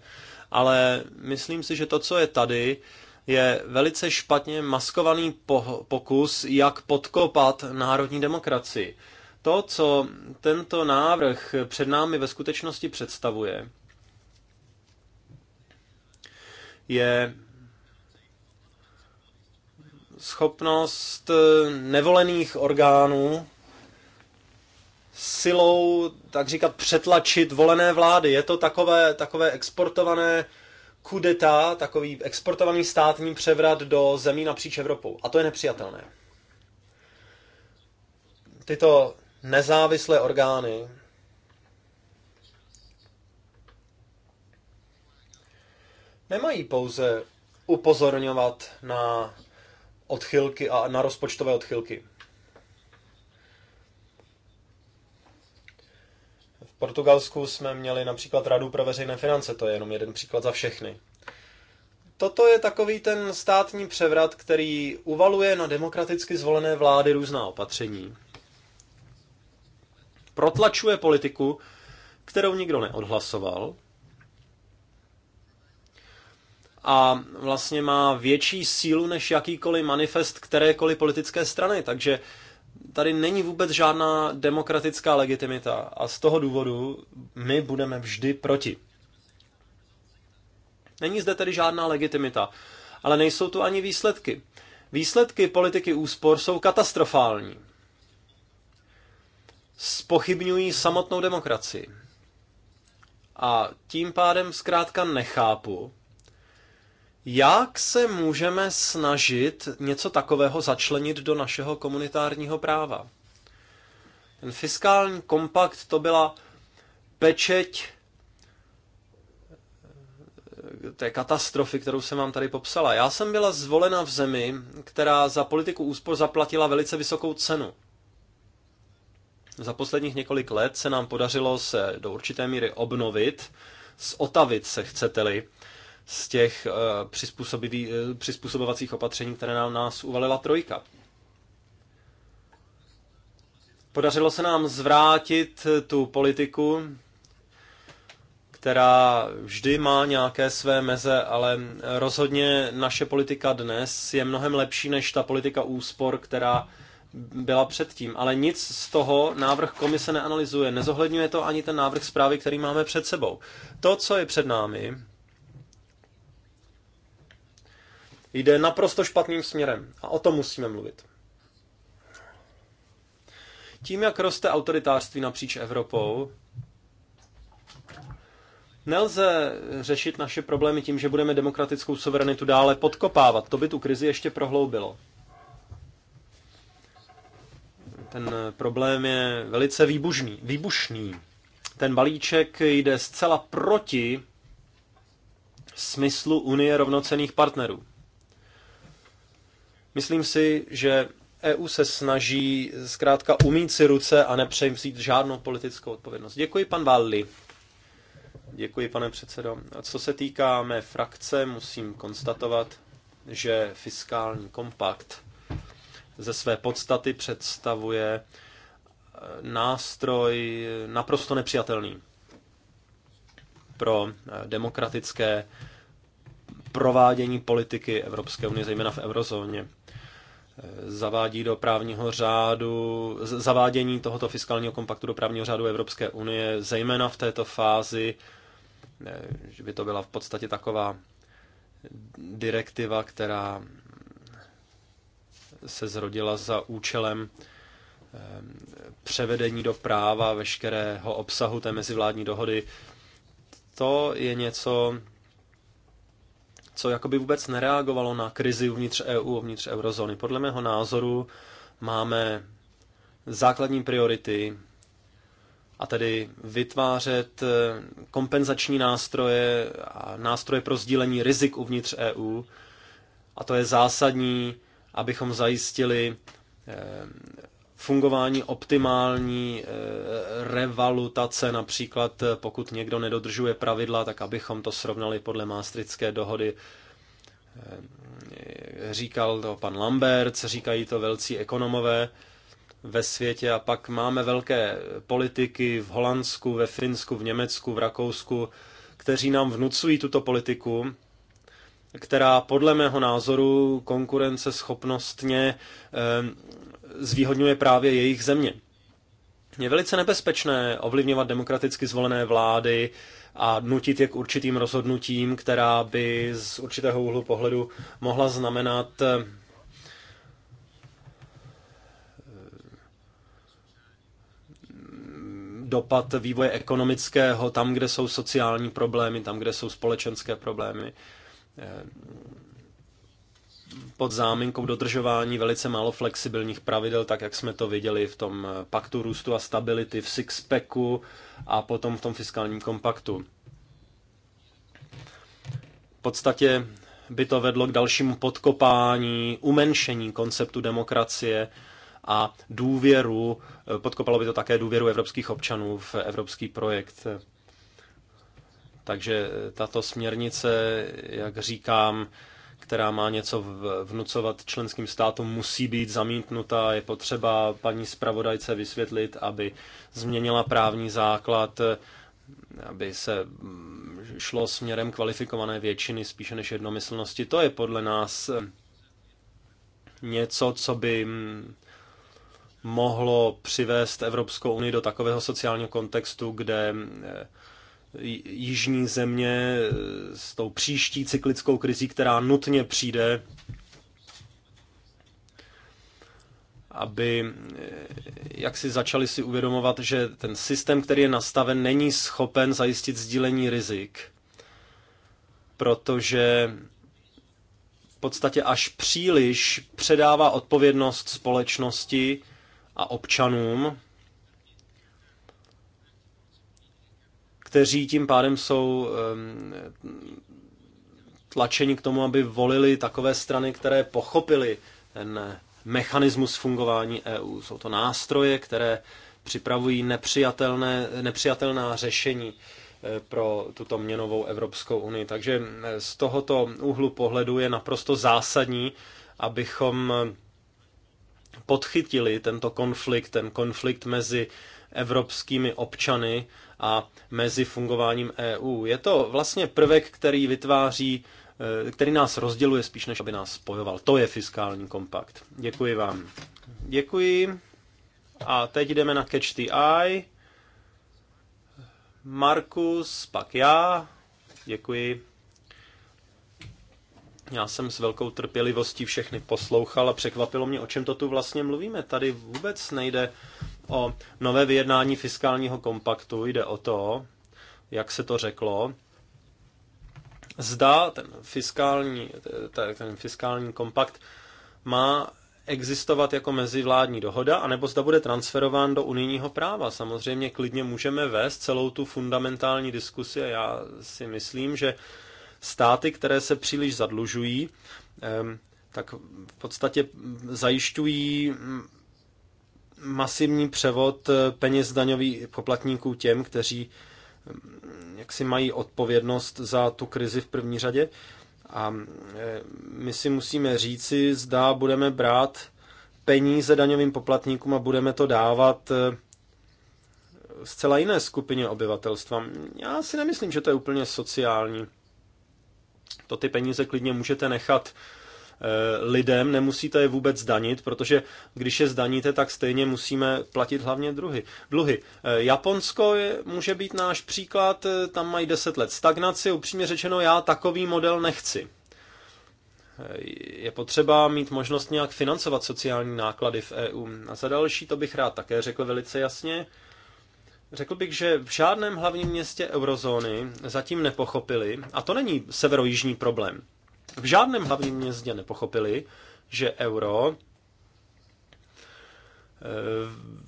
ale myslím si, že to, co je tady, je velice špatně maskovaný pokus, jak podkopat národní demokracii. To, co tento návrh před námi ve skutečnosti představuje, je schopnost nevolených orgánů silou, tak říkat, přetlačit volené vlády. Je to takové, takové exportované kudeta, takový exportovaný státní převrat do zemí napříč Evropou. A to je nepřijatelné. Tyto nezávislé orgány. Nemají pouze upozorňovat na odchylky a na rozpočtové odchylky. V Portugalsku jsme měli například Radu pro veřejné finance, to je jenom jeden příklad za všechny. Toto je takový ten státní převrat, který uvaluje na demokraticky zvolené vlády různá opatření protlačuje politiku, kterou nikdo neodhlasoval. A vlastně má větší sílu než jakýkoliv manifest kterékoliv politické strany. Takže tady není vůbec žádná demokratická legitimita. A z toho důvodu my budeme vždy proti. Není zde tedy žádná legitimita, ale nejsou tu ani výsledky. Výsledky politiky úspor jsou katastrofální spochybňují samotnou demokracii. A tím pádem zkrátka nechápu, jak se můžeme snažit něco takového začlenit do našeho komunitárního práva. Ten fiskální kompakt to byla pečeť eh, té katastrofy, kterou jsem vám tady popsala. Já jsem byla zvolena v zemi, která za politiku úspor zaplatila velice vysokou cenu – za posledních několik let se nám podařilo se do určité míry obnovit, zotavit se chcete-li, z těch eh, eh, přizpůsobovacích opatření, které nám nás uvalila trojka. Podařilo se nám zvrátit eh, tu politiku, která vždy má nějaké své meze, ale rozhodně naše politika dnes je mnohem lepší než ta politika úspor, která byla předtím. Ale nic z toho návrh komise neanalyzuje. Nezohledňuje to ani ten návrh zprávy, který máme před sebou. To, co je před námi, jde naprosto špatným směrem. A o tom musíme mluvit. Tím, jak roste autoritářství napříč Evropou, Nelze řešit naše problémy tím, že budeme demokratickou suverenitu dále podkopávat. To by tu krizi ještě prohloubilo ten problém je velice výbužný, výbušný. Ten balíček jde zcela proti smyslu Unie rovnocených partnerů. Myslím si, že EU se snaží zkrátka umít si ruce a nepřejmsít žádnou politickou odpovědnost. Děkuji, pan Valli. Děkuji, pane předsedo. A co se týká mé frakce, musím konstatovat, že fiskální kompakt ze své podstaty představuje eh, nástroj naprosto nepřijatelný pro eh, demokratické provádění politiky Evropské unie, zejména v eurozóně. Eh, zavádí do právního řádu, zavádění tohoto fiskálního kompaktu do právního řádu Evropské unie, zejména v této fázi, že by to byla v podstatě taková direktiva, která se zrodila za účelem eh, převedení do práva veškerého obsahu té mezivládní dohody. To je něco, co jakoby vůbec nereagovalo na krizi uvnitř EU, uvnitř eurozóny. Podle mého názoru máme základní priority, a tedy vytvářet eh, kompenzační nástroje a nástroje pro sdílení rizik uvnitř EU. A to je zásadní abychom zajistili eh, fungování optimální eh, revalutace, například eh, pokud někdo nedodržuje pravidla, tak abychom to srovnali podle Maastrichtské dohody. Říkal to pan Lambert, říkají to velcí ekonomové ve světě a pak máme velké politiky v Holandsku, ve Finsku, v Německu, v Rakousku, kteří nám vnucují tuto politiku která podle mého názoru konkurenceschopnostně eh, zvýhodňuje právě jejich země. Je velice nebezpečné ovlivňovat demokraticky zvolené vlády a nutit je k určitým rozhodnutím, která by z určitého úhlu pohledu mohla znamenat eh, dopad vývoje ekonomického tam, kde jsou sociální problémy, tam, kde jsou společenské problémy. Eh, pod záminkou dodržování velice málo flexibilních pravidel, tak jak jsme to viděli v tom eh, paktu růstu a stability, v Sixpacku a potom v tom fiskálním kompaktu. V podstatě by to vedlo k dalšímu podkopání, umenšení konceptu demokracie a důvěru, eh, podkopalo by to také důvěru evropských občanů v evropský projekt. Takže tato směrnice, jak říkám, která má něco vnucovat členským státům, musí být zamítnuta. Je potřeba paní zpravodajce vysvětlit, aby změnila právní základ, aby se mm, šlo směrem kvalifikované většiny spíše než jednomyslnosti. To je podle nás mm, něco, co by mm, mohlo přivést Evropskou unii do takového sociálního kontextu, kde jižní země eh, s tou příští cyklickou krizí, která nutně přijde, aby eh, jak si začali si uvědomovat, že ten systém, který je nastaven, není schopen zajistit sdílení rizik, protože v podstatě až příliš předává odpovědnost společnosti a občanům kteří tím pádem jsou tlačeni k tomu, aby volili takové strany, které pochopily ten mechanismus fungování EU. Jsou to nástroje, které připravují nepřijatelné, nepřijatelná řešení eh, pro tuto měnovou Evropskou unii. Takže eh, z tohoto úhlu pohledu je naprosto zásadní, abychom eh, podchytili tento konflikt, ten konflikt mezi evropskými občany a mezi fungováním EU. Je to vlastně prvek, který vytváří, eh, který nás rozděluje spíš, než aby nás spojoval. To je fiskální kompakt. Děkuji vám. Děkuji. A teď jdeme na Catch the Eye. Markus, pak já. Děkuji. Já jsem s velkou trpělivostí všechny poslouchal a překvapilo mě, o čem to tu vlastně mluvíme. Tady vůbec nejde o nové vyjednání fiskálního kompaktu. Jde o to, jak se to řeklo, zda ten fiskální, ten fiskální kompakt má existovat jako mezivládní dohoda, anebo zda bude transferován do unijního práva. Samozřejmě klidně můžeme vést celou tu fundamentální diskusi a já si myslím, že státy, které se příliš zadlužují, tak v podstatě zajišťují masivní převod eh, peněz daňových poplatníků těm, kteří mm, jak si mají odpovědnost za tu krizi v první řadě. A eh, my si musíme říci, zda budeme brát peníze daňovým poplatníkům a budeme to dávat eh, zcela jiné skupině obyvatelstva. Já si nemyslím, že to je úplně sociální. To ty peníze klidně můžete nechat Eh, lidem, nemusíte je vůbec zdanit, protože když je zdaníte, tak stejně musíme platit hlavně druhy, dluhy. Eh, Japonsko je, může být náš příklad, eh, tam mají 10 let stagnaci, upřímně řečeno já takový model nechci. Je potřeba mít možnost nějak financovat sociální náklady v EU. A za další, to bych rád také řekl velice jasně, Řekl bych, že v žádném hlavním městě eurozóny zatím nepochopili, a to není severojižní problém, v žádném hlavním městě nepochopili, že euro eh,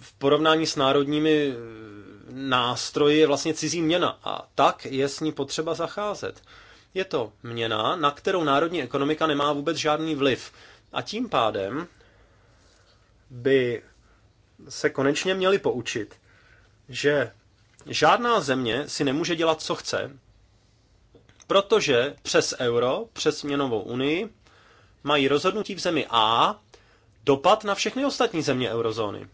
v porovnání s národními eh, nástroji je vlastně cizí měna a tak je s ní potřeba zacházet. Je to měna, na kterou národní ekonomika nemá vůbec žádný vliv. A tím pádem by se konečně měli poučit, že žádná země si nemůže dělat, co chce, protože přes euro, přes měnovou unii, mají rozhodnutí v zemi A dopad na všechny ostatní země eurozóny.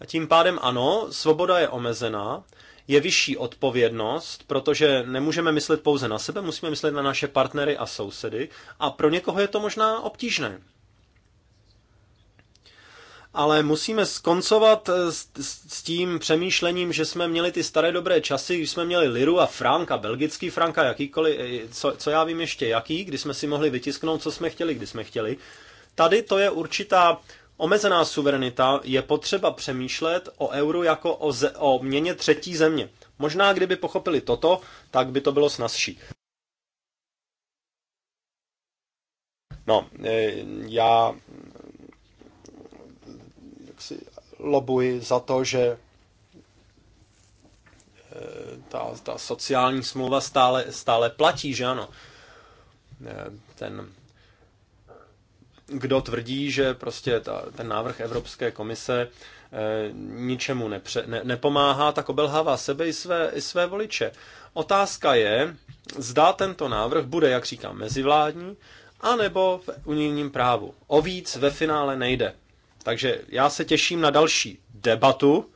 A tím pádem ano, svoboda je omezená, je vyšší odpovědnost, protože nemůžeme myslet pouze na sebe, musíme myslet na naše partnery a sousedy a pro někoho je to možná obtížné ale musíme skoncovat eh, s, s tím přemýšlením, že jsme měli ty staré dobré časy, když jsme měli liru a frank a belgický frank a jakýkoliv, eh, co, co já vím ještě jaký, kdy jsme si mohli vytisknout, co jsme chtěli, kdy jsme chtěli. Tady to je určitá omezená suverenita, je potřeba přemýšlet o euru jako o, ze, o měně třetí země. Možná kdyby pochopili toto, tak by to bylo snazší. No, eh, já si lobuji za to, že eh, ta, ta sociální smlouva stále, stále platí, že ano. Eh, ten, kdo tvrdí, že prostě ta, ten návrh Evropské komise eh, ničemu nepře, ne, nepomáhá, tak obelhává sebe i své, i své voliče. Otázka je, zda tento návrh bude, jak říkám, mezivládní, anebo v unijním právu. O víc ve finále nejde. Takže já se těším na další debatu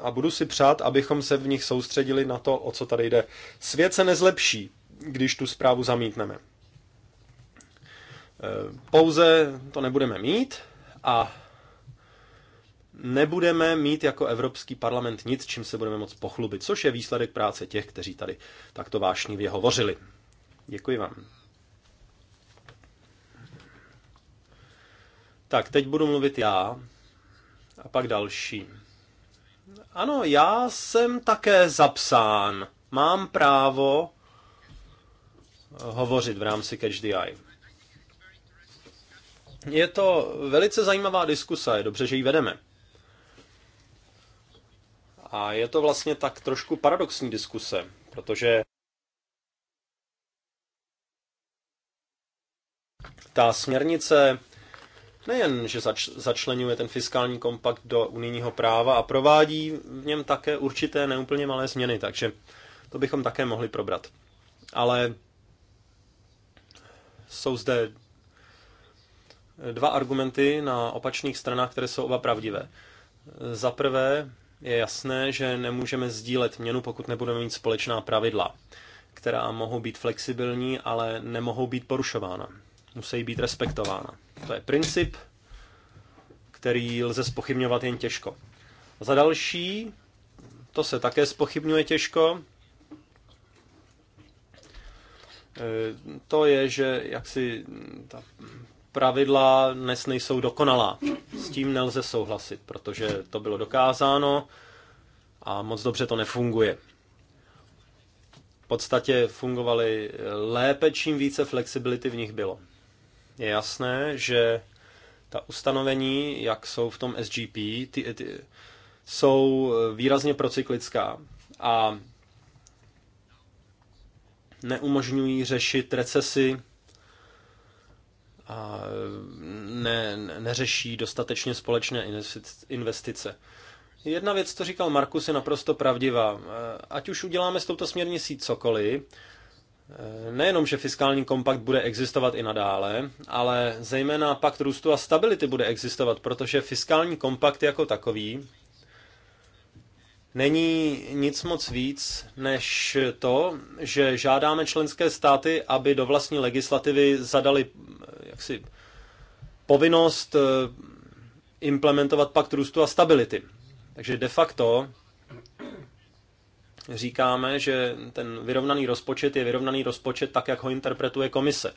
a budu si přát, abychom se v nich soustředili na to, o co tady jde. Svět se nezlepší, když tu zprávu zamítneme. E, pouze to nebudeme mít a nebudeme mít jako Evropský parlament nic, čím se budeme moc pochlubit, což je výsledek práce těch, kteří tady takto vášnivě hovořili. Děkuji vám. Tak, teď budu mluvit já a pak další. Ano, já jsem také zapsán. Mám právo hovořit v rámci Catch the Eye. Je to velice zajímavá diskusa, je dobře, že ji vedeme. A je to vlastně tak trošku paradoxní diskuse, protože ta směrnice nejen, že zač- začlenuje ten fiskální kompakt do unijního práva a provádí v něm také určité neúplně malé změny, takže to bychom také mohli probrat. Ale jsou zde dva argumenty na opačných stranách, které jsou oba pravdivé. Za prvé je jasné, že nemůžeme sdílet měnu, pokud nebudeme mít společná pravidla, která mohou být flexibilní, ale nemohou být porušována musí být respektována. To je princip, který lze spochybňovat jen těžko. Za další, to se také spochybňuje těžko, to je, že jaksi ta pravidla dnes nejsou dokonalá. S tím nelze souhlasit, protože to bylo dokázáno a moc dobře to nefunguje. V podstatě fungovaly lépe, čím více flexibility v nich bylo. Je jasné, že ta ustanovení, jak jsou v tom SGP, ty, ty, jsou výrazně procyklická a neumožňují řešit recesy a ne, neřeší dostatečně společné investice. Jedna věc, co říkal Markus, je naprosto pravdivá. Ať už uděláme s touto směrnicí cokoliv, Eh, nejenom, že fiskální kompakt bude existovat i nadále, ale zejména pakt růstu a stability bude existovat, protože fiskální kompakt jako takový není nic moc víc než to, že žádáme členské státy, aby do vlastní legislativy zadali eh, jaksi povinnost eh, implementovat pakt růstu a stability. Takže de facto říkáme, že ten vyrovnaný rozpočet je vyrovnaný rozpočet tak, jak ho interpretuje komise.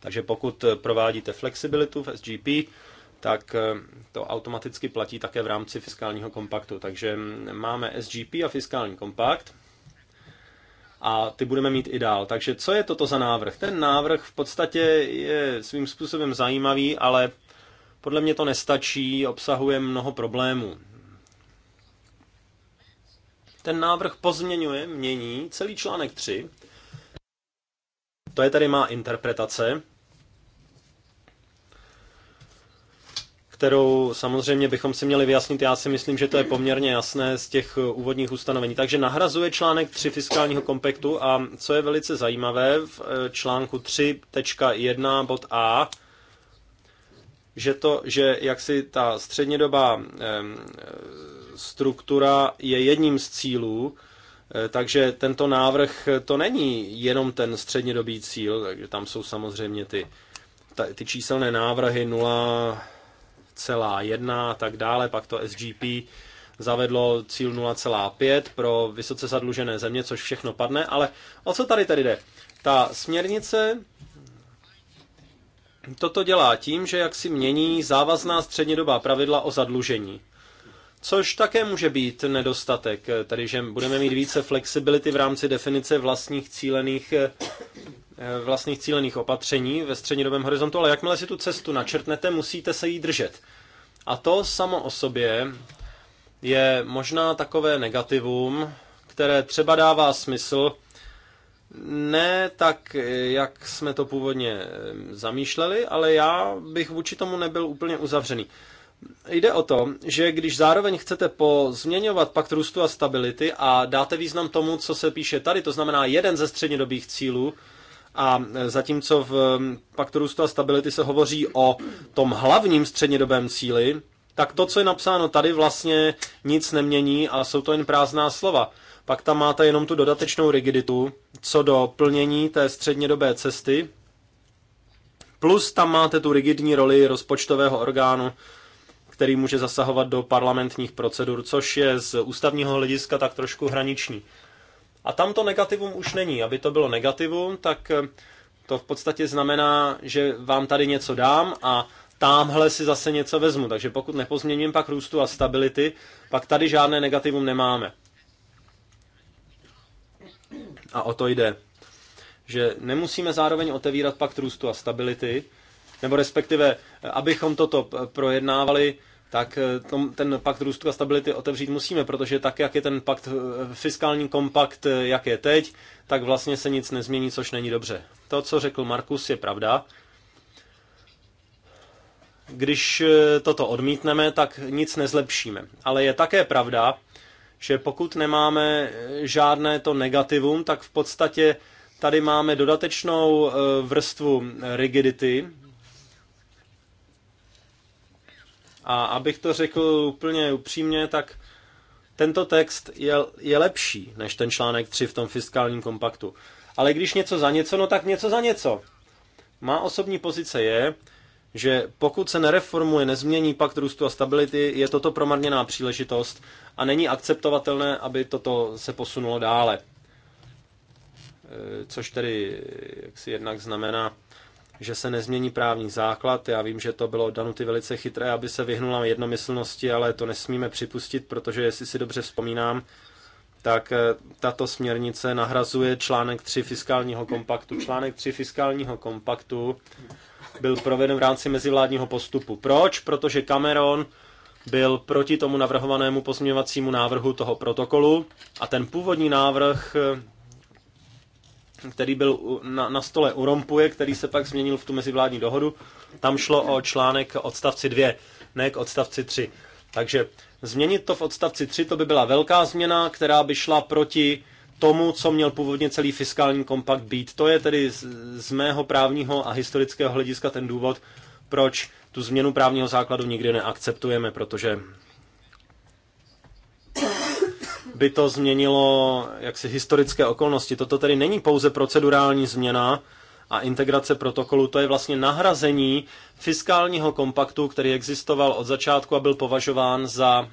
Takže pokud provádíte flexibilitu v SGP, tak eh, to automaticky platí také v rámci fiskálního kompaktu. Takže mm, máme SGP a fiskální kompakt a ty budeme mít i dál. Takže co je toto za návrh? Ten návrh v podstatě je svým způsobem zajímavý, ale podle mě to nestačí, obsahuje mnoho problémů. Ten návrh pozměňuje, mění celý článek 3. To je tady má interpretace, kterou samozřejmě bychom si měli vyjasnit. Já si myslím, že to je poměrně jasné z těch eh, úvodních ustanovení. Takže nahrazuje článek 3 fiskálního kompaktu a co je velice zajímavé v eh, článku 3.1 bod A, že to, že jaksi ta střednědobá struktura je jedním z cílů, eh, takže tento návrh eh, to není jenom ten střednědobý cíl, takže tam jsou samozřejmě ty, ty číselné návrhy 0,1 a tak dále, pak to SGP zavedlo cíl 0,5 pro vysoce zadlužené země, což všechno padne, ale o co tady tady jde? Ta směrnice toto dělá tím, že jak si mění závazná střednědobá pravidla o zadlužení což také může být nedostatek, tedy že budeme mít více flexibility v rámci definice vlastních cílených eh, vlastních cílených opatření ve střednědobém horizontu, ale jakmile si tu cestu načrtnete, musíte se jí držet. A to samo o sobě je možná takové negativum, které třeba dává smysl, ne tak, jak jsme to původně eh, zamýšleli, ale já bych vůči tomu nebyl úplně uzavřený. Jde o to, že když zároveň chcete pozměňovat pakt růstu a stability a dáte význam tomu, co se píše tady, to znamená jeden ze střednědobých cílů, a zatímco v paktu růstu a stability se hovoří o tom hlavním střednědobém cíli, tak to, co je napsáno tady, vlastně nic nemění a jsou to jen prázdná slova. Pak tam máte jenom tu dodatečnou rigiditu co do plnění té střednědobé cesty, plus tam máte tu rigidní roli rozpočtového orgánu, který může zasahovat do parlamentních procedur, což je z ústavního hlediska tak trošku hraniční. A tam to negativum už není. Aby to bylo negativum, tak eh, to v podstatě znamená, že vám tady něco dám a tamhle si zase něco vezmu. Takže pokud nepozměním pak růstu a stability, pak tady žádné negativum nemáme. A o to jde. Že nemusíme zároveň otevírat pak růstu a stability, nebo respektive, abychom toto projednávali, tak eh, ten pakt růstu a stability otevřít musíme, protože tak, jak je ten pakt, eh, fiskální kompakt, eh, jak je teď, tak vlastně se nic nezmění, což není dobře. To, co řekl Markus, je pravda. Když toto odmítneme, tak nic nezlepšíme. Ale je také pravda, že pokud nemáme žádné to negativum, tak v podstatě tady máme dodatečnou vrstvu rigidity, A abych to řekl úplně upřímně, tak tento text je, je lepší než ten článek 3 v tom fiskálním kompaktu. Ale když něco za něco, no tak něco za něco. Má osobní pozice je, že pokud se nereformuje, nezmění pakt růstu a stability, je toto promarněná příležitost a není akceptovatelné, aby toto se posunulo dále. E, což tedy jak si jednak znamená že se nezmění právní základ. Já vím, že to bylo danuty velice chytré, aby se vyhnula jednomyslnosti, ale to nesmíme připustit, protože jestli si dobře vzpomínám, tak eh, tato směrnice nahrazuje článek 3 fiskálního kompaktu. Článek 3 fiskálního kompaktu byl proveden v rámci mezivládního postupu. Proč? Protože Cameron byl proti tomu navrhovanému pozměňovacímu návrhu toho protokolu a ten původní návrh eh, který byl na, na stole u Rompuje, který se pak změnil v tu mezivládní dohodu. Tam šlo o článek odstavci 2, ne k odstavci 3. Takže změnit to v odstavci 3, to by byla velká změna, která by šla proti tomu, co měl původně celý fiskální kompakt být. To je tedy z, z mého právního a historického hlediska ten důvod, proč tu změnu právního základu nikdy neakceptujeme, protože by to změnilo jaksi historické okolnosti. Toto tedy není pouze procedurální změna a integrace protokolu, to je vlastně nahrazení fiskálního kompaktu, který existoval od začátku a byl považován za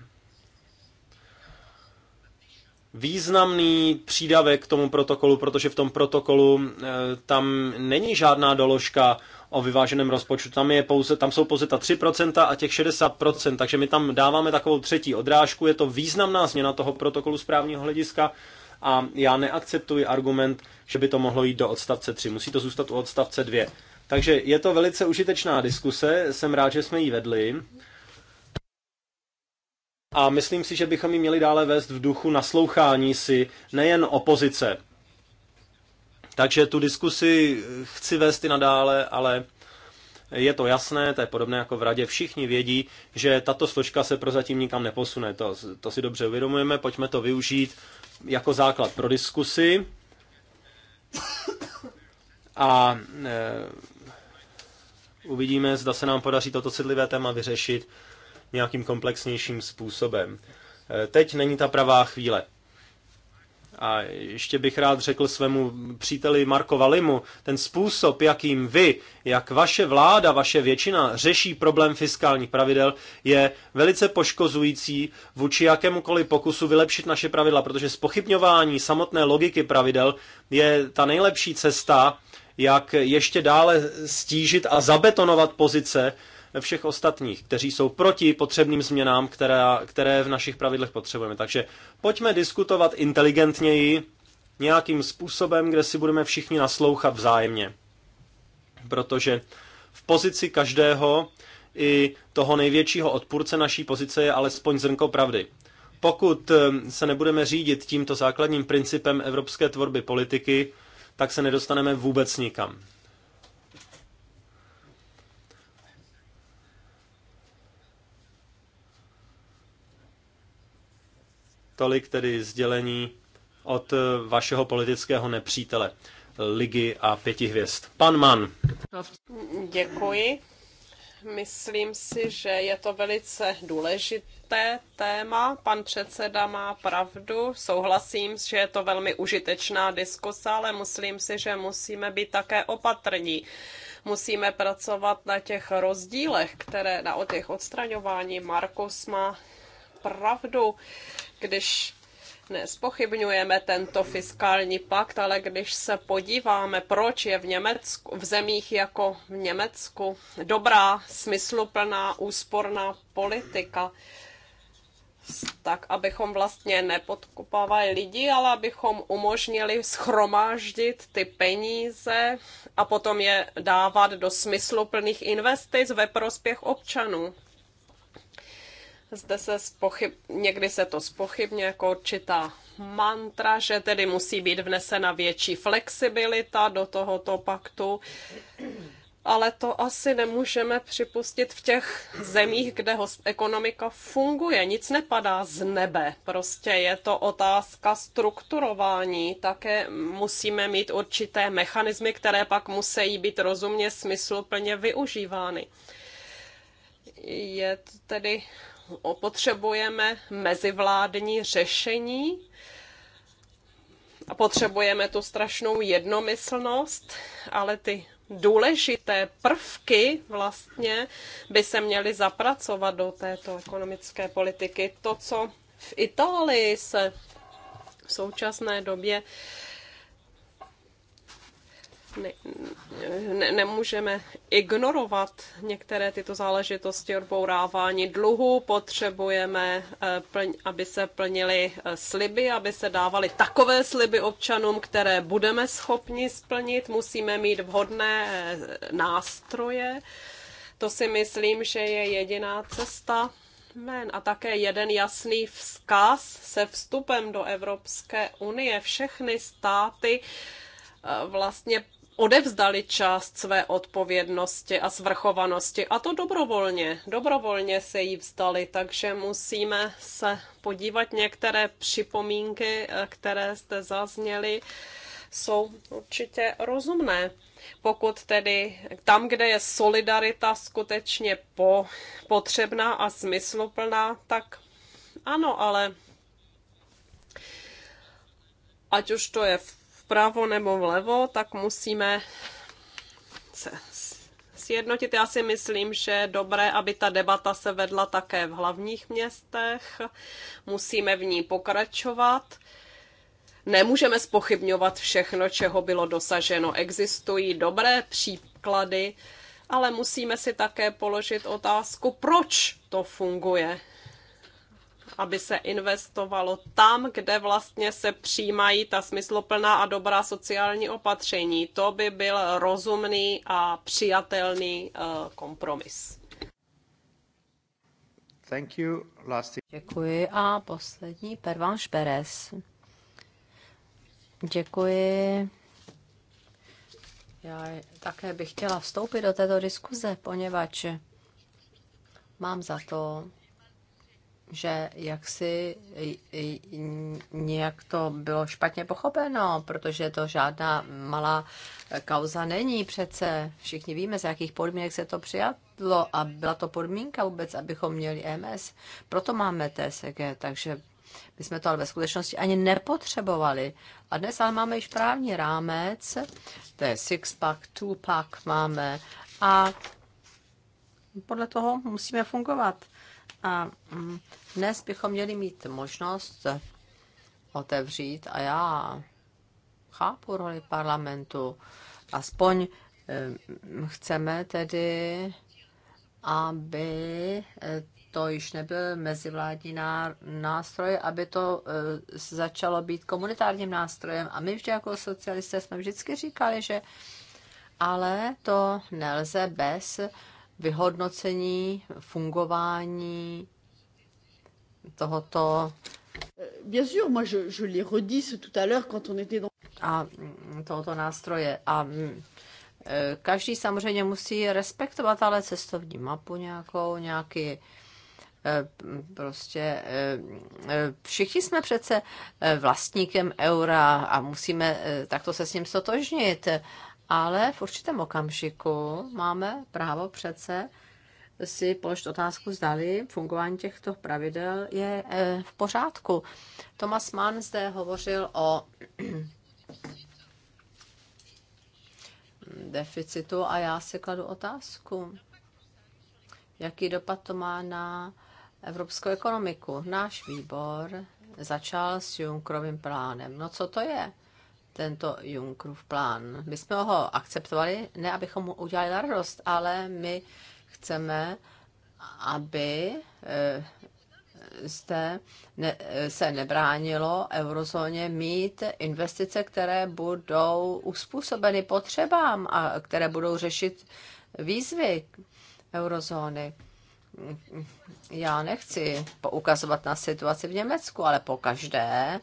významný přídavek k tomu protokolu, protože v tom protokolu eh, tam není žádná doložka o vyváženém rozpočtu. Tam, je pouze, tam jsou pouze ta 3% a těch 60%, takže my tam dáváme takovou třetí odrážku. Je to významná změna toho protokolu správního hlediska a já neakceptuji argument, že by to mohlo jít do odstavce 3. Musí to zůstat u odstavce 2. Takže je to velice užitečná diskuse, jsem rád, že jsme ji vedli. A myslím si, že bychom ji měli dále vést v duchu naslouchání si nejen opozice, takže tu diskusi chci vést i nadále, ale je to jasné, to je podobné jako v radě, všichni vědí, že tato složka se prozatím nikam neposune. To, to si dobře uvědomujeme, pojďme to využít jako základ pro diskusy. A e, uvidíme, zda se nám podaří toto citlivé téma vyřešit nějakým komplexnějším způsobem. E, teď není ta pravá chvíle. A ještě bych rád řekl svému příteli Marko Valimu, ten způsob, jakým vy, jak vaše vláda, vaše většina řeší problém fiskálních pravidel, je velice poškozující vůči jakémukoliv pokusu vylepšit naše pravidla, protože spochybňování samotné logiky pravidel je ta nejlepší cesta, jak ještě dále stížit a zabetonovat pozice, všech ostatních, kteří jsou proti potřebným změnám, které, které v našich pravidlech potřebujeme. Takže pojďme diskutovat inteligentněji, nějakým způsobem, kde si budeme všichni naslouchat vzájemně. Protože v pozici každého i toho největšího odpůrce naší pozice je alespoň zrnko pravdy. Pokud ehm, se nebudeme řídit tímto základním principem evropské tvorby politiky, tak se nedostaneme vůbec nikam. Tolik tedy sdělení od eh, vašeho politického nepřítele ligy a pěti hvězd. Pan Mann. Děkuji. Myslím si, že je to velice důležité téma. Pan předseda má pravdu. Souhlasím, že je to velmi užitečná diskusa, ale myslím si, že musíme být také opatrní. Musíme pracovat na těch rozdílech, které na o těch odstraňování Markus má pravdu, když nespochybňujeme tento fiskální pakt, ale když se podíváme, proč je v, Německu, v zemích jako v Německu dobrá, smysluplná, úsporná politika, tak abychom vlastně nepodkopávali lidi, ale abychom umožnili schromáždit ty peníze a potom je dávat do smysluplných investic ve prospěch občanů. Zde se spochyb... někdy se to spochybně jako určitá mantra, že tedy musí být vnesena větší flexibilita do tohoto paktu, ale to asi nemůžeme připustit v těch zemích, kde ekonomika funguje. Nic nepadá z nebe, prostě je to otázka strukturování. Také musíme mít určité mechanismy, které pak musí být rozumně smysluplně využívány. Je tedy potřebujeme mezivládní řešení a potřebujeme tu strašnou jednomyslnost, ale ty důležité prvky vlastně by se měly zapracovat do této ekonomické politiky. To, co v Itálii se v současné době uh, ne, ne, nemůžeme ignorovat některé tyto záležitosti odbourávání dluhu. Potřebujeme, eh, aby se plnily eh, sliby, aby se dávaly takové sliby občanům, které budeme schopni splnit. Musíme mít vhodné eh, nástroje. To si myslím, že je jediná cesta Men. a také jeden jasný vzkaz se vstupem do Evropské unie. Všechny státy vlastně odevzdali část své odpovědnosti a svrchovanosti, a to dobrovolně. Dobrovolně se jí vzdali, takže musíme se podívat některé připomínky, eh, které zde zazněly, jsou určitě rozumné. Pokud tedy tam, kde je solidarita skutečně po, potřebná a smysluplná, tak ano, ale ať už to je v vpravo nebo vlevo, tak musíme se sjednotit. Já si myslím, že je dobré, aby ta debata se vedla také v hlavních městech. Musíme v ní pokračovat. Nemůžeme spochybňovat všechno, čeho bylo dosaženo. Existují dobré příklady, ale musíme si také položit otázku, proč to funguje aby se investovalo tam, kde vlastně se přijímají ta smysluplná a dobrá sociální opatření. To by byl rozumný a přijatelný eh, kompromis. Thank you. Last... Děkuji a poslední Pervan Šperes. Děkuji. Já také bych chtěla vstoupit do této diskuze, poněvadž mám za to, že jaksi nějak to bylo špatně pochopeno, protože to žádná malá kauza není přece. Všichni víme, z jakých podmínek se to přijatlo a byla to podmínka vůbec, abychom měli e MS. Proto máme TSG, takže my jsme to ale ve skutečnosti ani nepotřebovali. A dnes ale máme již právní rámec, to je six-pack, two-pack máme a podle toho musíme fungovat. A mm, dnes bychom měli mít možnost otevřít a já chápu roli parlamentu. Aspoň mm, chceme tedy, aby e, to již nebyl mezivládní nástroj, aby to e, začalo být komunitárním nástrojem. A my vždy jako socialisté jsme vždycky říkali, že ale to nelze bez vyhodnocení fungování tohoto. Bien sûr, moi je, je l'ai redis tout à l'heure quand on était dans... A mm, tohoto nástroje. A mm, e, každý samozřejmě musí respektovat ale cestovní mapu nějakou, nějaký e, prostě e, všichni jsme přece vlastníkem eura a musíme takto se s ním stotožnit ale v určitém okamžiku máme právo přece si položit otázku, zdali fungování těchto pravidel je eh, v pořádku. Thomas Mann zde hovořil o deficitu a já si kladu otázku, jaký dopad to má na evropskou ekonomiku. Náš výbor začal s Junckerovým plánem. No co to je? tento Junkrův plán. My jsme ho akceptovali, ne abychom mu udělali radost, ale my chceme, aby eh, zde ne, eh, se nebránilo eurozóně mít investice, které budou uspůsobeny potřebám a které budou řešit výzvy eurozóny. Já nechci poukazovat na situaci v Německu, ale po každé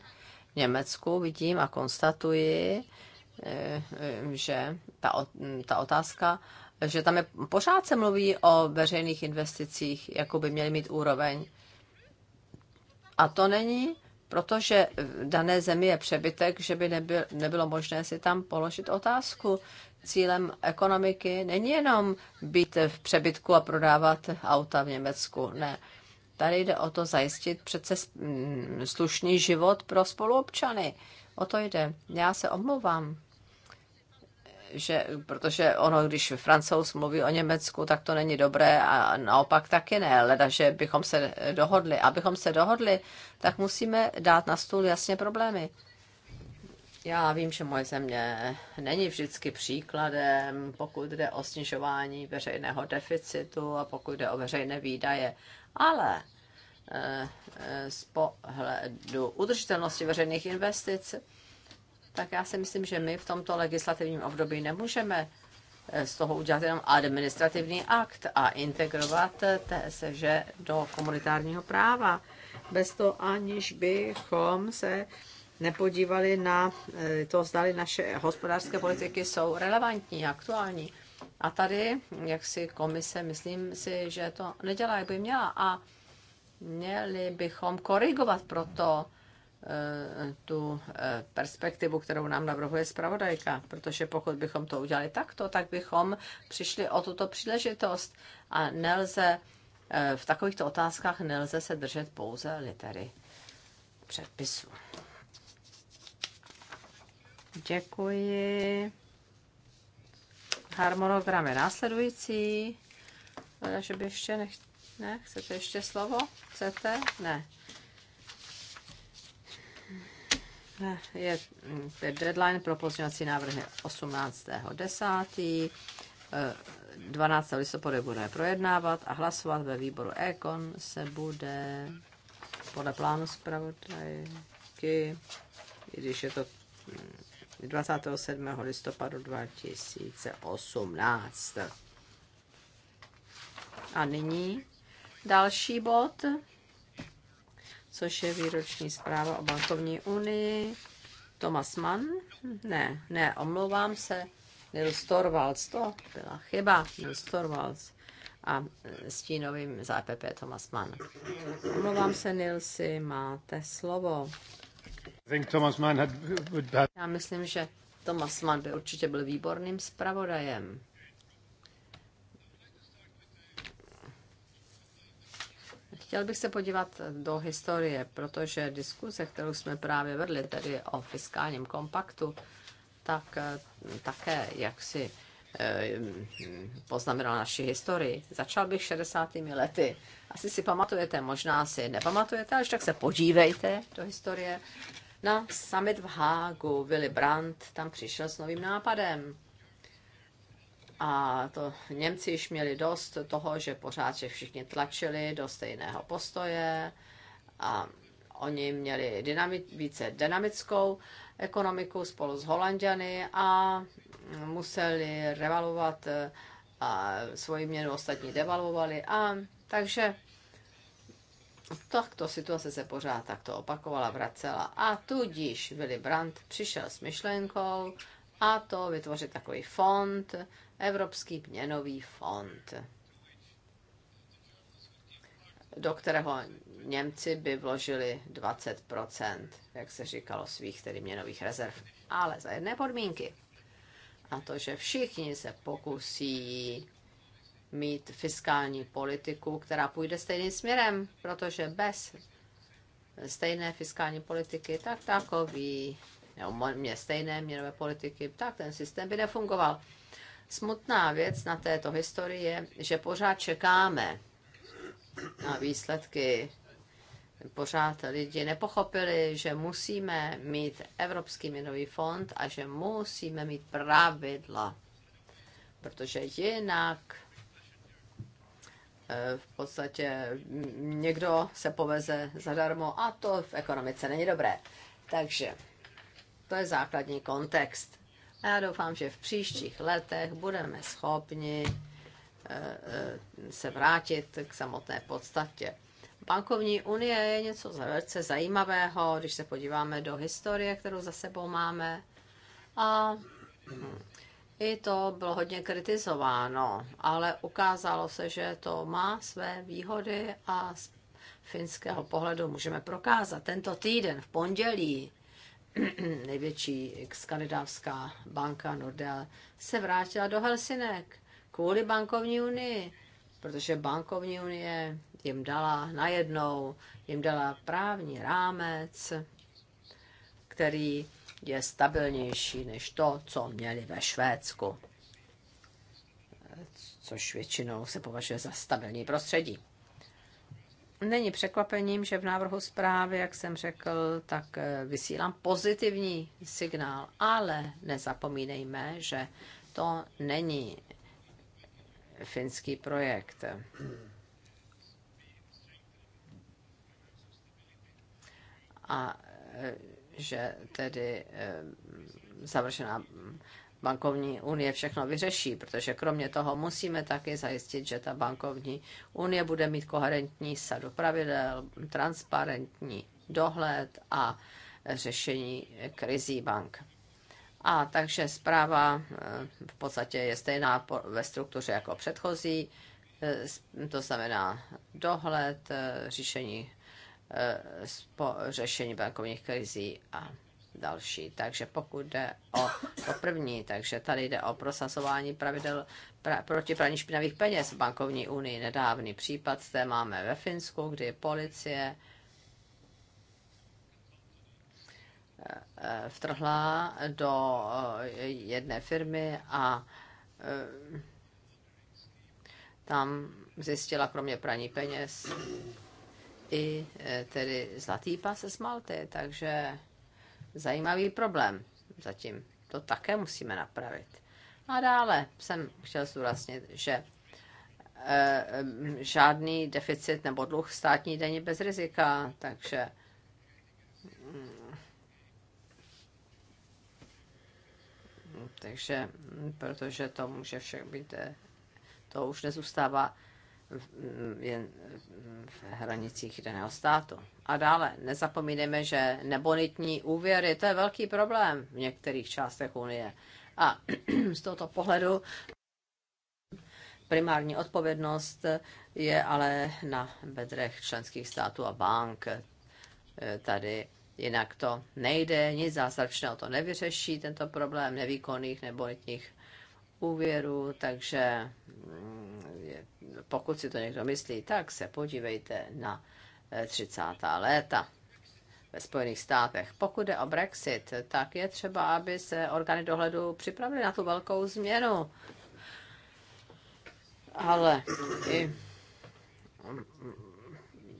Německu vidím a konstatuji, eh, že ta, ta otázka, že tam je, pořád se mluví o veřejných investicích, jako by měly mít úroveň. A to není, protože v dané zemi je přebytek, že by nebyl, nebylo možné si tam položit otázku. Cílem ekonomiky není jenom být v přebytku a prodávat auta v Německu. Ne Tady jde o to zajistit přece mm, slušný život pro spoluobčany. O to jde. Já se omlouvám, že, protože ono, když francouz mluví o Německu, tak to není dobré a naopak taky ne, leda, že bychom se dohodli. Abychom se dohodli, tak musíme dát na stůl jasně problémy. Já vím, že moje země není vždycky příkladem, pokud jde o snižování veřejného deficitu a pokud jde o veřejné výdaje ale eh, z pohledu udržitelnosti veřejných investic, tak já si myslím, že my v tomto legislativním období nemůžeme eh, z toho udělat jenom administrativní akt a integrovat TSŽ do komunitárního práva, bez toho aniž bychom se nepodívali na eh, to, zdali naše hospodářské politiky jsou relevantní, aktuální. A tady, jak si komise, myslím si, že to nedělá, jak by měla. A měli bychom korigovat proto eh, tu eh, perspektivu, kterou nám navrhuje zpravodajka, protože pokud bychom to udělali takto, tak bychom přišli o tuto příležitost a nelze eh, v takovýchto otázkách nelze se držet pouze litery předpisu. Děkuji. Harmonogram je následující. Hleda, že by ještě nech... Ne, chcete ještě slovo? Chcete? Ne. je, mm, je deadline pro pozměňovací návrhy 18.10. 12. Eh, listopadu budeme projednávat a hlasovat ve výboru Ekon se bude podle plánu zpravodajky, i když je to mm, 27. listopadu 2018. A nyní další bod, což je výroční zpráva o bankovní unii. Thomas Mann? Ne, ne, omlouvám se. Nils Torvalds, to byla chyba. Nils Torvalds a stínovým za EPP Thomas Mann. Omlouvám se, Nilsi, máte slovo. Já myslím, že Thomas Mann by určitě byl výborným zpravodajem. Chtěl bych se podívat do historie, protože diskuse, kterou jsme právě vedli, tedy o fiskálním kompaktu, tak eh, také jaksi eh, poznamenal naši historii. Začal bych 60. lety. Asi si pamatujete, možná si nepamatujete, ale tak se podívejte do historie na summit v Hágu. Willy Brandt tam přišel s novým nápadem. A to Němci již měli dost toho, že pořád se všichni tlačili do stejného postoje a oni měli dynami- více dynamickou ekonomiku spolu s Holandiany a museli revalovat a svoji měnu ostatní devalvovali a takže takto situace se pořád takto opakovala, vracela. A tudíž Willy Brandt přišel s myšlenkou a to vytvořit takový fond, Evropský měnový fond, do kterého Němci by vložili 20%, jak se říkalo, svých tedy měnových rezerv. Ale za jedné podmínky. A to, že všichni se pokusí mít fiskální politiku, která půjde stejným směrem, protože bez stejné fiskální politiky, tak takový, nebo mě stejné měnové politiky, tak ten systém by nefungoval. Smutná věc na této historii je, že pořád čekáme na výsledky. Pořád lidi nepochopili, že musíme mít Evropský měnový fond a že musíme mít pravidla, protože jinak Eh, v podstatě někdo se poveze zadarmo a to v ekonomice není dobré. Takže to je základní kontext. A já doufám, že v příštích letech budeme schopni eh, eh, se vrátit k samotné podstatě. Bankovní unie je něco velice zajímavého, když se podíváme do historie, kterou za sebou máme. A i to bylo hodně kritizováno, ale ukázalo se, že to má své výhody a z finského pohledu můžeme prokázat. Tento týden v pondělí největší skandinávská banka Nordea se vrátila do Helsinek kvůli bankovní unii, protože bankovní unie jim dala najednou, jim dala právní rámec, který je stabilnější než to, co měli ve Švédsku, což většinou se považuje za stabilní prostředí. Není překvapením, že v návrhu zprávy, jak jsem řekl, tak eh, vysílám pozitivní signál, ale nezapomínejme, že to není finský projekt. A eh, že tedy eh, završená bankovní unie všechno vyřeší, protože kromě toho musíme taky zajistit, že ta bankovní unie bude mít koherentní sadu pravidel, transparentní dohled a řešení krizí bank. A takže zpráva eh, v podstatě je stejná ve struktuře jako předchozí, eh, to znamená dohled, řešení Eh, řešení bankovních krizí a další. Takže pokud jde o to první, takže tady jde o prosazování pravidel pra, proti praní špinavých peněz v bankovní unii. Nedávný případ zde máme ve Finsku, kdy policie eh, eh, vtrhla do jedné firmy a tam zjistila kromě praní peněz i e, tedy zlatý pas z Malty, takže zajímavý problém zatím. To také musíme napravit. A dále jsem chtěl zdůraznit, že e, žádný deficit nebo dluh státní denně bez rizika, takže mm, takže protože to může však být, e, to už nezůstává je v hranicích daného státu. A dále, nezapomínejme, že nebonitní úvěry, to je velký problém v některých částech Unie. A z tohoto pohledu primární odpovědnost je ale na bedrech členských států a bank. E, tady jinak to nejde, nic zázračného to nevyřeší, tento problém nevýkonných nebonitních úvěrů, takže mm, pokud si to někdo myslí, tak se podívejte na 30. Eh, léta ve Spojených státech. Pokud jde o Brexit, tak je třeba, aby se orgány dohledu připravili na tu velkou změnu. Ale i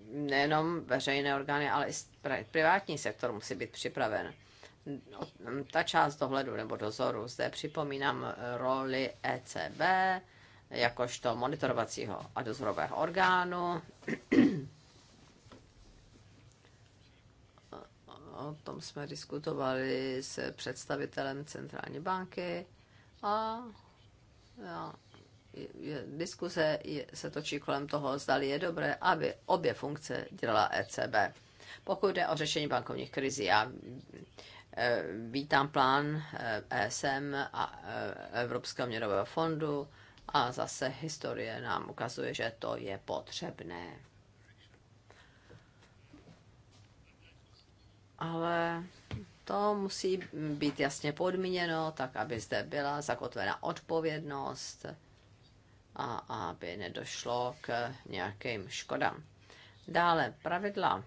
nejenom veřejné orgány, ale i privátní sektor musí být připraven. Ta část dohledu nebo dozoru, zde připomínám roli ECB, jakožto monitorovacího a dozorového orgánu. O tom jsme diskutovali s představitelem centrální banky a já, je, diskuse je, se točí kolem toho, zda je dobré, aby obě funkce dělala ECB. Pokud jde o řešení bankovních krizí, já e, vítám plán ESM e a e, Evropského měnového fondu a zase historie nám ukazuje, že to je potřebné. Ale to musí být jasně podmíněno, tak aby zde byla zakotvena odpovědnost a aby nedošlo k nějakým škodám. Dále pravidla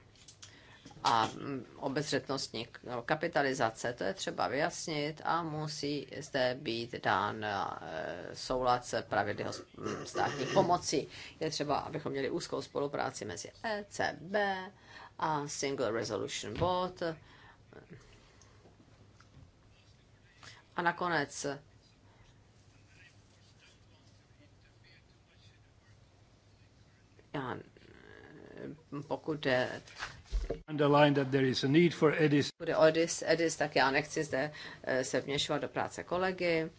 a obezřetnostní kapitalizace, to je třeba vyjasnit a musí zde být dán eh, soulad se pravidly mm, státní pomoci. Je třeba, abychom měli úzkou spolupráci mezi ECB a Single Resolution Board. A nakonec já, eh, pokud je bude Odis, EDIS, tak já nechci zde eh, se vměšovat do práce kolegy,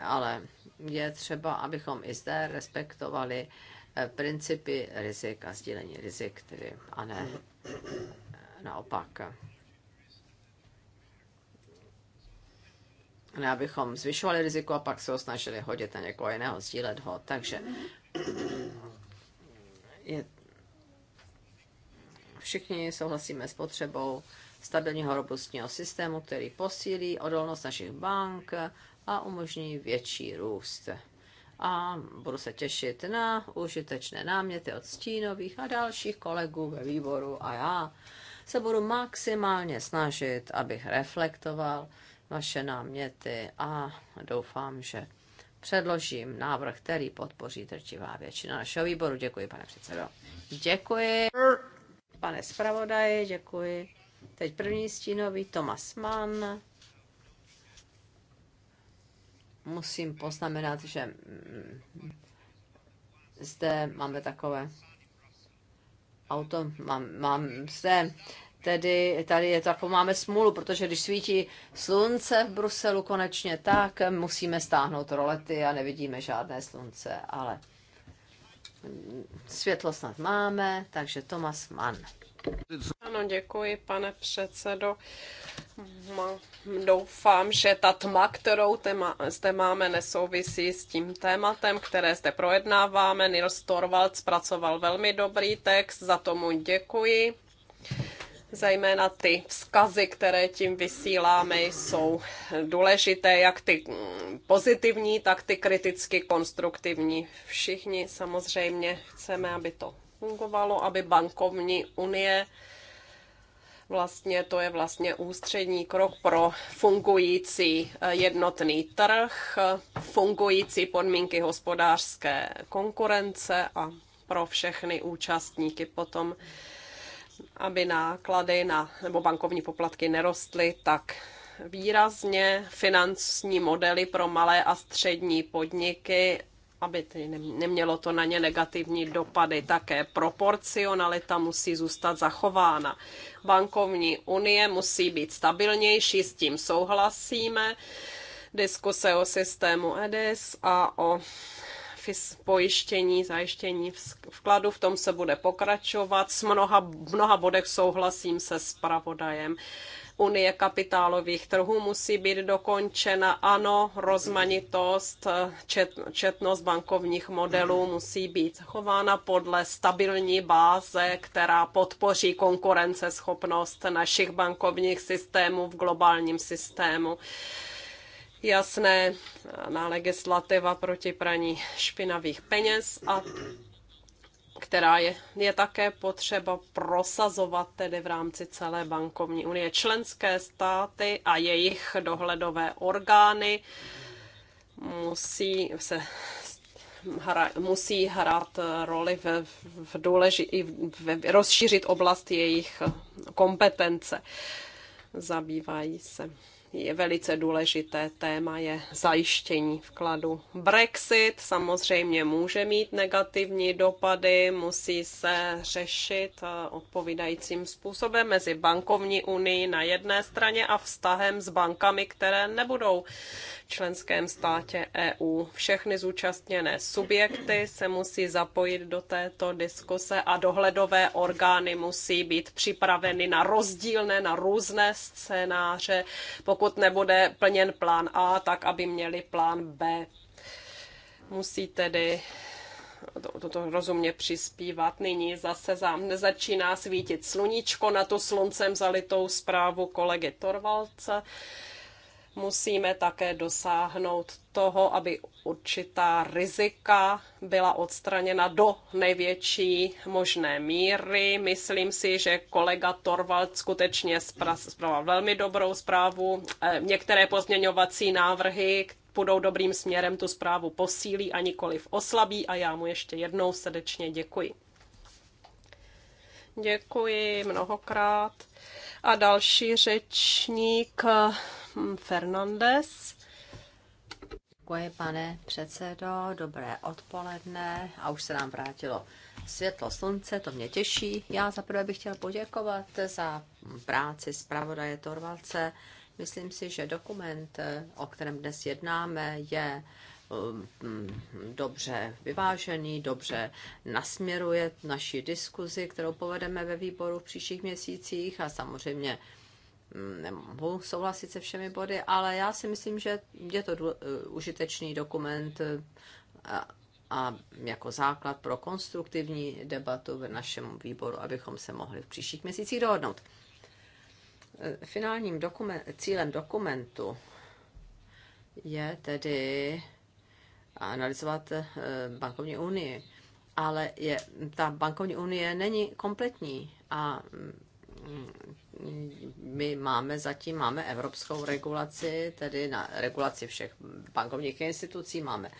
ale je třeba, abychom i zde respektovali eh, principy rizik a sdílení rizik, tedy a ne eh, naopak. Ne, abychom zvyšovali riziko a pak se ho snažili hodit na někoho jiného, sdílet ho. Takže je Všichni souhlasíme s potřebou stabilního robustního systému, který posílí odolnost našich bank a umožní větší růst. A budu se těšit na užitečné náměty od stínových a dalších kolegů ve výboru a já se budu maximálně snažit, abych reflektoval vaše náměty a doufám, že předložím návrh, který podpoří drtivá většina našeho výboru. Děkuji, pane předsedo. Děkuji pane zpravodaji, děkuji. Teď první stínový Tomas Mann. Musím poznamenat, že mm, zde máme takové auto, mám, mám zde tedy tady je to máme smůlu, protože když svítí slunce v Bruselu konečně, tak musíme stáhnout rolety a nevidíme žádné slunce, ale světlo snad máme, takže Tomas Mann. Ano, děkuji, pane předsedo. Doufám, že ta tma, kterou zde máme, nesouvisí s tím tématem, které zde projednáváme. Nils Torvald zpracoval velmi dobrý text, za tomu děkuji zejména ty vzkazy, které tím vysíláme, jsou důležité, jak ty mm, pozitivní, tak ty kriticky konstruktivní. Všichni samozřejmě chceme, aby to fungovalo, aby bankovní unie vlastně to je vlastně ústřední krok pro fungující eh, jednotný trh, fungující podmínky hospodářské konkurence a pro všechny účastníky potom aby náklady na, nebo bankovní poplatky nerostly tak výrazně. Finanční modely pro malé a střední podniky aby ty nemělo to na ně negativní dopady. Také proporcionalita musí zůstat zachována. Bankovní unie musí být stabilnější, s tím souhlasíme. Diskuse o systému EDIS a o office pojištění, zajištění vkladu, v tom se bude pokračovat. S mnoha, mnoha bodech souhlasím se zpravodajem. Unie kapitálových trhů musí být dokončena. Ano, rozmanitost, čet, četnost bankovních modelů musí být chována podle stabilní báze, která podpoří konkurenceschopnost našich bankovních systémů v globálním systému jasné na legislativa proti praní špinavých peněz a která je, je také potřeba prosazovat tedy v rámci celé bankovní unie. Členské státy a jejich dohledové orgány musí se hra, musí hrát roli v, v důleži, v, v, rozšířit oblast jejich kompetence. Zabývají se je velice důležité téma je zajištění vkladu. Brexit samozřejmě může mít negativní dopady, musí se řešit eh, odpovídajícím způsobem mezi bankovní unii na jedné straně a vztahem s bankami, které nebudou členském státě EU. Všechny zúčastněné subjekty se musí zapojit do této diskuse a dohledové orgány musí být připraveny na rozdílné, na různé scénáře, pokud nebude plněn plán A, tak aby měli plán B. Musí tedy toto to rozumně přispívat. Nyní zase zám, nezačíná svítit sluníčko na tu sluncem zalitou zprávu kolegy Torvalce musíme také dosáhnout toho, aby určitá rizika byla odstraněna do největší možné míry. Myslím si, že kolega Torvald skutečně zpracoval velmi dobrou zprávu. E, některé pozměňovací návrhy půjdou dobrým směrem, tu zprávu posílí a nikoliv oslabí a já mu ještě jednou srdečně děkuji. Děkuji mnohokrát. A další řečník hm, Fernandez. Děkuji, pane předsedo, dobré odpoledne a už se nám vrátilo světlo slunce, to mě těší. Já zaprvé bych chtěl poděkovat za práci zpravodaje Torvalce. Myslím si, že dokument, o kterém dnes jednáme, je Eh, mm, dobře vyvážený, dobře nasměruje naši diskuzi, kterou povedeme ve výboru v příštích měsících a samozřejmě mm, nemohu souhlasit se všemi body, ale já si myslím, že je to eh, užitečný dokument eh, a, a jako základ pro konstruktivní debatu v našem výboru, abychom se mohli v příštích měsících dohodnout. Finálním dokumen, cílem dokumentu je tedy analyzovat eh, bankovní unii. Ale je, ta bankovní unie není kompletní a mm, my máme zatím máme evropskou regulaci, tedy na regulaci všech bankovních institucí, máme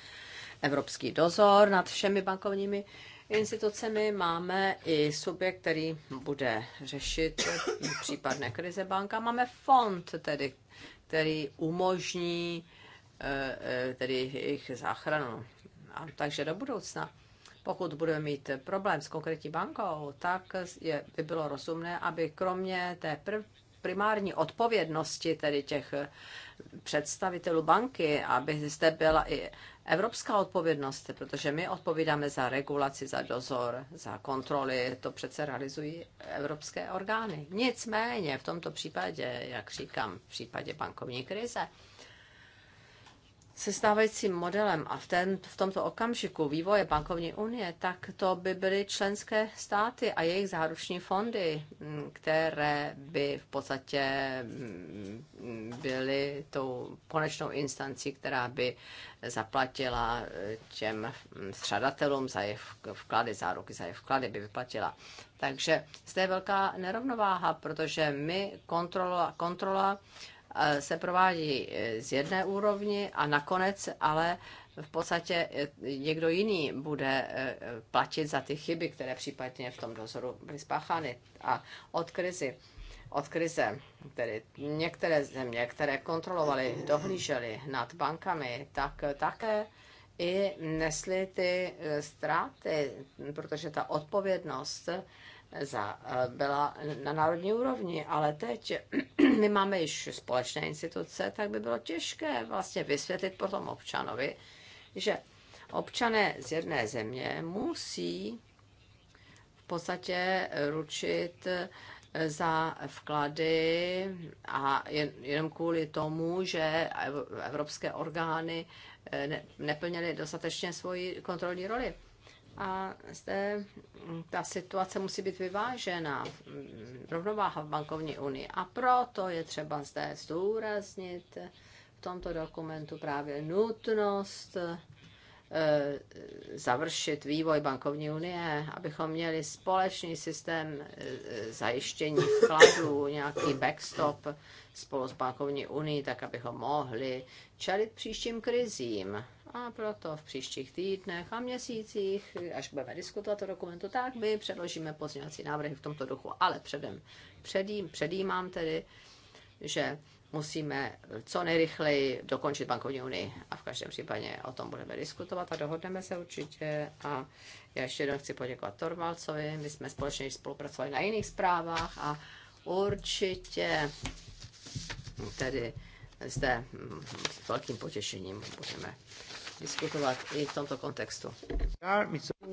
evropský dozor nad všemi bankovními institucemi, máme i subjekt, který bude řešit případné krize banka, máme fond, tedy, který umožní E, e, tedy jejich záchranu. A, takže do budoucna, pokud budeme mít problém s konkrétní bankou, tak je, by bylo rozumné, aby kromě té prv, primární odpovědnosti tedy těch představitelů banky, aby zde byla i evropská odpovědnost, protože my odpovídáme za regulaci, za dozor, za kontroly, to přece realizují evropské orgány. Nicméně v tomto případě, jak říkám, v případě bankovní krize, se stávajícím modelem a v, ten, v tomto okamžiku vývoje bankovní unie, tak to by byly členské státy a jejich záruční fondy, mm, které by v podstatě mm, byly tou konečnou instancí, která by zaplatila eh, těm mm, střadatelům za jejich vklady, záruky za jejich vklady by vyplatila. Takže zde je velká nerovnováha, protože my kontrola, kontrola Eh, se provádí eh, z jedné úrovni a nakonec ale v podstatě eh, někdo jiný bude platit za ty chyby, které případně v tom dozoru byly spáchány. A od krizi, od krize, tedy některé země, které kontrolovaly, dohlížely nad bankami, tak také i nesly ty ztráty, protože ta odpovědnost za, eh, byla na národní úrovni, ale teď my máme již společné instituce, tak by bylo těžké vlastně vysvětlit potom občanovi, že občané z jedné země musí v podstatě ručit eh, za vklady a jen, jenom kvůli tomu, že evropské orgány eh, neplněly dostatečně svoji kontrolní roli. A zde mm, ta situace musí být vyvážená, mm, rovnováha v bankovní unii. A proto je třeba zde zdůraznit v tomto dokumentu právě nutnost e, završit vývoj bankovní unie, abychom měli společný systém e, zajištění vkladů, nějaký backstop spolu s bankovní unii, tak abychom mohli čelit příštím krizím a proto v příštích týdnech a měsících, až budeme diskutovat o dokumentu, tak my předložíme pozměňovací návrhy v tomto duchu. Ale předem, předím, předjímám tedy, že musíme co nejrychleji dokončit bankovní unii. A v každém případě o tom budeme diskutovat a dohodneme se určitě. A já ještě jednou chci poděkovat Torvalcovi. My jsme společně spolupracovali na jiných zprávách a určitě tedy zde hm, s velkým potěšením budeme diskutovat i v tomto kontextu.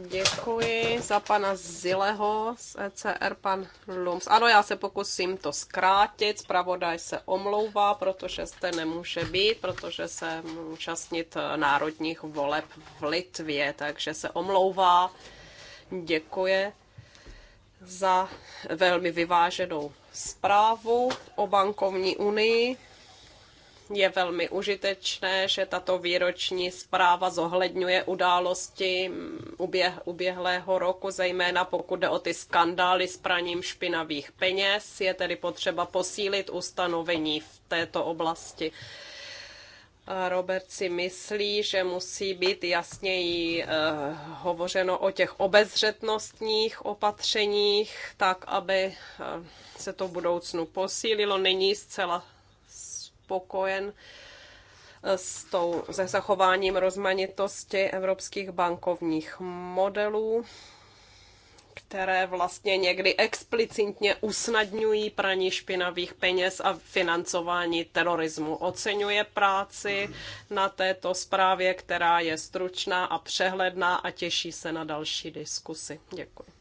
Děkuji za pana Zileho z ECR, pan Lums. Ano, já se pokusím to zkrátit. Spravodaj se omlouvá, protože zde nemůže být, protože se účastnit národních voleb v Litvě, takže se omlouvá. Děkuje za velmi vyváženou zprávu o bankovní unii je velmi užitečné, že tato výroční zpráva zohledňuje události uběh, uběhlého roku, zejména pokud jde o ty skandály s praním špinavých peněz. Je tedy potřeba posílit ustanovení v této oblasti. A Robert si myslí, že musí být jasněji eh, hovořeno o těch obezřetnostních opatřeních, tak aby eh, se to v budoucnu posílilo. Není zcela spokojen eh, s tou, se zachováním rozmanitosti evropských bankovních modelů, které vlastně někdy explicitně usnadňují praní špinavých peněz a financování terorismu. Oceňuje práci na této zprávě, která je stručná a přehledná a těší se na další diskusy. Děkuji.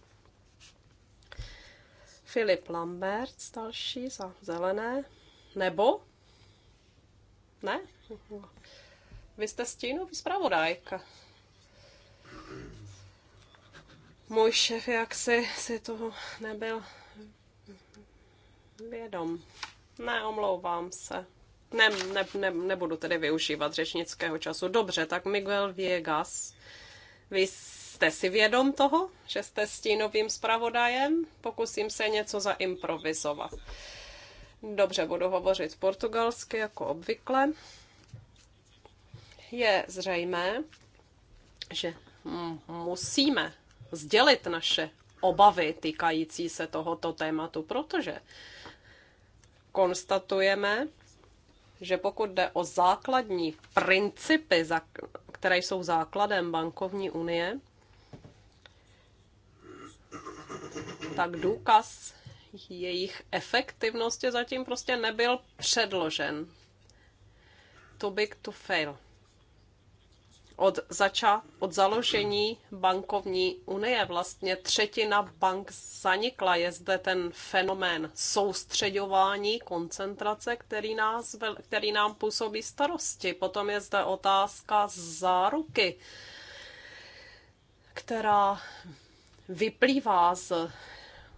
Filip Lambert, další za zelené. Nebo ne? Vy jste stínový zpravodajka. Můj šéf jaksi si toho nebyl vědom. Ne, omlouvám se. Ne, ne, ne, nebudu tedy využívat řečnického času. Dobře, tak Miguel Viegas, vy jste si vědom toho, že jste stínovým zpravodajem? Pokusím se něco zaimprovizovat. Dobře, budu hovořit portugalsky jako obvykle. Je zřejmé, že musíme sdělit naše obavy týkající se tohoto tématu, protože konstatujeme, že pokud jde o základní principy, které jsou základem bankovní unie, tak důkaz jejich efektivnosti zatím prostě nebyl předložen. To big to fail. Od, zača, od založení bankovní unie vlastně třetina bank zanikla. Je zde ten fenomén soustředování, koncentrace, který, nás, který nám působí starosti. Potom je zde otázka záruky, která vyplývá z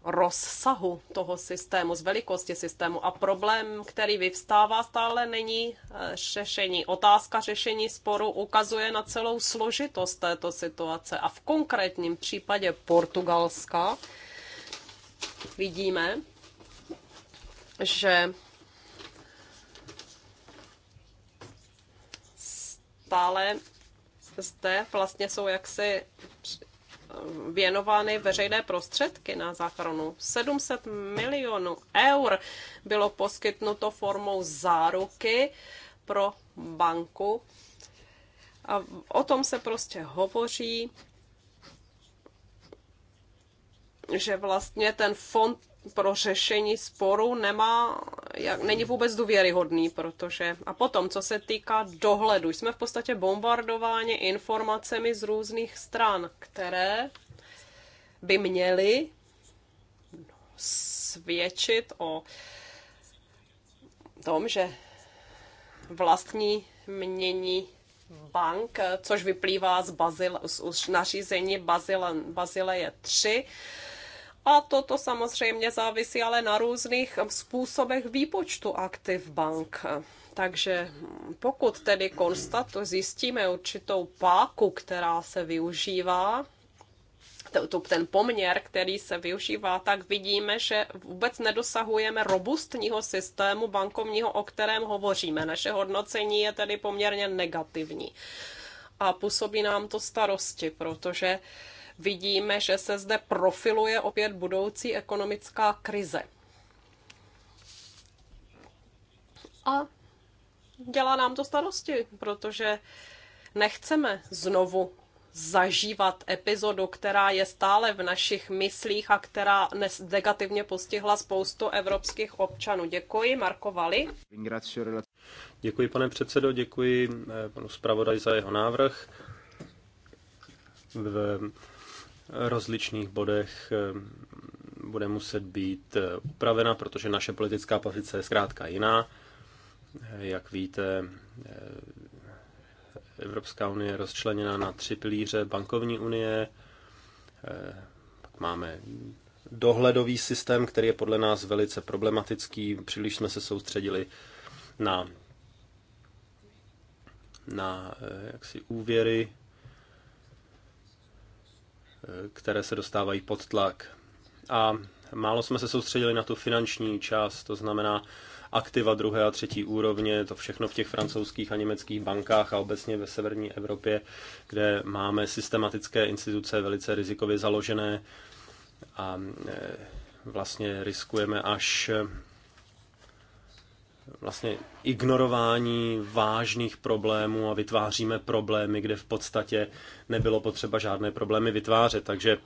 rozsahu toho systému, z velikosti systému. A problém, který vyvstává, stále není eh, řešení. Otázka řešení sporu ukazuje na celou složitost této situace. A v konkrétním případě Portugalska vidíme, že stále zde vlastně jsou jaksi věnovány veřejné prostředky na záchranu. 700 milionů eur bylo poskytnuto formou záruky pro banku. A o tom se prostě hovoří, že vlastně ten fond pro řešení sporu nemá, jak, není vůbec důvěryhodný, protože... A potom, co se týká dohledu, jsme v podstatě bombardováni informacemi z různých stran, které by měly svědčit o tom, že vlastní mění bank, což vyplývá z, Bazil, z, z nařízení Bazile, Bazileje 3, a toto samozřejmě závisí ale na různých způsobech výpočtu aktiv bank. Takže pokud tedy konstatu, zjistíme určitou páku, která se využívá, ten poměr, který se využívá, tak vidíme, že vůbec nedosahujeme robustního systému bankovního, o kterém hovoříme. Naše hodnocení je tedy poměrně negativní. A působí nám to starosti, protože uh, vidíme, že se zde profiluje opět budoucí ekonomická krize. A dělá nám to starosti, protože nechceme znovu zažívat epizodu, která je stále v našich myslích a která negativně postihla spoustu evropských občanů. Děkuji, Marko Vali. Děkuji, pane předsedo, děkuji eh, panu zpravodaj za jeho návrh. V rozličných bodech eh, bude muset být eh, upravena, protože naše politická pozice je zkrátka jiná. Eh, jak víte, Evropská unie je rozčleněna na tři pilíře bankovní unie, pak máme dohledový systém, který je podle nás velice problematický. Příliš jsme se soustředili na, na jaksi úvěry které se dostávají pod tlak. A málo jsme se soustředili na tu finanční část, to znamená aktiva druhé a třetí úrovně, to všechno v těch francouzských a německých bankách a obecně ve severní Evropě, kde máme systematické instituce velice rizikově založené a e, vlastně riskujeme až vlastně ignorování vážných problémů a vytváříme problémy, kde v podstatě nebylo potřeba žádné problémy vytvářet. Takže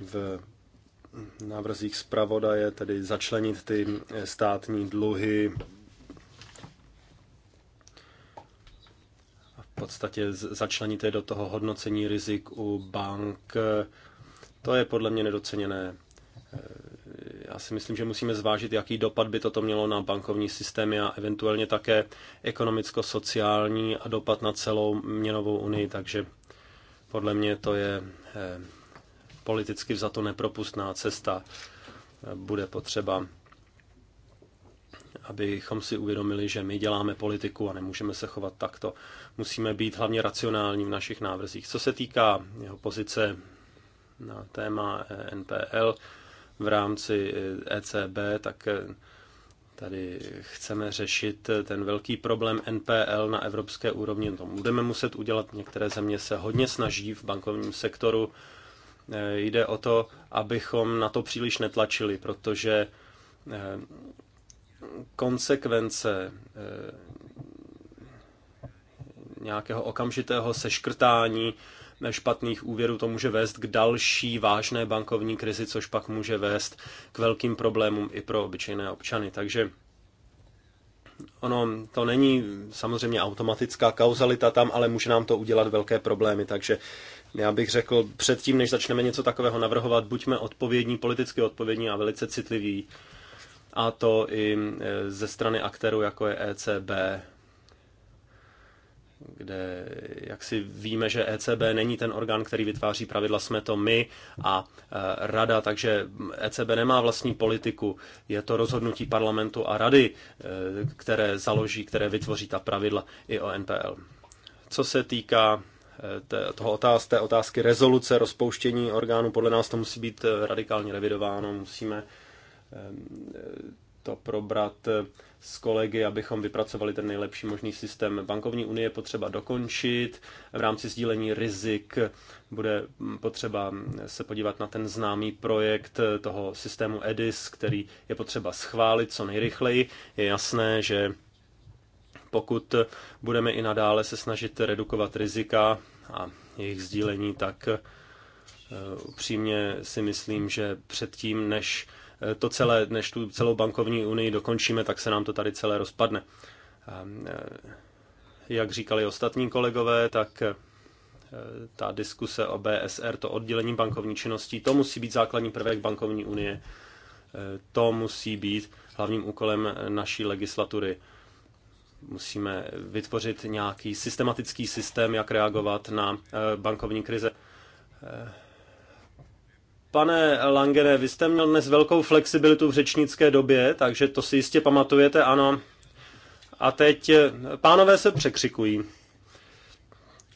v návrzích zpravodaje tedy začlenit ty eh, státní dluhy a v podstatě začlenit je do toho hodnocení rizik u bank. Eh, to je podle mě nedoceněné eh, já si myslím, že musíme zvážit, jaký dopad by toto mělo na bankovní systémy a eventuálně také ekonomicko-sociální a dopad na celou měnovou unii. Takže podle mě to je eh, politicky za to nepropustná cesta. Bude potřeba, abychom si uvědomili, že my děláme politiku a nemůžeme se chovat takto. Musíme být hlavně racionální v našich návrzích. Co se týká jeho pozice na téma eh, NPL, v rámci ECB, eh, e tak eh, tady chceme řešit eh, ten velký problém NPL na evropské úrovni. No to budeme muset udělat. Některé země se hodně snaží v bankovním sektoru. Jde o to, abychom na to příliš netlačili, protože konsekvence nějakého okamžitého seškrtání špatných úvěrů, to může vést k další vážné bankovní krizi, což pak může vést k velkým problémům i pro obyčejné občany. Takže ono to není samozřejmě automatická kauzalita tam, ale může nám to udělat velké problémy, takže já bych řekl, předtím, než začneme něco takového navrhovat, buďme odpovědní, politicky odpovědní a velice citliví. A to i e, ze strany aktérů, jako je ECB kde jak si víme, že ECB není ten orgán, který vytváří pravidla, jsme to my a e, rada, takže ECB nemá vlastní politiku, je to rozhodnutí parlamentu a rady, e, které založí, které vytvoří ta pravidla i o NPL. Co se týká e, toho otáz, té otázky rezoluce, rozpouštění orgánu, podle nás to musí být radikálně revidováno, musíme to probrat eh, s kolegy, abychom vypracovali ten nejlepší možný systém. Bankovní unie je potřeba dokončit, v rámci sdílení rizik bude mm, potřeba mm, se podívat na ten známý projekt eh, toho systému EDIS, který je potřeba schválit co nejrychleji. Je jasné, že pokud eh, budeme i nadále se snažit redukovat rizika a jejich sdílení, tak upřímně si myslím, že předtím, než to celé, než tu celou bankovní unii dokončíme, tak se nám to tady celé rozpadne. E, jak říkali ostatní kolegové, tak e, ta diskuse o BSR, to oddělení bankovní činností, to musí být základní prvek bankovní unie. E, to musí být hlavním úkolem naší legislatury. Musíme vytvořit nějaký systematický systém, jak reagovat na bankovní krize Pane Langene, vy jste měl dnes velkou flexibilitu v řečnické době, takže to si jistě pamatujete, ano. A teď eh, pánové se překřikují.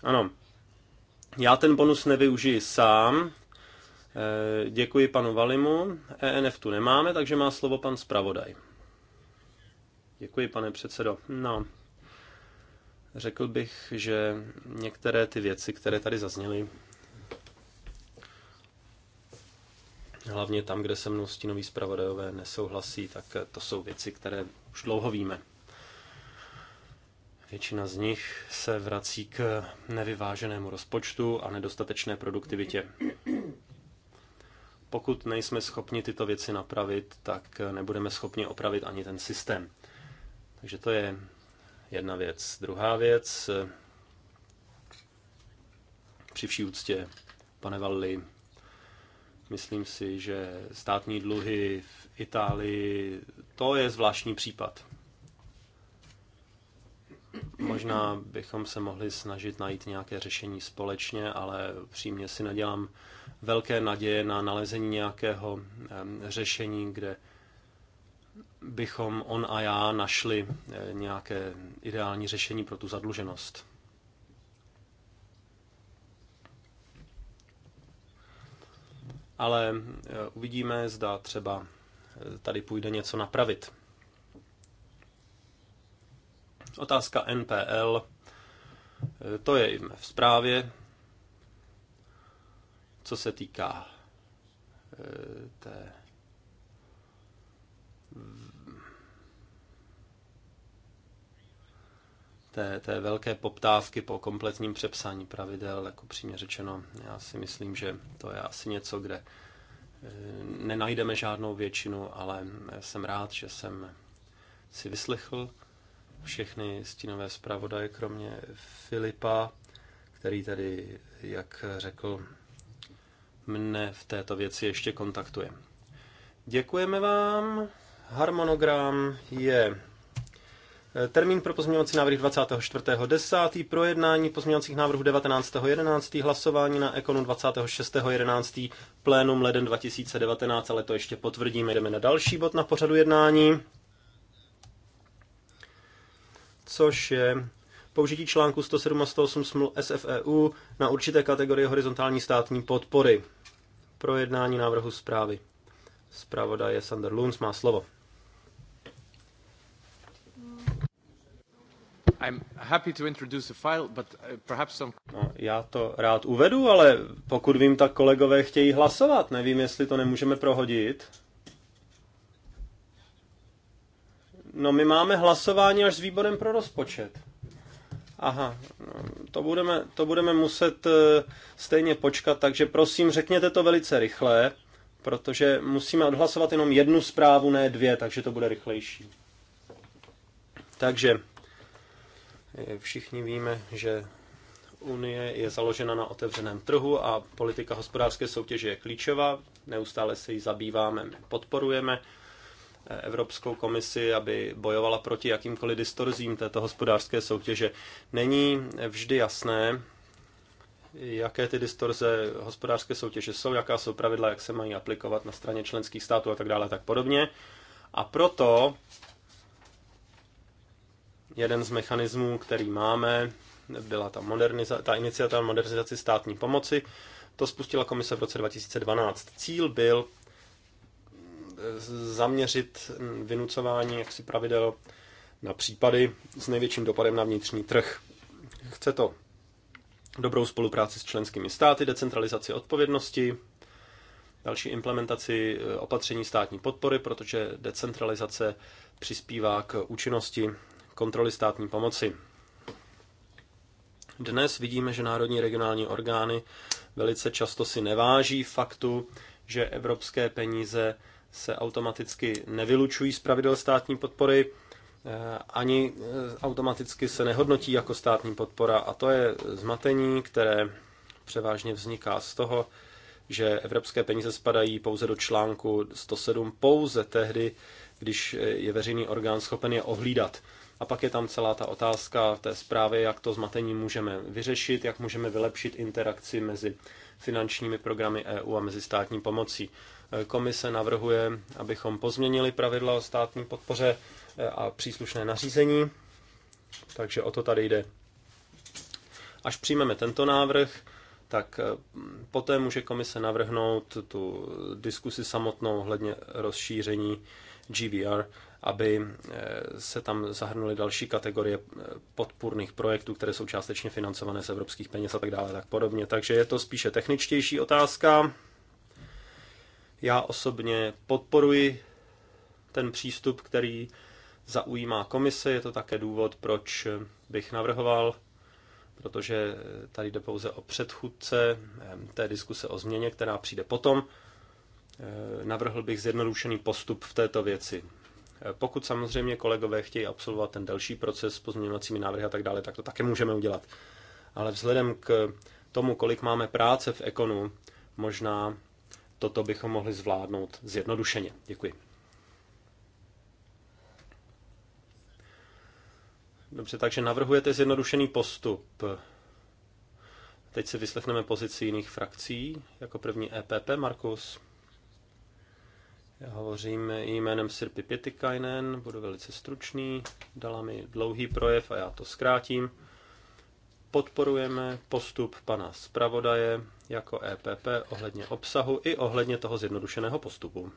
Ano. Já ten bonus nevyužiji sám. Eh, děkuji panu Valimu. ENF tu nemáme, takže má slovo pan zpravodaj. Děkuji, pane předsedo. No, řekl bych, že některé ty věci, které tady zazněly, hlavně tam, kde se mnou stínoví zpravodajové nesouhlasí, tak eh, to jsou věci, které už dlouho víme. Většina z nich se vrací k nevyváženému rozpočtu a nedostatečné produktivitě. Pokud nejsme schopni tyto věci napravit, tak eh, nebudeme schopni opravit ani ten systém. Takže to je jedna věc. Druhá věc, eh, při vší úctě, pane Valli, Myslím si, že státní dluhy v Itálii, to je zvláštní případ. Možná bychom se mohli snažit najít nějaké řešení společně, ale přímě si nadělám velké naděje na nalezení nějakého řešení, kde bychom on a já našli eh, nějaké ideální řešení pro tu zadluženost. ale eh, uvidíme, zda třeba eh, tady půjde něco napravit. Otázka NPL, eh, to je v zprávě, co se týká té té, té velké poptávky po kompletním přepsání pravidel, jako přímě řečeno, já si myslím, že to je asi něco, kde eh, nenajdeme žádnou většinu, ale eh, jsem rád, že jsem si vyslechl všechny stínové zpravodaje, kromě Filipa, který tady, jak řekl, mne v této věci ještě kontaktuje. Děkujeme vám. Harmonogram je Termín pro pozměňovací návrh 24.10. Projednání pozměňovacích návrhů 19.11. Hlasování na ekonu 26.11. Plénum leden 2019, ale to ještě potvrdíme. Jdeme na další bod na pořadu jednání, což je použití článku 107 a 108 sml SFEU na určité kategorie horizontální státní podpory. Projednání návrhu zprávy. Zpravodaj je Sander Luns, má slovo. já to rád uvedu, ale pokud vím, tak kolegové chtějí hlasovat. Nevím, jestli to nemůžeme prohodit. No, my máme hlasování až s výborem pro rozpočet. Aha, no, to, budeme, to budeme muset eh, stejně počkat, takže prosím, řekněte to velice rychle, protože musíme odhlasovat jenom jednu zprávu, ne dvě, takže to bude rychlejší. Takže Všichni víme, že Unie je založena na otevřeném trhu a politika hospodářské soutěže je klíčová. Neustále se jí zabýváme, podporujeme eh, Evropskou komisi, aby bojovala proti jakýmkoliv distorzím této hospodářské soutěže. Není vždy jasné, jaké ty distorze hospodářské soutěže jsou, jaká jsou pravidla, jak se mají aplikovat na straně členských států a tak dále a tak podobně. A proto Jeden z mechanismů, který máme, byla ta, moderniza- ta iniciativa modernizaci státní pomoci. To spustila komise v roce 2012. Cíl byl eh, zaměřit vynucování jaksi pravidel na případy s největším dopadem na vnitřní trh. Chce to dobrou spolupráci s členskými státy, decentralizaci odpovědnosti, další implementaci eh, opatření státní podpory, protože decentralizace přispívá k účinnosti kontroly státní pomoci. Dnes vidíme, že národní regionální orgány velice často si neváží faktu, že evropské peníze se automaticky nevylučují z pravidel státní podpory, eh, ani eh, automaticky se nehodnotí jako státní podpora. A to je zmatení, které převážně vzniká z toho, že evropské peníze spadají pouze do článku 107 pouze tehdy, když je veřejný orgán schopen je ohlídat. A pak je tam celá ta otázka té zprávy, jak to zmatení můžeme vyřešit, jak můžeme vylepšit interakci mezi finančními programy EU a mezi státní pomocí. E, komise navrhuje, abychom pozměnili pravidla o státní podpoře e, a příslušné nařízení, takže o to tady jde. Až přijmeme tento návrh, tak e, poté může komise navrhnout tu diskusi samotnou ohledně rozšíření GVR aby eh, se tam zahrnuly další kategorie eh, podpůrných projektů, které jsou částečně financované z evropských peněz a tak dále, tak podobně. Takže je to spíše techničtější otázka. Já osobně podporuji ten přístup, který zaujímá komise. Je to také důvod, proč bych navrhoval, protože tady jde pouze o předchůdce eh, té diskuse o změně, která přijde potom. Navrhl bych zjednodušený postup v této věci. Pokud samozřejmě kolegové chtějí absolvovat ten další proces s pozměňovacími návrhy a tak dále, tak to také můžeme udělat. Ale vzhledem k tomu, kolik máme práce v ekonu, možná toto bychom mohli zvládnout zjednodušeně. Děkuji. Dobře, takže navrhujete zjednodušený postup. Teď si vyslechneme pozici jiných frakcí. Jako první EPP, Markus. Já hovořím jménem Sirpy Pětikainen, budu velice stručný, dala mi dlouhý projev a já to zkrátím. Podporujeme postup pana zpravodaje jako EPP ohledně obsahu i ohledně toho zjednodušeného postupu.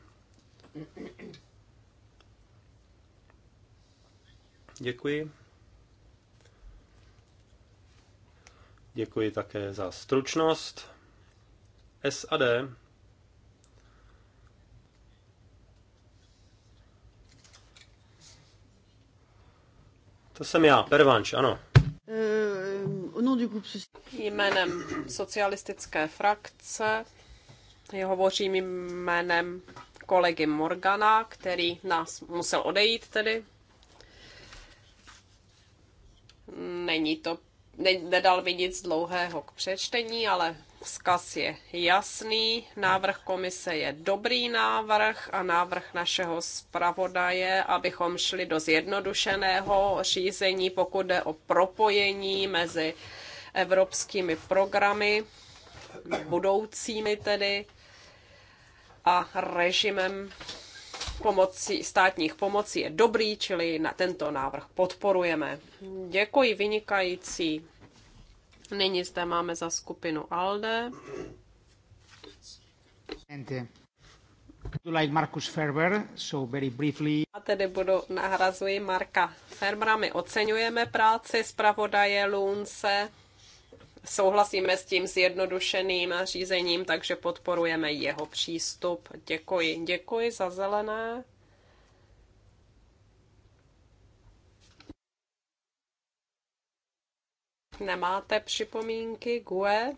Děkuji. Děkuji také za stručnost. SAD To jsem já, Pervanč, ano. Eh, jménem socialistické frakce hovořím jménem kolegy Morgana, který nás musel odejít tedy. Není to, ne, nedal mi nic dlouhého k přečtení, ale vzkaz je jasný, návrh komise je dobrý návrh a návrh našeho zpravodaje, abychom šli do zjednodušeného řízení, pokud jde o propojení mezi evropskými programy, budoucími tedy, a režimem pomocí, státních pomocí je dobrý, čili na tento návrh podporujeme. Děkuji, vynikající. Nyní zde máme za skupinu ALDE. Uh, Ferber, so very briefly. A tedy budu nahrazuji Marka Ferbera. My oceňujeme práci zpravodaje Lunce. Souhlasíme s tím zjednodušeným řízením, takže podporujeme jeho přístup. Děkuji. Děkuji za zelené. Nemáte připomínky, GUE?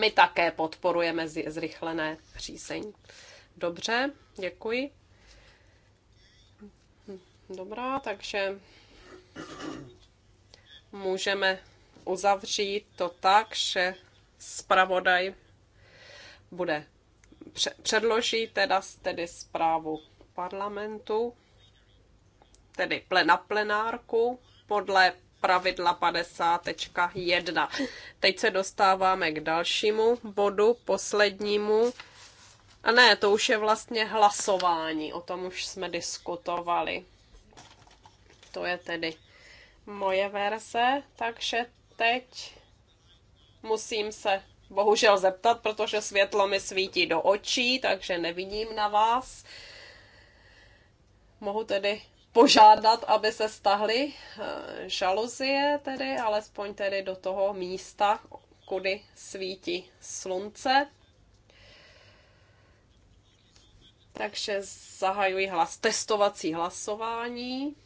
My také podporujeme zrychlené řízení. Dobře, děkuji. Dobrá, takže můžeme uzavřít to tak, že zpravodaj bude předloží teda tedy zprávu parlamentu, tedy na plenárku podle pravidla 50.1. Teď se dostáváme k dalšímu bodu, poslednímu. A ne, to už je vlastně hlasování, o tom už jsme diskutovali. To je tedy moje verze, takže teď musím se bohužel zeptat, protože světlo mi svítí do očí, takže nevidím na vás. Mohu tedy požádat, aby se stahly eh, žaluzie tedy, alespoň tedy do toho místa, kudy svítí slunce. Takže zahajuji hlas, testovací hlasování.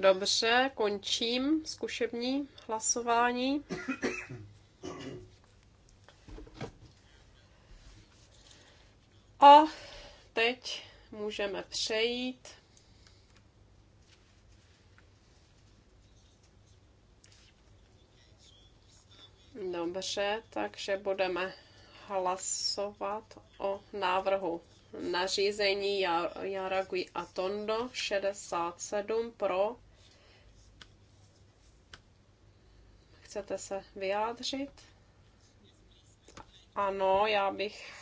Dobře, končím zkušební hlasování. A teď můžeme přejít Dobře, takže budeme hlasovat o návrhu nařízení Jaragui Atondo 67 pro Chcete se vyjádřit? Ano, já bych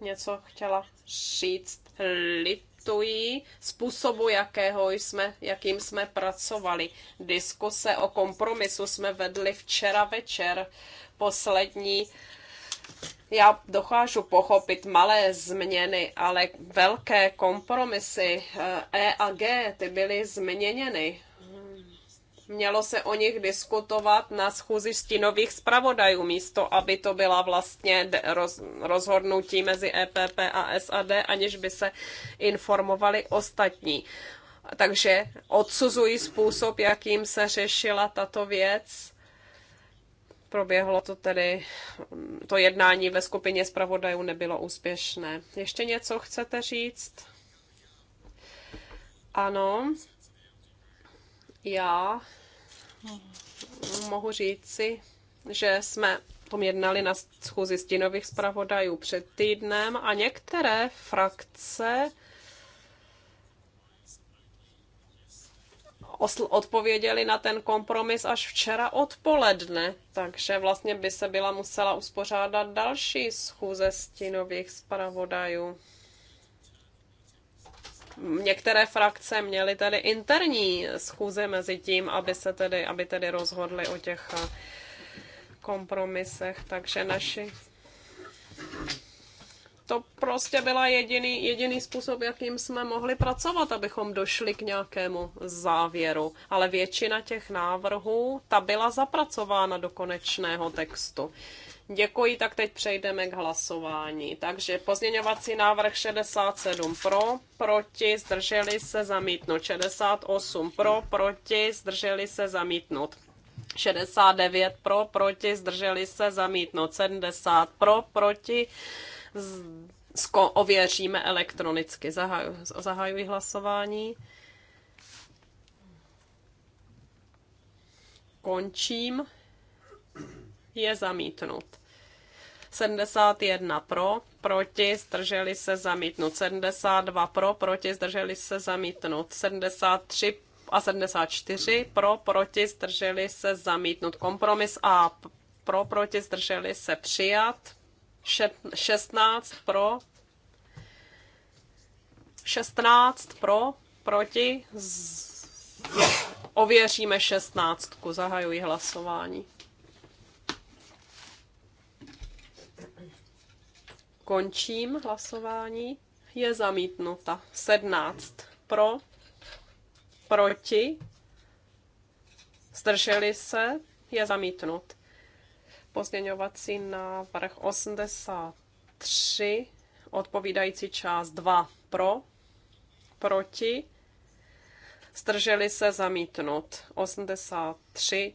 něco chtěla říct. Lituji způsobu, jakého jsme, jakým jsme pracovali. Diskuse o kompromisu jsme vedli včera večer. Poslední já dokážu pochopit malé změny, ale velké kompromisy eh, E a G, ty byly změněny mělo se o nich diskutovat na schůzi stínových zpravodajů, místo aby to byla vlastně roz, rozhodnutí mezi EPP a SAD, aniž by se informovali ostatní. Takže odsuzují způsob, jakým se řešila tato věc. Proběhlo to tedy, to jednání ve skupině zpravodajů nebylo úspěšné. Ještě něco chcete říct? Ano. Já mohu říci, že jsme tom jednali na schůzi stínových zpravodajů před týdnem a některé frakce odpověděli na ten kompromis až včera odpoledne, takže vlastně by se byla musela uspořádat další schůze stínových zpravodajů některé frakce měly tedy interní schůze mezi tím, aby se tedy, aby tedy rozhodli o těch eh, kompromisech, takže naši to prostě byla jediný, jediný způsob, jakým jsme mohli pracovat, abychom došli k nějakému závěru. Ale většina těch návrhů, ta byla zapracována do konečného textu. Děkuji, tak teď přejdeme k hlasování. Takže pozměňovací návrh 67 pro, proti, zdrželi se zamítnout. 68 pro, proti, zdrželi se zamítnout. 69 pro, proti, zdrželi se zamítnout. 70 pro, proti, z... Sko- ověříme elektronicky. Zahaju, zahajuji hlasování. Končím je zamítnut. 71 pro, proti, zdrželi se zamítnout. 72 pro, proti, zdrželi se zamítnout. 73 a 74 pro, proti, zdrželi se zamítnout. Kompromis A pro, proti, zdrželi se přijat. 16 pro, 16 pro, proti, z... ověříme 16. Zahajuji hlasování. Končím hlasování. Je zamítnuta. 17 pro, proti, zdrželi se, je zamítnut. Pozměňovací návrh 83, odpovídající část 2 pro, proti, zdrželi se zamítnut. 83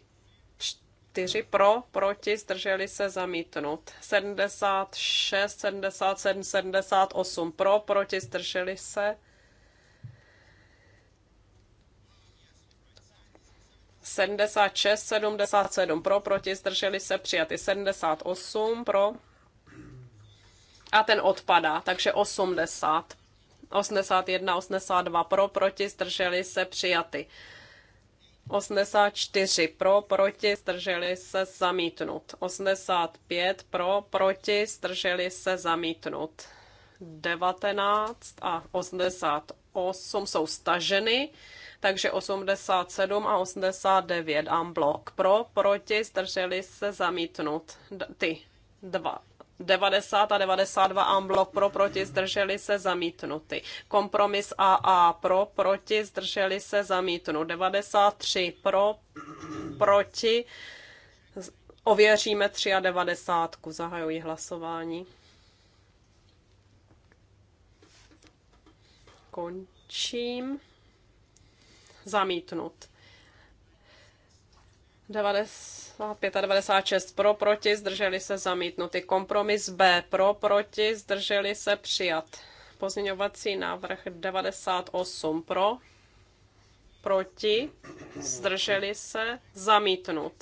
4 pro, proti, zdrželi se zamítnut 76, 77, 78 pro, proti, zdrželi se. 76, 77 pro, proti, zdrželi se přijaty. 78 pro. A ten odpadá, takže 80. 81, 82 pro, proti, zdrželi se přijaty. 84 pro, proti, zdrželi se zamítnut. 85 pro, proti, zdrželi se zamítnut. 19 a 88 jsou staženy, takže 87 a 89 en Pro, proti, zdrželi se zamítnut. D- ty dva. 90 a 92 unblock pro, proti, zdrželi se, zamítnuty. Kompromis AA pro, proti, zdrželi se, zamítnut. 93 pro, proti, ověříme 93. Zahajuji hlasování. Končím. Zamítnut. 95 a 96 pro, proti, zdrželi se zamítnuty. Kompromis B pro, proti, zdrželi se přijat. Pozměňovací návrh 98 pro, proti, zdrželi se zamítnut.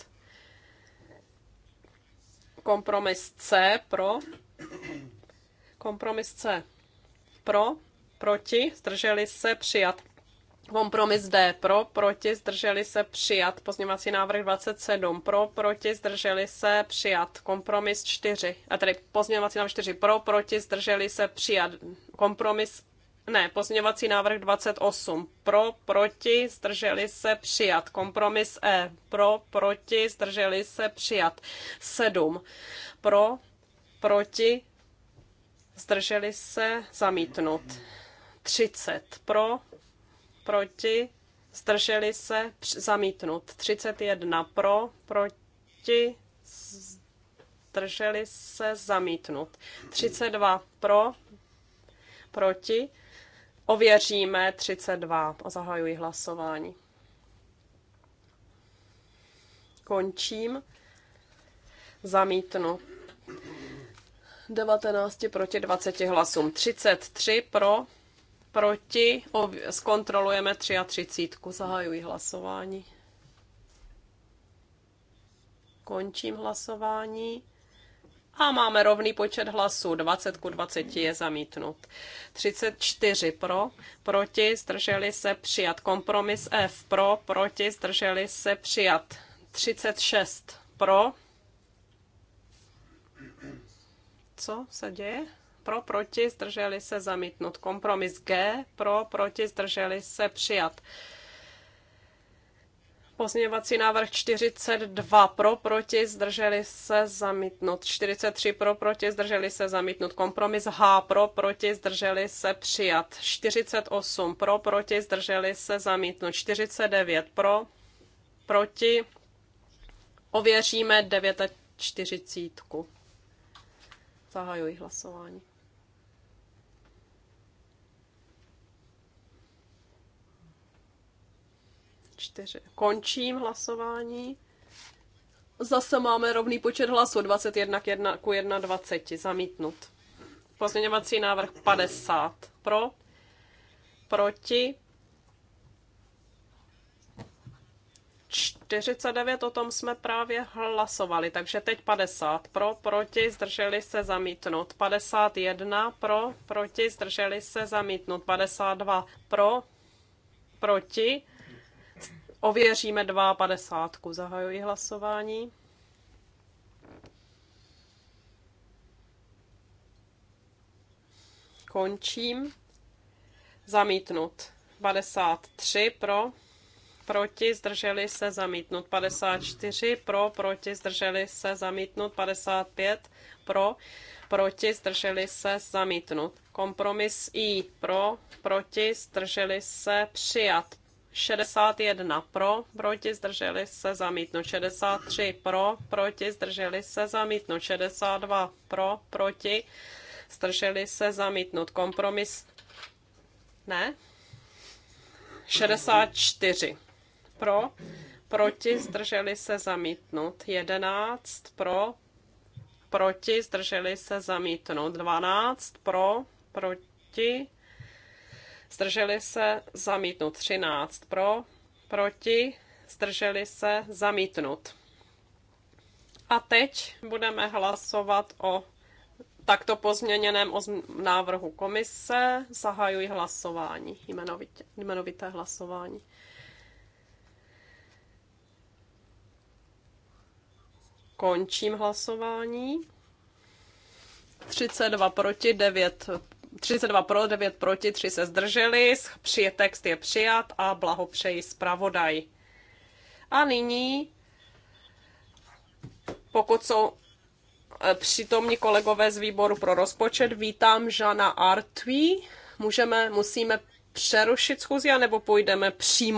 Kompromis C pro, kompromis C pro, proti, zdrželi se přijat. Kompromis D pro, proti, zdrželi se přijat. Pozměňovací návrh 27 pro, proti, zdrželi se přijat. Kompromis 4, a tedy pozměňovací návrh 4 pro, proti, zdrželi se přijat. Kompromis ne, pozměňovací návrh 28. Pro, proti, zdrželi se přijat. Kompromis E. Pro, proti, zdrželi se přijat. 7. Pro, proti, zdrželi se zamítnut. 30. Pro, proti, zdrželi se, zamítnut. 31 pro, proti, zdrželi se, zamítnut. 32 pro, proti, ověříme 32 a zahajuji hlasování. Končím. Zamítnu. 19 proti 20 hlasům. 33 pro, proti, zkontrolujeme 33. Zahajuji hlasování. Končím hlasování. A máme rovný počet hlasů. 20 ku 20 je zamítnut. 34 pro, proti, zdrželi se přijat. Kompromis F pro, proti, zdrželi se přijat. 36 pro. Co se děje? pro, proti, zdrželi se zamítnut. Kompromis G, pro, proti, zdrželi se přijat. Pozměňovací návrh 42 pro, proti, zdrželi se zamítnut. 43 pro, proti, zdrželi se zamítnut Kompromis H pro, proti, zdrželi se přijat. 48 pro, proti, zdrželi se zamítnut. 49 pro, proti, ověříme 49. Zahajuji hlasování. čtyři. Končím hlasování. Zase máme rovný počet hlasů, 21 k 1 k 1 20. Zamítnut. Pozměňovací návrh 50. Pro. Proti. 49, o tom jsme právě hlasovali, takže teď 50 pro, proti, zdrželi se zamítnout, 51 pro, proti, zdrželi se zamítnout, 52 pro, proti, Ověříme 2,50. Zahajuji hlasování. Končím. Zamítnut. 53 pro, proti, zdrželi se, zamítnut. 54 pro, proti, zdrželi se, zamítnut. 55 pro, proti, zdrželi se, zamítnut. Kompromis I pro, proti, zdrželi se, přijat. 61 pro, proti zdrželi se zamítno 63 pro, proti zdrželi se zamítno 62 pro, proti zdrželi se zamítnout. Kompromis ne. 64 pro, proti zdrželi se zamítnout. 11 pro, proti zdrželi se zamítnout. 12 pro, proti zdrželi se, zamítnut 13 pro, proti, zdrželi se, zamítnut. A teď budeme hlasovat o takto pozměněném návrhu komise. Zahajuji hlasování, jmenovitě, jmenovité hlasování. Končím hlasování. 32 proti, 9 32 pro, 9 proti, 3 se zdrželi, přijet text je přijat a blahopřeji zpravodaj. A nyní, pokud jsou e, přítomní kolegové z výboru pro rozpočet, vítám Žana Artví. Můžeme, musíme přerušit schůzi, nebo půjdeme přímo